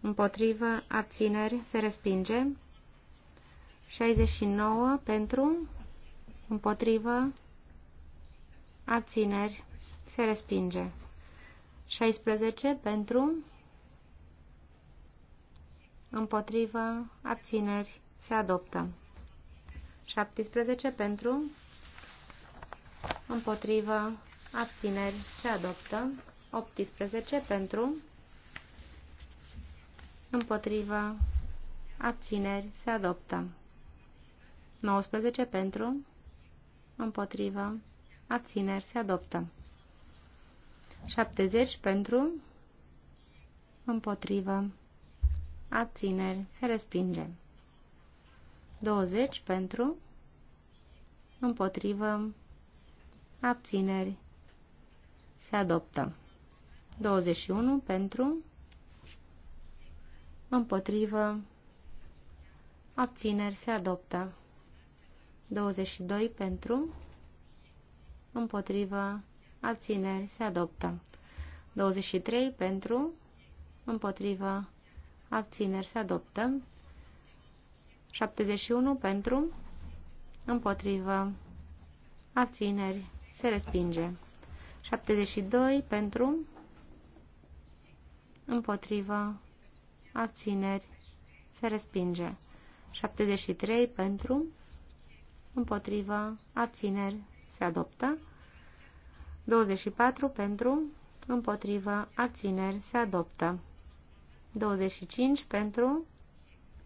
împotrivă, abțineri, se respinge. 69 pentru, împotrivă, abțineri, se respinge. 16 pentru, împotrivă, abțineri, se adoptă. 17 pentru, împotrivă, abțineri, se adoptă. 18 pentru, împotrivă, abțineri, se adoptă. 19 pentru, împotrivă, abțineri, se adoptă. 70 pentru, împotrivă, abțineri, se respinge. 20 pentru, împotrivă, abțineri, se adoptă. 21 pentru, împotrivă, abțineri, se adoptă. 22 pentru, împotrivă, abțineri, se adoptă. 23 pentru, împotrivă, abțineri, se adoptă. 71 pentru, împotrivă, abțineri, se respinge. 72 pentru, împotrivă, abțineri, se respinge. 73 pentru, împotrivă, abțineri, se adoptă. 24 pentru, împotrivă, abțineri, se adoptă. 25 pentru,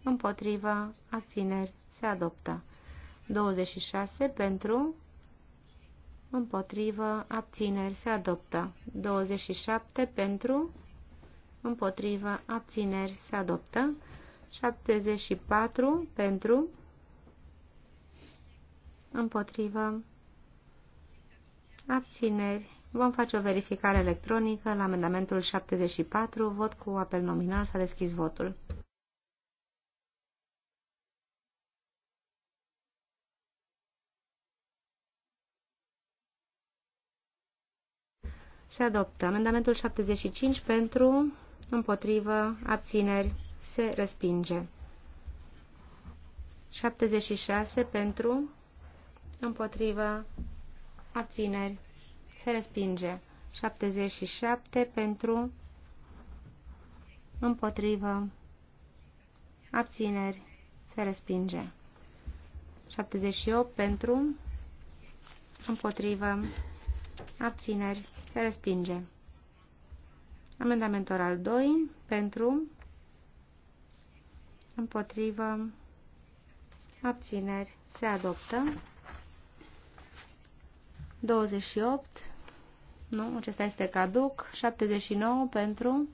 împotrivă, abțineri, se adoptă. 26 pentru, împotrivă, abțineri, se adoptă. 27 pentru, împotrivă, abțineri, se adoptă. 74 pentru, împotrivă, abțineri. Vom face o verificare electronică la amendamentul 74, vot cu apel nominal, s-a deschis votul. Se adoptă amendamentul 75 pentru, împotrivă, abțineri, se respinge. 76 pentru, împotrivă, abțineri, se respinge. 77 pentru, împotrivă, abțineri, se respinge. 78 pentru, împotrivă, abțineri, se respinge. Amendament oral 2 pentru, împotrivă, abțineri, se adoptă. 28, nu, acesta este caduc, 79 pentru,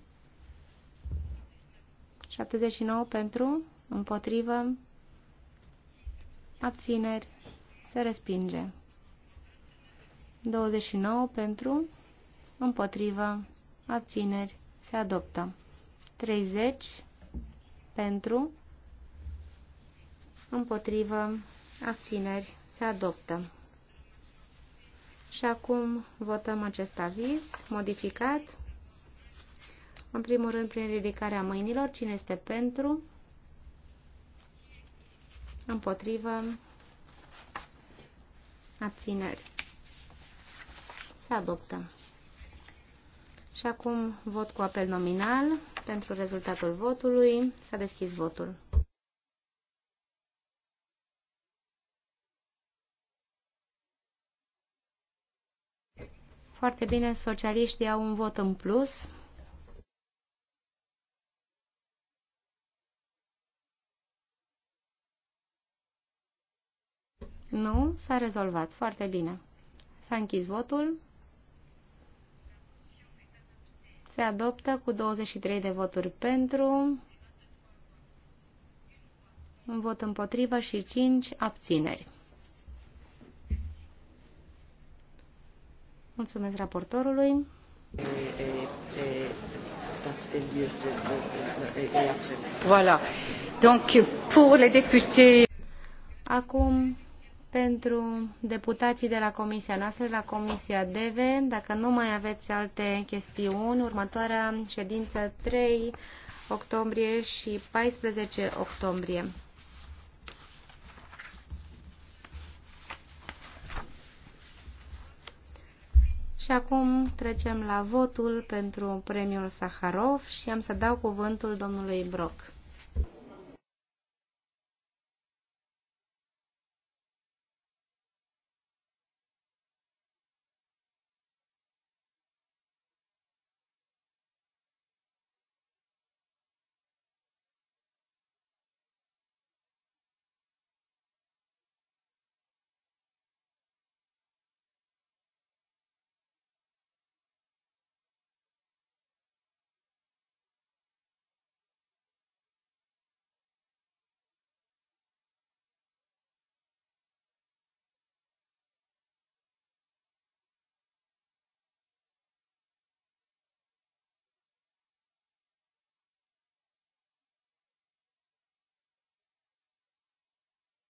79 pentru, împotrivă, abțineri, se respinge. 29 pentru, împotrivă, abțineri, se adoptă. 30 pentru, împotrivă, abțineri, se adoptă. Și acum votăm acest aviz modificat. În primul rând, prin ridicarea mâinilor, cine este pentru, împotrivă, abțineri. Se adoptă. Și acum vot cu apel nominal pentru rezultatul votului. S-a deschis votul. Foarte bine, socialiștii au un vot în plus. Nu, s-a rezolvat. Foarte bine. S-a închis votul. Se adoptă cu 23 de voturi pentru, un vot împotrivă și 5 abțineri. Mulțumesc raportorului. Voilà. Donc, pour les députés... Acum, pentru deputații de la comisia noastră, la comisia DV, dacă nu mai aveți alte chestiuni, următoarea ședință 3 octombrie și 14 octombrie. Și acum trecem la votul pentru premiul Saharov și am să dau cuvântul domnului Brock.